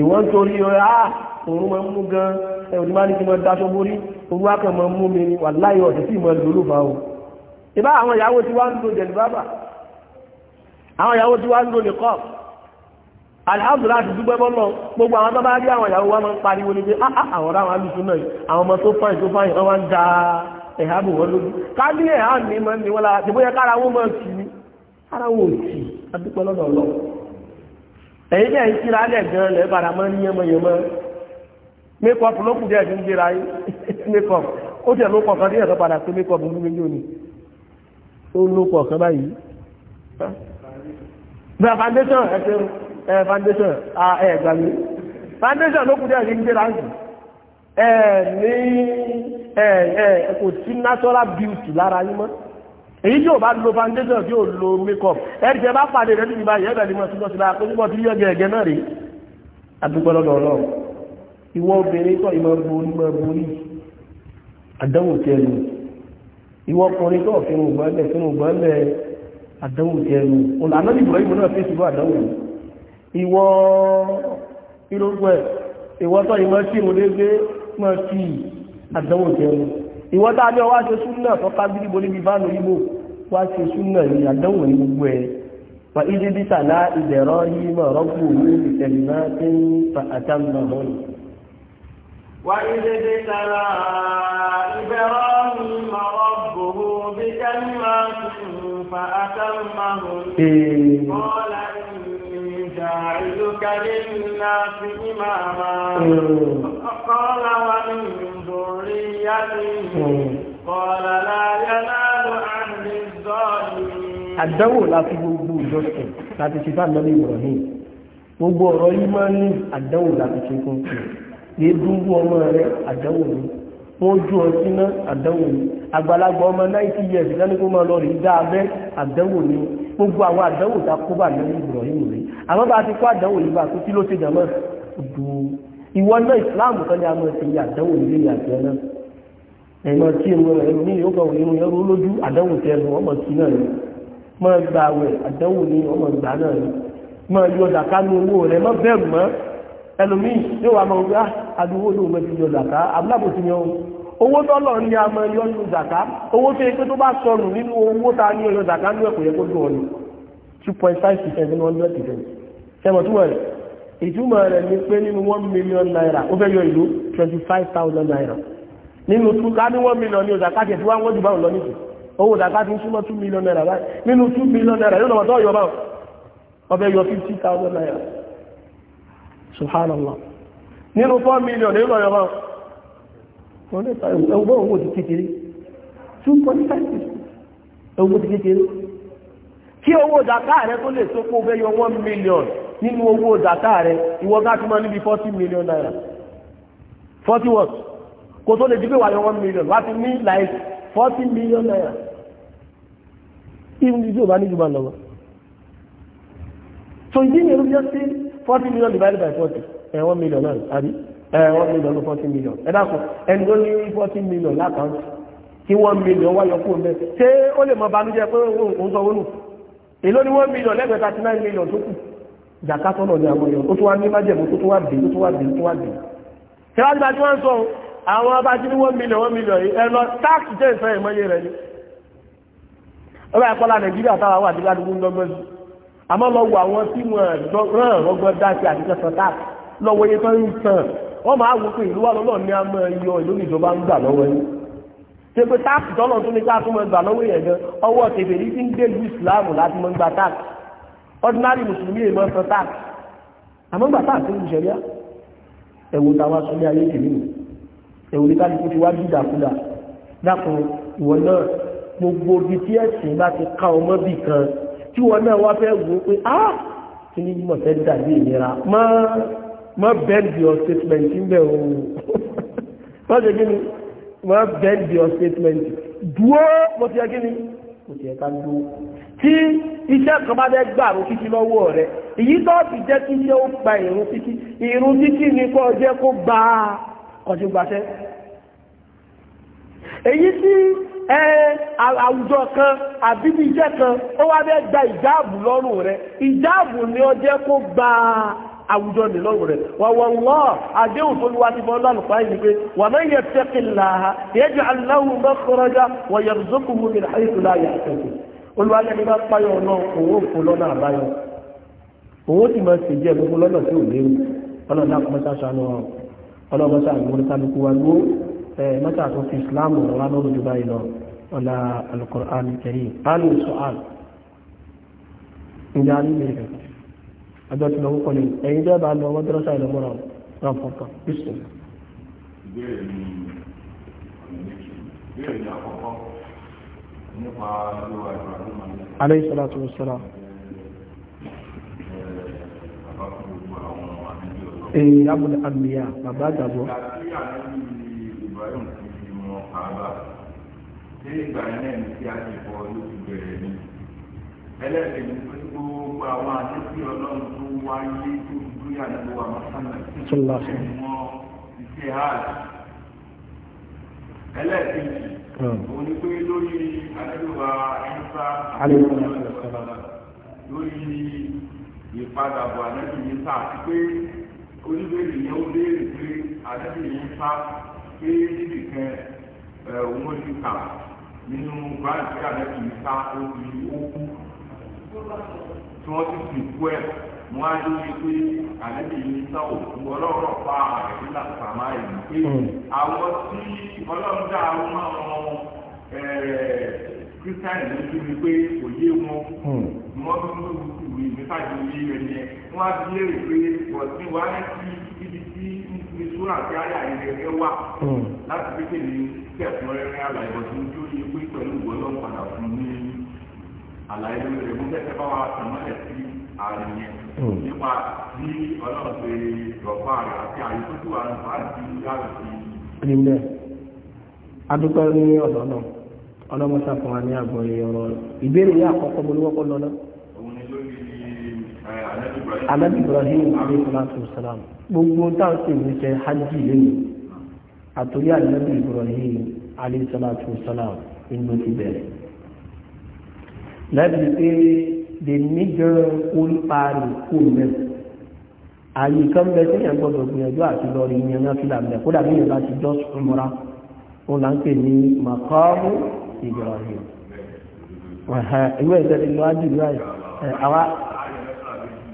ìwọ́n torí ọ̀rẹ́ àà ah, òun mọ́ mú gan ẹ̀rùn máa ní kí mọ́ dáṣọ borí orú akẹ́ mọ́ mú mi ni wà láyọ̀ ọ̀dẹ̀ sí ìmọ̀ lòlú fa o ìbá àwọn alhamdulillah ti dúpẹ́ bọ́lọ̀ gbogbo àwọn tó bá rí àwọn ìyàwó wa máa ń pariwo ní pé ah, ah, àwọn ráwọn alùsù náà àwọn ọmọ tó fáyìn tó fáyìn wọn wá ń da ẹ̀há bò ẹ̀yin náà ń kíra alẹ́ gan lẹ́ bàrà mọ́ ní yẹmọyẹmọ mékọ́pù ló kù díẹ̀ fi ń gbéra yín [laughs] mékọ́pù ó tẹ̀ ló kọ̀ kan díẹ̀ tó padà pé mékọ́pù ní méjì òní ó ló kọ̀ kan báyìí. bẹ́ẹ̀ foundation ẹ ṣe ẹ foundation a ẹ gbà mí foundation ló kù díẹ̀ fi ń gbéra yín ẹ ní ẹ ẹ kò sí natural beauty lára yín mọ́ èyí tí ò bá lo foundation tí ò lo makeup ẹ̀rí tẹ bá pàdé rẹ níbi báyìí ẹ̀rọ ìmọ̀ tuntun síra kó nígbà tí yíyọ gẹ̀ẹ́gẹ́ náà rèé adúgbò lọ́dọ̀ ọlọ́run ìwọ obìnrin tó ìmọ̀ borí mọ̀ borí àdánwò tẹnu ìwọ ọkùnrin tó fínú gbọ́nlẹ̀ fínú gbọ́nlẹ̀ àdánwò tẹnu olànàbí ìbúrọ̀ ìbúrọ̀ fèsì ìbúrọ̀ àdánwò ìwọ ìlógbẹ̀ ìwọ tó ìmọ̀ sí ìmúdégbé ìwọ́n tá a ní ọwá ṣe súnà tó ká bíríbo níbi bá lórí mò wá ṣe súnà ní àdánwò ní gbogbo ẹ̀ wà ìdí bí sàlá ìdẹ̀rọ yìí mọ̀ rọ́pò ní ìtẹ̀lẹ́mọ́ tí ń fa àtàmì ọ̀hún. wà ìdí bí sàlá ìdẹ̀rọ yìí mọ̀ rọ́pò bí kẹ́lí máa ń fa àtàmì ọ̀hún. جاعلك للناس إماما قال ومن ذريتي قال لا ينال عهد الظالمين àdánwò láti gbogbo ìjọsìn láti ṣe bá lọ́lẹ̀ ìrọ̀hìn gbogbo ọ̀rọ̀ yìí máa ń ní àdánwò láti ṣe fún un lè ọmọ rẹ àdánwò ni wọ́n ju ọ síná àdánwò ni àgbàlagbà ọmọ 90 years lẹ́nu máa lọ rí dáa bẹ́ àdánwò ni gbogbo àwọn àdánwò tá kó bà lẹ́yìn ìgbọ̀rọ̀ yìí rèé àmọ́ bá ti kó àdánwò yìí bá tó kí ló ṣe jàmọ́ du ìwọ náà islam kan ní àmọ́ ti àdánwò ilé ìyàtọ̀ náà ẹ̀mọ́ tí mo rẹ̀ ní yóò kọ̀ wọ́n yẹn lójú àdánwò tẹ ẹnu ọmọ sí náà ni mọ́ gba àwẹ̀ àdánwò ní ọmọ gbà náà ni mọ́ yọ dàká ní owó rẹ̀ mọ́ bẹ́ẹ̀ mọ́ ẹlòmíì yóò wá owó tọ́lọ̀ ní a máa yọ nínú zàká owó tó yẹ pé tó bá sọnù nínú owó ta ní ọyọ zàká ní ẹ̀kọ́ yẹ kó dùn ọ̀nà two point five percent nínú hundred percent sẹ́mọ̀ túmọ̀ rẹ̀ ìtumọ̀ rẹ̀ ni pé nínú one million naira ó fẹ́ yọ ìlú twenty five thousand naira nínú ká ní one million ní zàká kẹ̀tì wá wọ́n jù báwọn lọ nìkan owó zàká ti ń súnmọ́ two million naira báyìí nínú two million naira yóò lọ́wọ́ tó yọ báwọn ó fẹ́ yọ fifty thousand naira subhanallah nínú four million yóò lọ́wọ́ ẹgbọ́n owó ti kékeré 2.5 owó ti kékeré kí owó dàtà rẹ tó lè sópó fẹ́ yọ 1 million nínú owó dàtà rẹ ìwọ gáàtí máa níbi 40 million naira 40 what kò tó lè jí pé wà yọ 1 million wá ti ní like 40 million naira even if you bá ní jùmọ̀ lọ́wọ́ so ìdí ìrú jẹ́ sí 40 million divided by 40 ẹ̀ 1 million naira àbí ẹ wọ́n mi lọ ní million ẹ dákun ẹni tó ní forty million lákàntì kí one million wáyọ kó mẹ́ ṣé ó lè mọ banújẹ́ pé òun sọ wọnú èló ni one million lẹ́gbẹ̀ẹ́ thirty nine million tó kù jàkátọ́ lọ ní àwọn èèyàn ó tún wá ní májẹ̀mú tó tún wá bèé tó tún wá bèé tó wá bèé ṣé wájú bá tí wọ́n ń sọ àwọn ọba ní one million one million yìí ẹ tax jẹ́ ìfẹ́ ìmọ̀ye rẹ̀ ni ọba ìpọ́lá nàìjíríà táwa wà nígbà tó ń dọ́gbọ́n sí àmọ́ lọ wo àwọn tí wọ́n rán rọgbọ́n dá sí àdìsẹ́sọ tax lọ́wọ́ iye tó ń sàn wọ́n máa wò pé ìlú wa lọ́lọ́ ní a máa yọ ìlú ìjọba ń gbà lọ́wọ́ yín tẹ̀pẹ́ táàkì tọ́lọ̀ tún ní ká tún máa gbà lọ́wọ́ yẹn gan ọwọ́ tẹ̀pẹ́ yìí ti ń dé ìlú ìsìláàmù láti máa gba táàkì ordinary mùsùlùmí yẹn máa san táàkì àmọ́ gba táàkì ń ṣẹlẹ̀ ẹ̀wò táwa sọ ní ayé tèmi ẹ̀wò ní kálukú ti wá dídàkúdà dákun ìwọ náà gbogbo ibi tí ẹ̀sìn bá ti ká ọmọ bì kan tí wọn náà wá fẹ́ wò ó pé ah kí ni mo fẹ́ dàbí ìnira máa Ma bend your statement ń bẹ̀ o má ṣe kí ni bend your statement Duo mo ti yẹ kí ni kò ti yẹ ká dúó tí iṣẹ́ kan bá fẹ́ gbà rún kíkí lọ́wọ́ rẹ̀ èyí tó ti jẹ́ kí iṣẹ́ ó gba ìrún kíkí ìrún kíkí ni kó jẹ́ kó gba ọdún gbaṣẹ́ èyí tí àwùjọ kan àbíbí iṣẹ́ kan ó wá fẹ́ gba ìjáàbù lọ́rùn rẹ̀ ìjáàbù ni ó jẹ́ kó gba àwùjọ ní lọ́rùn rẹ̀ wà wọ́n lọ́ àdéhùn tó wá ní bọ́lá lùpá yìí pé wà máa yẹ tẹ́kìlá yaj'al lahu makhraja wà yẹ zókùnmù min haythu la yahtasib olùwàlẹ́ni bá páyọ̀ náà òun òfò lọ́nà àbáyọ òun sì máa ṣèjẹ́ gbogbo lọ́nà tí ò léwu ọlọ́dà mọ́tà sànù ọ̀rọ̀ ọlọ́mọ́tà ìmúrítàlùkù wa ló mọ́tà tó fi islam wà lọ́rùn jù báyìí lọ ọ̀la al ọjọ́ tí lọ́wọ́ kọ́ni ẹ̀yin dẹ́ba lọ wọ́n dúró sáyẹn lọ́mọ́ra náà fọ́nkà bísí. ìbéèrè ni ìbéèrè ni àkọ́kọ́ nípa ló wà máa ń lọ. aleyhi salatu wa abúlé amiya bàbá àgbàbọ. ìgbà yẹn ní ìgbà yẹn ní kí a ẹlẹ́ẹ̀kejì pé gbogbo àwọn àdébí ọlọ́run tó wáyé tó dúró àdúgbò àmọ́sánà tó mọ ìṣe hajj ẹlẹ́ẹ̀kejì hmm. òun ni pé lórí àdébíwá ẹ̀ńsá lórí ìpadàbọ̀ àdébí yìí sá àti pé oníbèrè yẹn ó béèrè pé àdébí yìí sá pé níbi kan eh, òun ó ti kà tí wọ́n ti fi kú ẹ̀ wọ́n á lórí pé àlẹ́bí yìí sá òkú ọlọ́rọ̀ pa ààrẹ nígbà sàmá yìí pé hmm. àwọn tí ọlọ́run dá àwọn ọmọ kírísítánì lójú ni pé kò yé wọn wọ́n tún ló wù sí ìwé nípàdé orí rẹ̀ yẹn wọ́n á bí léèrè pé ọ̀sìn wa ní ti ibi tí ní sóra tí a yà ilẹ̀ rẹ̀ hmm. láti pété ní tẹ̀sán rẹ̀ ní àlàyé ọ̀sìn tó yẹ pé pẹ̀lú ìwọ́lọ́pàdà fún ní àlàyé rẹ̀ mú tẹ́tẹ́ bá wa tàmọ́lẹ̀ sí ààrẹ yẹn hmm. nípa bí ọlọ́run ṣe rọ̀pá rẹ̀ àti àyè tó tù àrùn àti yàrá sí. nílẹ̀ adúpẹ́ ní ọ̀dọ́ náà ọlọ́mọṣà fún wa ní àgbọ̀yé ọ̀rọ̀ ìbéèrè yà àkọ́kọ́ mo ní wọ́pọ̀ lọ́nà. Ànábì Ibrahim alayhi salatu wasalam gbogbo táwọn sì ń ṣe hajj lónìí àtòrí Ànábì Ibrahim alayhi salatu wasalam inú ti bẹ̀rẹ̀ lábìlì pé dèmí gan orí parí kò mẹ́ àyè kan bẹ sẹ́yìn gbọ́dọ̀ gbìyànjú àti lọ rí yẹn náà fìlà mẹ́ kódà bí yẹn bá ti jọ́ sùnmọ́ra ó là ń pè ní màkàmù Ibrahim ìwé ìtẹ́lẹ̀ ìlú ájì ìlú àyè àwa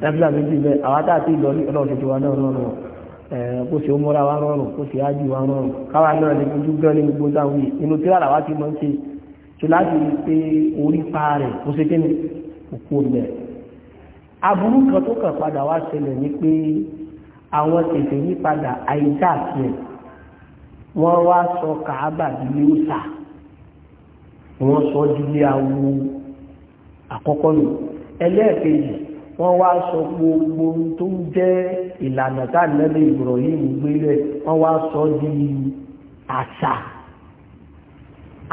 lábìlà méjì bẹ́ẹ̀ àwa tá a ti lọ ọlọ́ọ̀dọ̀ wa náà rọrùn kó ṣe ó mọ́ra wa rọrùn kó ṣe ájì wa rọrùn káwa náà lè fojú gan ní gbogbo táwọn yìí inú tíráàlà wa ti mọ́ ń ṣe tí láti rí pé orí pa rẹ̀ kó ṣe kéne òkú ọ̀lẹ̀ aburú kan tó kàn padà wá ṣẹlẹ̀ ni pé àwọn tètè yí padà àìsà tiẹ̀ wọ́n wá sọ kàábà dílé òsà wọ́n sọ dílé awo àkọ́kọ́ nù ẹlẹ́ẹ̀kejì wọ́n wá sọ gbogbo tó ń jẹ́ ìlànà tá ànábì Ibrahim gbélé wọ́n wá sọ di àṣà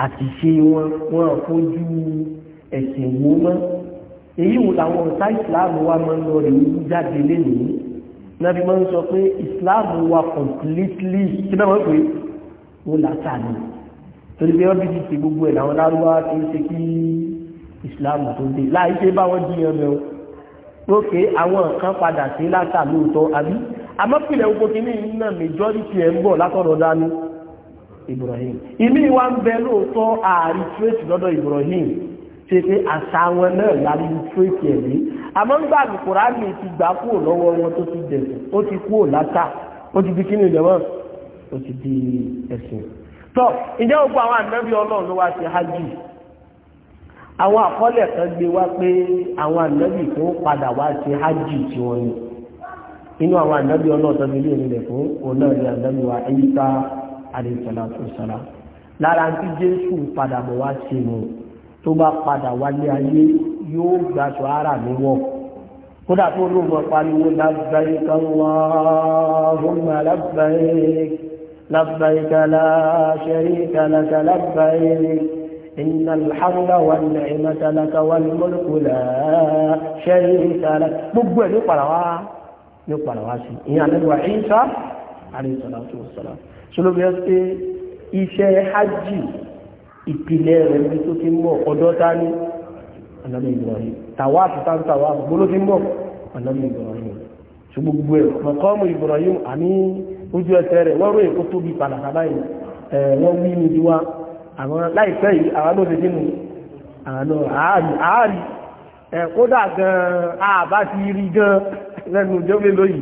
àti ṣe wọn wọn fojú ẹ̀sìn wo mọ́ èyí wò làwọn ọ̀tá ìsìláàmù wa máa ń lọ rè wú jáde lénìí nàbí máa ń sọ pé ìsìláàmù wa completely kí náà wọ́n pè wọ́n làtà ni torí pé wọ́n bí ti ṣe gbogbo ẹ̀ làwọn lárúbá tó ṣe kí ìsìláàmù tó dé láì ṣe báwọn jiyàn mẹ́wọ́ lókè àwọn kan padà sí látà lóòótọ́ àbí àmọ́ pìlẹ̀ òkòkí ní ìnáà majority ẹ̀ ń bọ̀ látọ̀rọ̀ dání Ibrahim ìmí wa ń bẹ lóòótọ́ ààrí tírèsì lọ́dọ̀ Ibrahim ṣe pé àṣà wọn náà lárí tírèsì ẹ̀rí àmọ́ nígbà tí kùránì ti gbà kúrò lọ́wọ́ wọn tó ti dẹ̀sùn ó ti kúrò látà ó ti di kí ni ìjọba ó ti di ẹ̀sìn tọ́ ìjẹ́ gbogbo àwọn ànábì ọlọ́run ló wá ṣe hajj àwọn àkọọ́lẹ̀ kan gbé wá pé àwọn ànábì tó padà wá ṣe hajj tiwọn ni inú àwọn ànábì ọlọ́run tó fi lé wa ẹ̀yíká àlèsàlátù sàlá lára tí jésù padà bọ̀ wá sí mu tó bá padà wálé ayé yóò gbàṣọ ara mi wọ̀ kódà tó ló mọ̀ pariwo labbaik Allahumma labbaik labbaik la sharika laka إن الحمد والنعمة لك والملك لا شريك لك gbogbo ẹ̀ ní pàrọwá ní pàrọwá sí ìyàn lẹ́gbàá àríṣàlátò sọ́lá ṣolóbi ẹ pé iṣẹ́ hajj ìpìlẹ̀ rẹ̀ ní tó ti ń bọ̀ ọ̀dọ̀ ta ní ọ̀nàmì ìgbọ̀nrin tàwáàfù tá ń tàwáàfù gbóló ti ń bọ̀ ọ̀nàmì ìgbọ̀nrin ṣe gbogbo ẹ̀ mọ̀kọ́mù ìgbọ̀nrin àní ojú ẹsẹ̀ rẹ̀ wọ́n rò èkó tóbi pàlàkà báyìí wọ́n wí ní bí wá àwọn láìpẹ́ yìí àwọn ló ti dínú àwọn àárí kódà gan-an àbá ti rí gan-an lẹ́nu ìjọba lóyìí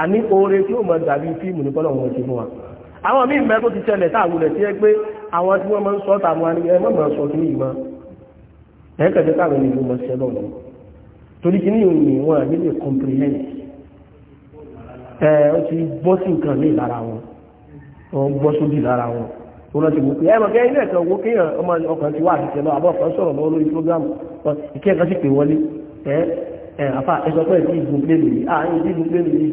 àní oore tí ó mọ̀ dàbí fíìmù ní bọ́lọ̀ wọn ti fún wa àwọn míì mẹ́ tó ti ṣẹlẹ̀ táàwọn rẹ̀ tí ẹ pé àwọn tí wọ́n máa ń sọ tàwọn àníyàn ẹ mọ̀mọ̀ sọ kí ní ìmọ̀ ẹ̀ẹ́kẹ̀ẹ́ káàrin ní ìlú mọ̀ ṣẹ́ lọ́wọ́ torí kí ní ìròyìn wọn àbí lè comprehend ẹ ó ti bọ́ sí nǹkan ní lára wọn ó bọ́ sódì lára wọn ó lọ ti wò pé ẹ mọ̀ kẹ́ ilé ẹ̀kan owó kéèyàn ọmọ ọkàn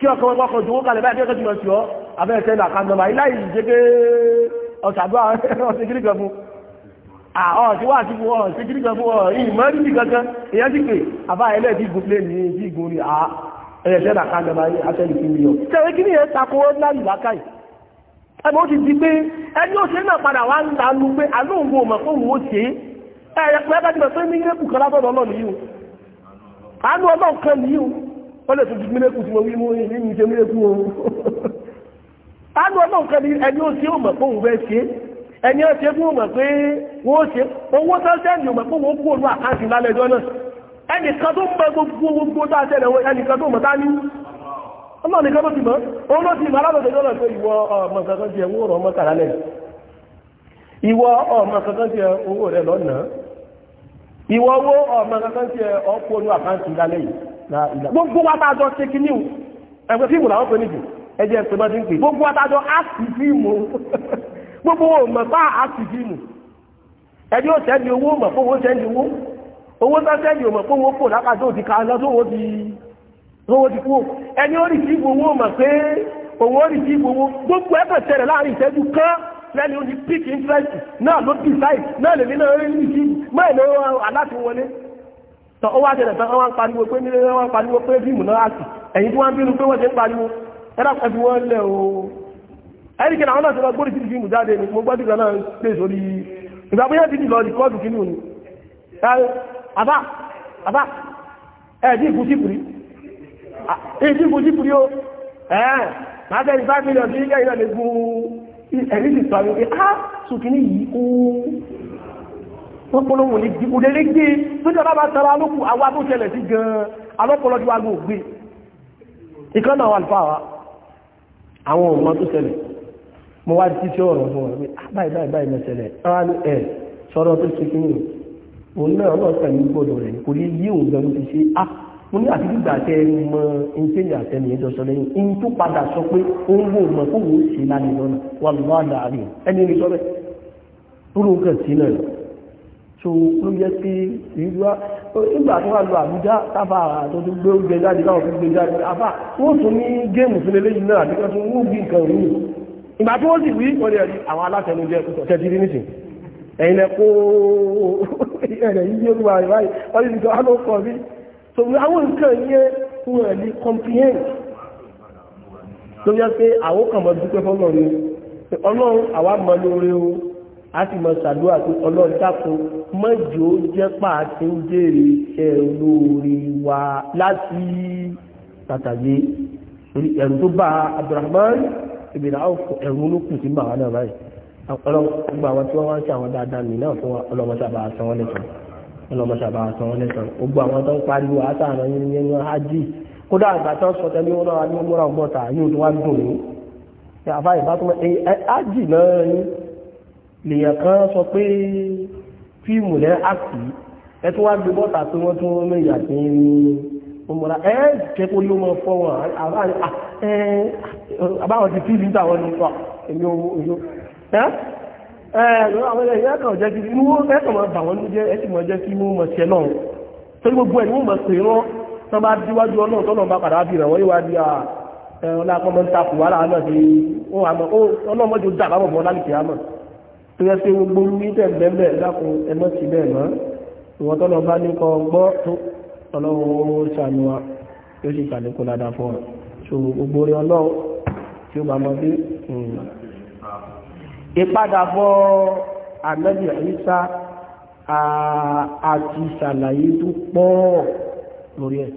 kí ọkọ̀ wọn kọ̀ jù wọ́n kalẹ̀ báyìí kẹ́kẹ́ jùlọ sí ọ abẹ́rẹ́ sẹ́nu àkàndọ̀mà iláyì jẹ́gẹ́ ọ̀sàdúrà [laughs] ọ̀sẹ̀ kiri kan fún ọ̀sẹ̀ wà sí fún ọ̀sẹ̀ kiri kan fún ìmọ̀ níbi kankan èyàn sì pé àbá ẹlẹ́ ti gùn plẹ́ẹ̀nì ní ti gùn rí à ẹ̀rẹ́ sẹ́nu àkàndọ̀mà atẹ́lì fún mi ọ. kẹ̀rẹ́ kí ni ẹ̀ takò ọ́ láyì lákàyè ẹmọ ti di pé ẹni òṣèré náà padà wá ń lanu pé alóhùn ọmọ fóun ó ṣe é ẹ̀yẹ pẹ́ bá ti bẹ̀ pé ní ilé kùkọ́ lábọ́dọ̀ ọlọ́ọ̀nì yìí o àánú ọlọ́ọ̀kan nìyí o ó lè tún ti mílẹ̀kù tí mo wí mú ìrìn ìṣe mílẹ̀kù oòrùn [laughs] tánú ọlọ́run kan ní ẹni ó ṣe ó mọ̀ pé òun fẹ́ ṣe ẹni ó ṣe fún òun mọ̀ pé wọ́n ó ṣe owó tó mọ̀ pé wọ́n àkáǹtì lálẹ́ ẹjọ́ náà tó gbogbo gbogbo tó àṣẹ ẹ̀wọ̀n tó mọ̀ ọlọ́run ti mọ̀ gbogbo wátájọ́ ṣe kí ní ẹgbẹ́ fíìmù làwọn pè níjù ẹjẹ́ ẹ̀sẹ̀ bá ti ń pè gbogbo wátájọ́ áàsì fíìmù [laughs] gbogbo òmọ̀ bá áàsì fíìmù ẹni ó sẹ́ni owó mọ̀ fún owó sẹ́ni owó owó tó sẹ́ni òmọ̀ fún owó kò lápájọ́ òdì kan lọ sówó ti kú ẹni ó rì sí owó mọ̀ pé òun ó rì sí owó gbogbo ẹ̀kọ̀ ṣẹlẹ̀ láàrin ìṣẹ́jú kan lẹ́ni ó ní pick interest náà ló decide náà lèmi náà rí sí mọ́ ìlú aláti wọlé tọ́ ó wá ṣẹlẹ̀ tán wọ́n pariwo pé nílé wọ́n pariwo pé fíìmù náà àti ẹ̀yìn tí wọ́n bínú pé wọ́n ṣe ń pariwo ẹ̀dá pẹ̀lú wọn lẹ̀ o ẹ̀rí kí àwọn náà ti lọ gbórí sí fíìmù jáde ni mo gbọ́dọ̀ náà pè sórí ìgbà bóyá ti lọ rí kọ́ọ̀dù kínú ni àbá àbá ẹ̀ẹ́dì ìkú sípùrí ẹ̀ẹ́dì ìkú sípùrí o ẹ̀ẹ́ máa tẹ́lẹ̀ five million sí ilé ìrọ̀lẹ́gùn ẹ̀rí sì sọ àwọn pé á ah, sùkínì yìí wọ́n polówó ní gbé òde lé gbé tó jọba bá tara lókù àwa tó ṣẹlẹ̀ sí gan-an alọ́pọ̀lọ́ ti wá gbó gbé ìkan náà wà ní fáwa àwọn ọmọ tó ṣẹlẹ̀ mo wá ti ṣe ọ̀rọ̀ fún ọ̀rọ̀ ah, báyìí báyìí báyìí mẹ́ṣẹlẹ̀ ara ní ẹ̀ sọ̀rọ̀ tó ṣe kíni òun náà náà pẹ̀lú gbọ́dọ̀ rẹ̀ kò ní yí òun gan ti ṣe á ah, mo ní àti gbígbà tẹ ẹni mọ ìṣẹ́yìn àtẹni ẹjọ́ sọ lẹ́yìn in tó padà sọ pé òun wò mọ̀ kó wò so ló jẹ́ sí ìrúwá nígbà tó wà lọ àbújá tábà tó tó gbé oúnjẹ jáde láwọn fi gbé jáde àbá wọ́n tún ní géèmù fún eléyìí náà àti kan tún wọ́n bí nǹkan rí ìgbà tí wọ́n sì wí wọ́n rí àwọn alátẹnujẹ tẹ̀ ti rí nísìn ẹ̀yin lẹ kó ẹ̀rẹ̀ yìí yóò wà ìwáyé wọ́n ti sọ àwọn ọkọ̀ rí so àwọn nǹkan yẹn fún ẹ̀ ní comprehend ló jẹ́ pé àwọn kan mọ̀ dúpẹ́ fọ́lọ́run ọlọ́run àwa mọ̀ lóore o a sì mọ sàdúrà pé ọlọ́run dákun mọ́jọ́ jẹ́ pàṣẹ ń jèrè iṣẹ́ olóore wa láti tàtàyé ẹ̀rù tó bá Abdulrahman ibn Awf ẹ̀rù ló kù sí bàwá náà báyìí ọlọ́run gbogbo àwọn tí wọ́n wá ń ṣe àwọn dáadáa mi náà fún ọlọ́mọṣàbà àṣà wọn lẹ́sàn ọlọ́mọṣàbà àṣà wọn lẹ́sàn gbogbo àwọn tó ń pariwo àtàrà yẹn yẹn hajj kódà àgbà tó ń sọ tẹ́lẹ̀ wọn náà ní múra ọgbọ́ta yóò tó wá dùn ní àfáà ìbátan ẹ̀ hajj náà lèyàn kan sọ pé fíìmù lẹ́ àkì ẹ tó wá gbé bọ́ta tí wọ́n tún mú ìyà sí ní ọmọdé ẹ jẹ́ kó ló mọ fọ́ wọn àbáwọn ti fíìmù táwọn ní sọ èmi òyò ẹ àwọn ẹ̀yà kan jẹ́ kí inú ẹ kàn máa bà wọ́n ní jẹ́ ẹ sì mọ̀ jẹ́ kí inú mọ̀ ṣẹ náà torí gbogbo ẹ̀ ní mọ̀ pé rán tán bá díwájú ọlọ́run tọ́nà bá padà bí ìrànwọ́ yóò wá di ọlọ́pàá mọ́ ń wàhálà náà sí ọlọ́mọdé ó dàbàbọ̀ tó yẹ pé gbogbo ní tẹ̀gbẹ́bẹ̀ lákùn ẹmọ́ ti bẹ́ẹ̀ mọ́ ìwọ̀n tọ́lọ bá ní kọ gbọ́ tó ọlọ́run ṣàánúwa tó sì kàlékò ládà fún ọ so gbogbo rí ọlọ́run tí ó bá mọ́ bí hmm. ìpadàbọ̀ ànábì Ìsá àti ìṣàlàyé tó pọ̀ lórí ẹ̀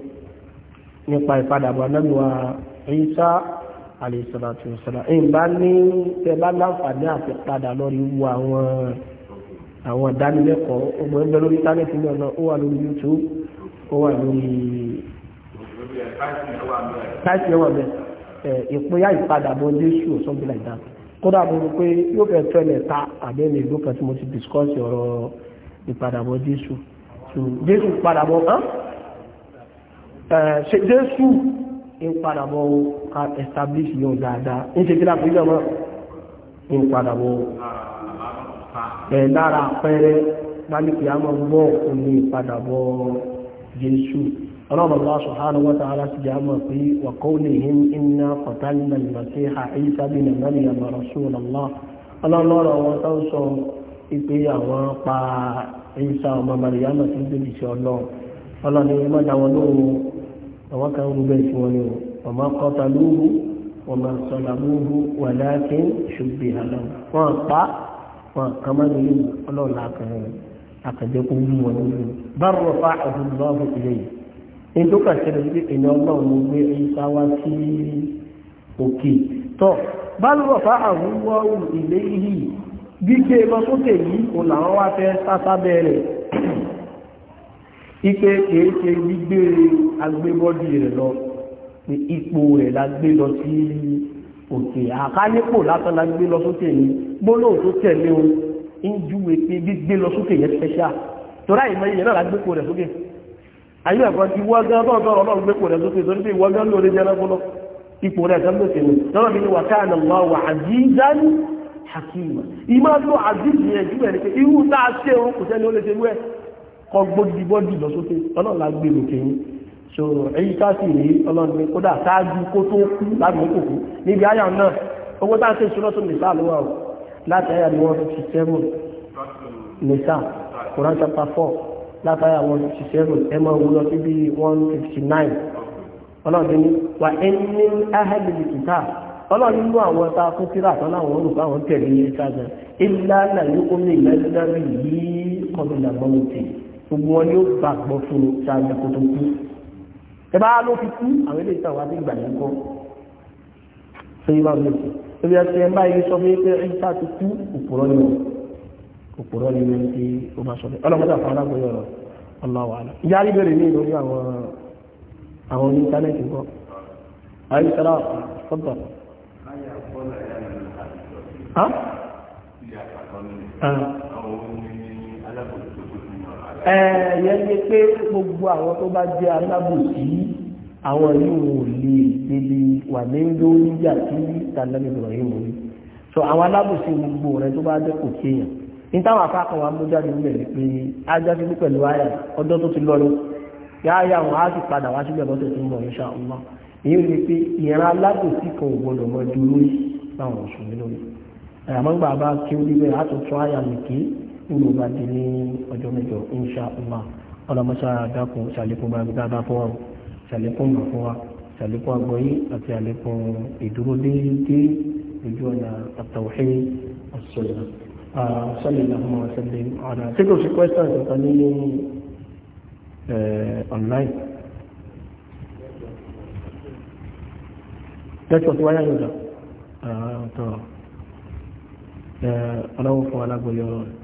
àlèsọ̀rọ̀tì ìṣọ̀rọ̀ ẹ̀yìn bá ní tẹ́lá láǹfààní àti padà lórí wo àwọn àwọn ìdánilẹ́kọ̀ọ́ ọmọ ẹgbẹ́ lórí tálẹ́tì náà náà ó wà lórí YouTube ó wà lórí táìsì ẹwà bẹ ìpínyà ìpadàbọ̀ Jésù or something like that kódà mo rò pé yóò fẹ́ tó ẹlẹ̀ ta àbẹ́lẹ̀ ìlú kan tí mo ti discuss ọ̀rọ̀ ìpadàbọ̀ Jésù Jésù padàbọ̀ hàn ṣe Jésù ń padà bọ̀ ká establish yóò dáadáa ń ṣe kí láti ìjọba ń padà bọ̀ ẹ̀ lára pẹ́rẹ́ lálùkì àmọ́ gbọ́ òní padà bọ̀ Jésù Allah subhanahu wa ta'ala ti jẹ́ àmọ́ pé wa qawlihim inna qatalna al-masiha Isa bin Maryam rasulallah ọlọ́lọ́rọ̀ wọn tó sọ ìpé àwọn pa Isa ọmọ Maryam tó débi sí ọlọ́run ọlọ́run ni dáwọn lóhùn àwọn kan ń bẹ́ẹ̀ tí wọ́n ní o ọmọ kọta lóhu ọmọ sọlá lóhu wà láàkì ṣùgbẹ́ àlọ́ wọn pa wọn kàn má nínú ọlọ́ọ̀lá àkàjẹ́ kó wú wọn nínú bá rọ̀ fà ọ̀hún lọ́wọ́ ilé yìí ní tó kà ṣẹlẹ̀ wípé ènìyàn ọlọ́run rẹ̀ ike kìí ṣe gbígbé agbébọ́dì rẹ̀ lọ ní ipò rẹ̀ la gbé lọ sí òkè àkáyépò látàn la gbé lọ sókè ní gbólóhùn tó tẹ̀lé o ń júwe pé gbígbé lọ sókè yẹn special torí àìmọ̀ iye náà la gbé kó rẹ̀ sókè àyè ẹ̀kọ́ ti wọ́n gán tó tọrọ náà gbé kó rẹ̀ sókè torí pé ìwọ́n gán lóore jẹ́ náà fọlọ́ ipò rẹ̀ kan lókè ní lọ́wọ́ mi ni wà ká àná wà wà àzízán hakima ìmọ̀ lọ kọ́ gbódìbọ́dì lọ sókè ọlọ́run la gbé lòkè so èyí ká sì rí ọlọ́run ní kódà ṣáájú kó tó kú lágbègbè kòkó níbi àyà náà owó tá à ṣe ìṣúná tó nìsá ló o láti àyà ni nìsá Quran chapter four láti ẹ máa wúlọ sí one fifty nine ọlọ́run ní wà ọlọ́run àwọn fún àtọ́lá àwọn olùkọ́ àwọn tẹ̀lé ní yìí kọ́ gbogbo wọn ni ó gbàgbọ́ fún un ṣáájú kó tó kú ẹ bá ló fi kú àwọn ilé ìtàn wa ti gbà yín ṣé yín mi kú ebi ẹsẹ ẹ báyìí sọ fún yín pé ẹ̀yìnká ti kú òpùrọ́ ni wọn òpùrọ́ ni wọn ti ó bá sọ fún yín ọlọ́mọdé àfọwọ́n alágbóyè ọ̀rọ̀ ọlọ́wọ́ àlọ́ ìyá rí bèrè ní ìlórí àwọn àwọn oní íńtánẹ́ẹ̀tì kọ́ àyè sọ́dọ̀ sọ́dọ̀. Ah ẹ̀yẹ́ ní pé gbogbo àwọn tó bá jẹ́ alábòsí àwọn yóò lè débi wà ní lórí yà tí tàlẹ́lẹ́ Ibrahim rí so àwọn alábòsí gbogbo rẹ tó bá dẹ́kò kéèyàn ní táwọn afákan wa mú jáde nílẹ̀ ni pé ajáde ní pẹ̀lú àyà ọdọ́ tó ti lọ lọ yáyà wọn á sì padà wá sílẹ̀ lọ́sẹ̀ tó ń bọ̀ insha Allah èyí ni pé ìran alábòsí kan ò gbọdọ̀ mọ dúró yìí láwọn ọ̀sùn mi lórí àyàmọ́gbà bá kí ó rí nígbà bá ti ní ọjọ́ mẹ́jọ insha allah ọlọmọṣà dákun ṣàlékún bá mi dáadáa fún wa ṣàlékún mọ̀ fún wa ṣàlékún agbọ́yé àti àlékún ìdúró déédéé ojú ọ̀nà àtàwọ̀hẹ́ ọ̀sọ̀yà sọ́lẹ̀lá ọmọ ọ̀sẹ̀lẹ̀ ọ̀nà tí kò sí kwẹ́sàn kankan ní online lẹ́tọ̀ tí wáyà yóò dà ọ̀tọ̀ ọlọ́wọ́ fún alágbóyọ̀ rẹ̀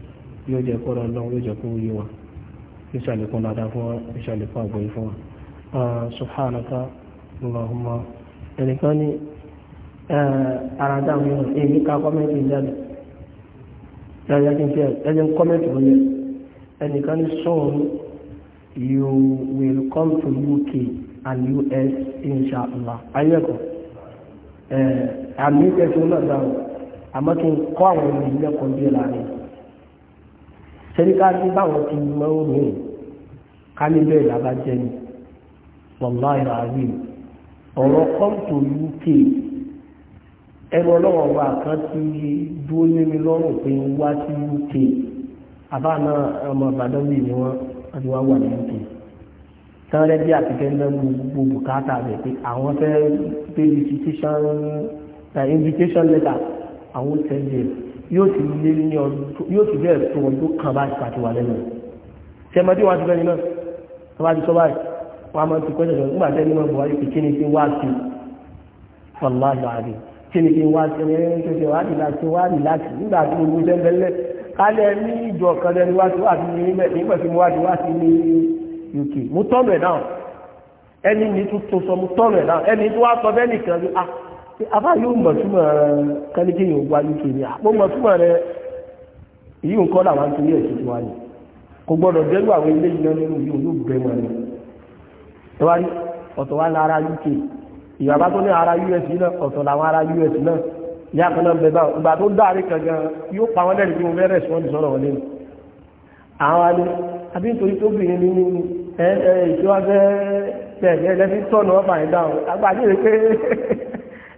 yóò jẹ́ kọ́ra lọ́wọ́ yóò jẹ́ kó wa dáadáa fún wa yóò ṣàlékún àgbọ̀yé fún wa. Ah, subhanaka allahumma ẹnìkan ní eh, ara yóò èmi ká kọ́mẹ́ntì jáde ẹ̀yà kọ́mẹ́ntì ẹnìkan ní you will come to UK and US inshallah ayẹ́kọ̀ọ́ eh, àmì ìfẹ́ fún náà dáhùn àmọ́ kí n kọ́ àwọn ènìyàn bí ẹ̀ láàrin. sẹ́ni ká ní báwọn ti mọ́ òmìn ká ní bẹ́ẹ̀ lábá jẹ́ ni wàlá ìràwí ọ̀rọ̀ kọ́ńtò uk ẹnu ọlọ́wọ́ wa kan ti dúró lé mi lọ́rùn pé ń wá sí uk àbá náà ọmọ ìbàdàn yìí ni wọ́n ti wá wà ní uk tán rẹ́dí àti kẹ́ńdẹ́ gbogbo bùkátà rẹ̀ pé àwọn fẹ́ pé eh, invitation letter àwọn tẹ̀lé yóò ti lé ní ọdún yóò ti bẹ́ẹ̀ tó ọdún kan báyìí pàtó wà lẹ́nu tẹmọdé wọn ti bẹ́ẹ̀ ni náà wọn bá ti sọ báyìí wọn a máa ti kọ́jà lọ́wọ́ nígbà tẹ́lẹ̀ náà buhari pé kí ni kí n wá sí wàláhì àdé kí ni kí n wá sí ẹni ẹni tó ṣe wá ní láti wá ní láti nígbà tí gbogbo ṣe ń bẹ́lẹ̀ kálẹ̀ ní ìjọ kan lẹ́nu wá sí wá sí ní ilẹ̀ nígbà tí mo wá sí wá sí ní UK mo tọ́nu ẹ̀ náà ẹni ní tuntun sọ mo tọ́nu ẹ̀ náà ẹni tó wá sọ bẹ́ẹ̀ nìkan ah afá yóò mọ̀ túmọ̀ kálíkì yóò wá ní kiri àpò mọ̀ túmọ̀ rẹ èyí ń kọ́ làwọn torí ẹ̀sìn tí wọ́n ní kò gbọ́dọ̀ dẹ́rù àwọn ilé yìí nínú yìí ò yóò bẹ̀ wọn ni ẹ wá ní ọ̀tọ̀ wa lára UK ìyàbá tó ní ara US náà ọ̀tọ̀ làwọn ara US náà ní àkànná bẹ báwọn ìgbà tó dáre kankan yóò pa wọn lẹ́nu bí mo fẹ́ rẹ̀sọ́ọ̀dì sọ̀rọ̀ wọn lẹ́nu àwọn alẹ́ àbí nítorí tó bìnrin ní ẹ ẹ ìṣèwádẹ́ tẹ̀lé ẹlẹ́fíntọ́nù ọ̀fà ìdáhùn àgbà [laughs]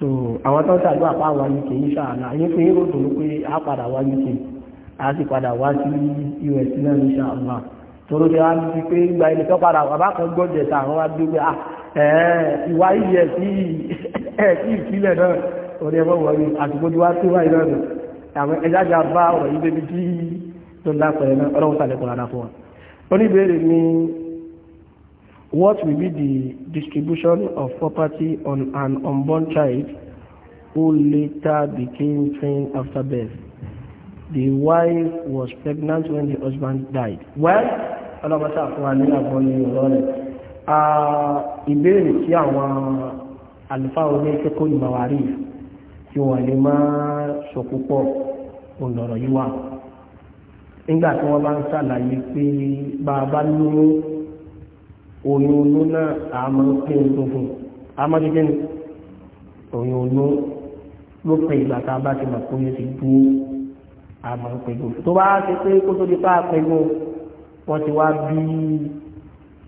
so àwọn tó ń ṣàdúrà àwọn uk inshallah yín na anyị ó dùn pé a padà wá uk a sì padà wá sí us náà inshallah toro ṣe wá pé gba ẹni tó padà wà bá kan gbọ́dẹ̀ tá àwọn wá ah, ìwà sí [laughs] ìpínlẹ̀ náà ẹ̀fọ́ tí wá wáyé náà àwọn ẹja jà bá ọ̀rọ̀ yìí débi tí tó ń náà ọlọ́run What will be the distribution of property on an unborn child who later became twin after birth? The wife was pregnant when the husband died. Well, ọlọ́pàá fún wa ní àbọ̀ ní ọ̀rọ̀ rẹ̀. Ìbéèrè tí àwọn àlùfáà orí kẹ́kọ̀ọ́ ìmọ̀wárí tí wọ́n lè máa sọ púpọ̀ òǹdọ̀rọ̀ yìí wà. Nígbà tí wọ́n bá ń ṣàlàyé pé bàbá lóyún oyún onú náà a máa ń pín in tuntun a máa ti gbẹ́ni oyún onú ló pè ìgbà tá a bá ti mọ̀ pé ti dúró a tó bá ti pé kó tó di pa pẹ̀lú wọ́n ti wá bí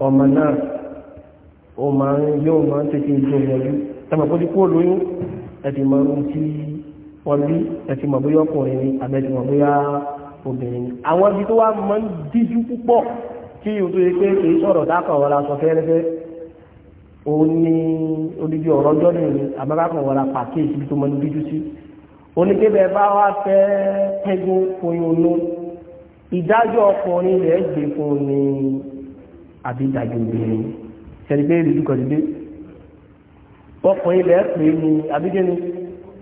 ọmọ náà ó máa ń yóò máa ń tètè ju ìyẹ̀jú ẹ mọ̀ pé ó ti kúrò lóyún ẹ ti mọ̀ ohun tí wọ́n bí ẹ mọ̀ bóyá ọkùnrin ni àbẹ́ mọ̀ bóyá obìnrin ni àwọn ibi tó wá máa ń díjú púpọ̀ kí o tó yẹ pé kì í sọ̀rọ̀ dákọ̀ wọ́n la sọ fẹ́rẹ́fẹ́ o ní odidi ọ̀rọ̀ ọjọ́ ní ìlú àbábákan wọ́n la pàkíyèsí tó mọ ní díjú sí oníkébẹ̀ bá wá fẹ́ pẹ́gún oyin onú ìdájọ́ ọkùnrin rẹ̀ gbé fún ni àbí ìdájọ́ obìnrin sẹ́ni pé ìlú kan dìde ọkùnrin rẹ̀ pè ní àbíjẹ́ ni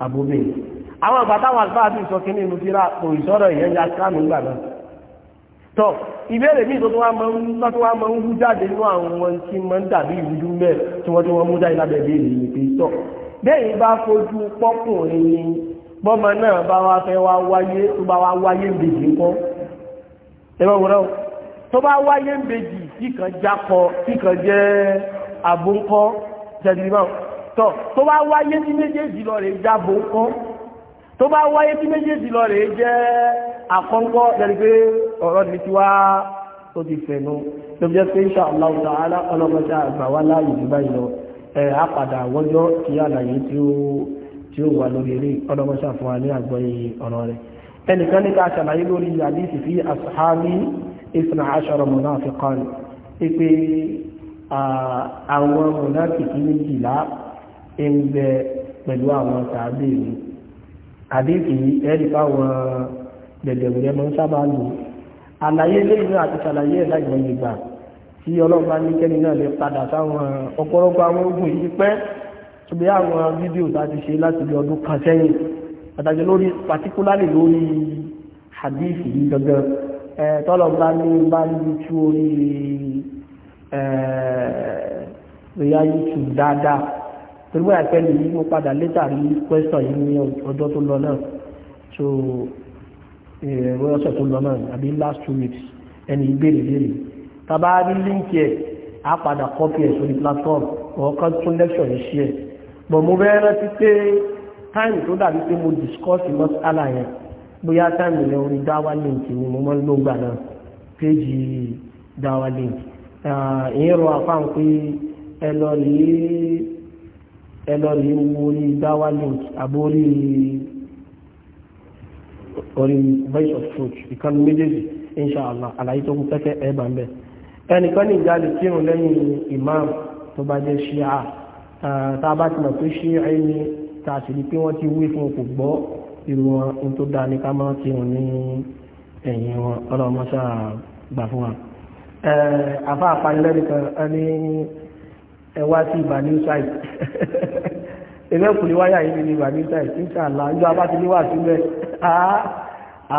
àbóbìnrin àwọn àgbàtàwọn àlùfáà bí ìsọkíní ìlú fira kò ìsọ̀rọ̀ ìyẹn ya sáàmù gbà tọ́ ìbéèrè míì tó tó wá máa ń hú jáde nínú àwọn ọmọ tí máa ń dàbí ìrújú mẹ́ tí wọ́n tí wọ́n mú jáde lábẹ́ ìbéèrè yìí pé tọ́ bẹ́ẹ̀ bá fojú pọ́kùnrin ni bọ́mọ náà bá wá fẹ́ wá wáyé tó bá wá wáyé ń bèjì ńkọ́ ẹ̀rọ wọ́n tó bá wáyé ń bèjì kíkan jẹ́ àbóńkọ́ jẹ̀dìmọ́ àkọ́ńkọ́ lẹ́ni pé ọ̀rọ̀ mi ti wá ó ti fẹ̀nu ló jẹ́ pé insha Allah ta'ala ọlọ́mọdé àgbà wá láàyè jù báyìí lọ ẹ̀ á padà wọ́jọ́ kí àlàyé tí ó tí ó wà lórí eré ọlọ́mọdé àfọwà ní àgbọ̀yé ọ̀rọ̀ rẹ̀ ẹnìkan ní ká ṣàlàyé lórí àdìsí fi ashabi isna ashara gbẹ̀gbẹ̀rún yẹn máa ń sábà lò àlàyé lẹ́yìn náà àti ṣàlàyé ẹ̀ láì mọ̀ ìgbà tí ọlọ́gbà ní kẹ́ni náà lè padà sáwọn ọ̀pọ̀lọpọ̀ àwọn ogun yìí pẹ́ tóbi àwọn fídíò tá a ti ṣe láti bí ọdún kan sẹ́yìn pàtàkì lórí pàtíkúlálì lórí hadith yìí gangan tọ́lọ̀gbà ní bá níbi tí orí ríyá youtube dáadáa torí wọ́n nìyí mo padà létà rí question yìí ní ọjọ́ tó lọ náà ìrẹ̀wẹ̀ eh, ọ̀sẹ̀ tó lọ náà àbí last two weeks ẹni ìbéèrè léèrè tàbá rí líǹkì ẹ̀ á padà kọ́pì ẹ̀ sórí platform ọ̀ọ́kan tún lẹ́kṣọ̀ yìí ṣe ẹ̀ bọ̀ mo bẹ́ẹ̀ rántí pé táìmì tó dàbí pé mo discuss mọ́sálà yẹn bóyá táìmì yẹn orí dáwà líǹkì ni mo máa ń lò gbà náà péjì dáwà líǹkì ìyẹn rọ àfáàn pé ẹ lọ rí ẹ lọ rí wo orí dáwà líǹkì àbórí orí voice of truth ìkànnì méjèèjì inshallah àlàyé tó kún kẹ́kẹ́ ẹ̀ bá ń bẹ̀. ẹnìkan ní ìjáde kírun lẹ́yìn imam tó bá jẹ́ ṣíà tá a bá ti mọ̀ pé ṣíà ẹni tá a sì rí pé wọ́n ti wí fún kò gbọ́ irú wọn ní tó dáa ní ká máa kírun ní ẹ̀yìn wọn ọlọ́mọṣà gbà fún wa. àfa àpanilẹ́nìkan ẹni ẹ wá sí ìbànú site [laughs] ẹgbẹ́ kò ní wáyà yìí ní ìwà níta ìsìnká àlá ìjọ abá ti níwà sílẹ̀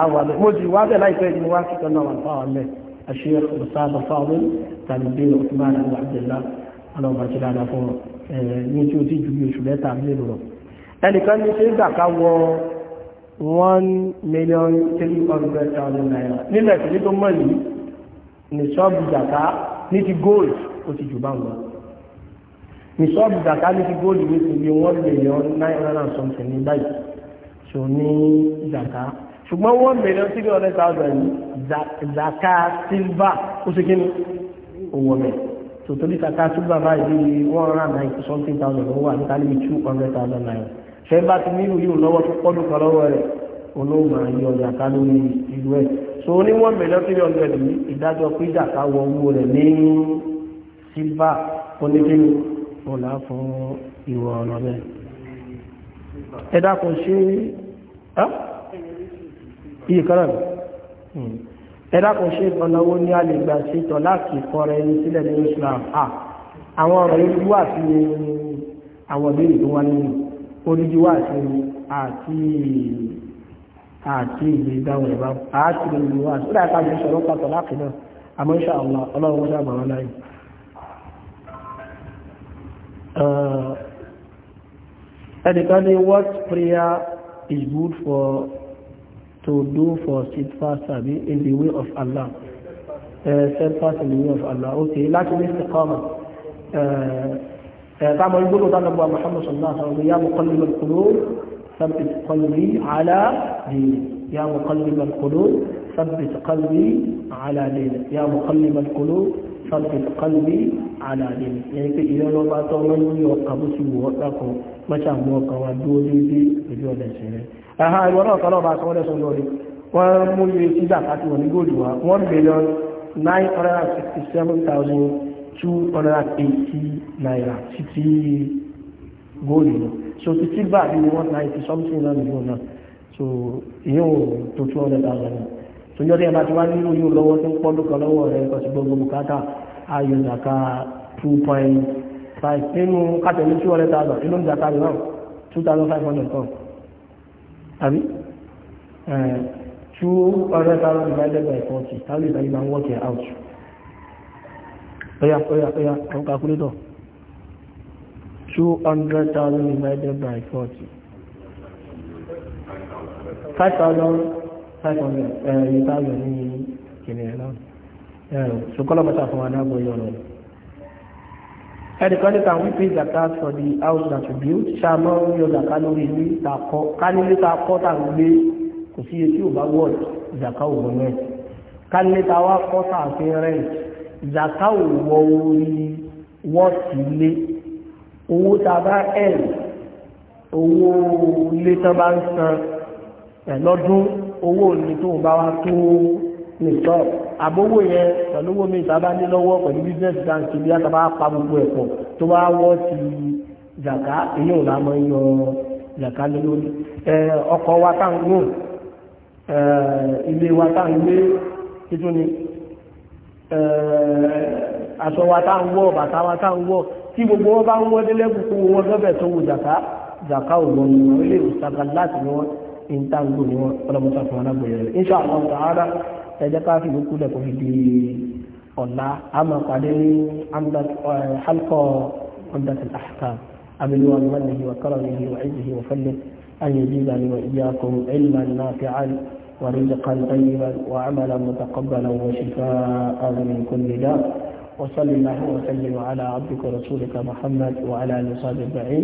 àwà mo sì wá bẹ̀ láìpẹ́ ní wá kíkọ́ náà wà fáwọn mẹ́ àṣẹ ọ̀sáàbà fáwọn tàbí bí ọ̀túnmáà náà wà jẹ́lá ọlọ́ọ̀bà ti dáadáa fún ọ ní tí one million three hundred thousand naira nílẹ̀ ìpínlẹ̀ tó mọ̀ yìí ní ṣọ́ọ̀bù jàká gold ó ti jù báwọn lọ ìṣọ́ọ̀bù dàkálí ti góòlù wí sí iye one million nine hundred and something ní báyìí ṣò ní ìdàká ṣùgbọ́n one million three hundred thousand zaka silver ó ṣe kí ni owó mẹ́ tòtòrí zaka silver báyìí bí one hundred and ninety something thousand owó wà níta níbi two hundred thousand naira ṣe bá ti ní ìròyìn lọ́wọ́ tó pọ́dún kan lọ́wọ́ rẹ̀ olóòmà yọ zaka one million three hundred yìí ìdájọ́ zaka wọ owó rẹ̀ ní silver ọ̀la fún ìwọ̀ ọ̀nà bẹ́ẹ̀ ẹ dákun ṣe iye kan náà hmm. ẹ dákun ṣe ọ̀nà wo ni a lè gbà ṣe tọ̀ láti kọrẹ ẹni sílẹ̀ ní Islam àwọn ọ̀rọ̀ yìí wà sí àwọn ìbéèrè tó wá nínú odidi wà sí àti àti ìgbédáwọn ìbámu àti ìgbédáwọn ìbámu ó dàgbà jẹ́ sọ̀rọ̀ pàtó láti náà àmọ́ insha Allah ọlọ́run ó dàgbà wọn láyé Uh, Anybody, what prayer is good for to do for steadfast tàbí in the way of Allah uh, steadfast in the way of Allah okay like ní istiqama táàmù ìgbónú tánàbà Muhammad sallallahu alaihi wasallam ya muqallib al-qulub thabbit qalbi ala dini ya muqallib al-qulub thabbit qalbi ala dini ya muqallib al-qulub fásitì kalbi àlàyé yẹn pé ìyẹn lọ́ba tó wọ́n ní ọkàn bó ti wù ọ́ dákun mọ́ṣá mú ọkàn wa dúró déédéé ojú ọ̀dà ìṣẹ̀lẹ̀. aha ìwọ náà kọ́lọ́ bá sọ́wọ́dẹ́ sọ́wọ́ lọ́ọ̀dẹ́ wọ́n mú iye sídà káti wọ̀ ní góòlù wa one million nine hundred and sixty seven thousand two hundred and eighty naira títí góòlù lọ so títí bá bí one ninety something náà nìyóò náà so ìyẹn ò tó two hundred thousand naira sojọ́ tí ẹ bá ti wá nínú yóò lọ́wọ́ tí ń pọ́ lókan lọ́wọ́ rẹ̀ nǹkan sí gbogbo bùkátà ayò zaka two point five nínú kátẹ́lí two hundred zaka rẹ̀ náà two kan àbí eh, two divided by 40, táwọn ìtàgé máa ń work out. oya oya oya àwọn calculator two hundred divided by 40, 5,000 five hundred ẹ̀ẹ́dì kan wípé zaka for the house that you build ṣàmọ́ yọ zaka lórí ilé ta kọ́ ta kọ́ tà ń gbé kò sí etí ò bá wọ̀ zaka ò náà ká ta wá kọ́ tà fi rẹ̀ zaka ò orí wọ́ọ̀tì ilé owó ta bá ẹ̀ owó ilé tán bá ń san lọ́dún owó ní tó bá wá tó lè sọ àbówó yẹn pẹ̀lú owó mi ìtàbá ní lọ́wọ́ pẹ̀lú bísíǹsì tá à ń ṣe bí àtàbá pa gbogbo ẹ̀ tó bá wọ́ ti zàká èyí ò lámọ́ yọ zàká lé ọkọ̀ wa tá ń gùn ilé wa tá ń gbé títún ni aṣọ wa tá ń wọ̀ bàtà wa tá ń wọ̀ tí gbogbo wọn bá ń wọ́ délé gbogbo wọn lọ́bẹ̀ tó wù zàká zàká ò wọ́n ní wọn ilé ìwòsàn láti ní ìntàgbò ni wọ́n ọlọ́mọta fún alágbèrè rẹ̀ insha Allah ta'ala ẹjẹ́ ká fi gbókú lẹ́kọ̀ọ́ fi di ọ̀la a pàdé ní halqa Umdat al-Ahkam abilu almanihi wa karamihi wa izzihi wa fadli an yajizani wa iyyakum ilman nafi'an wa rizqan tayyiban wa amalan mutaqabbalan wa shifaa'an min kulli da' وصلى الله وسلم على عبدك ورسولك محمد وعلى اله وصحبه اجمعين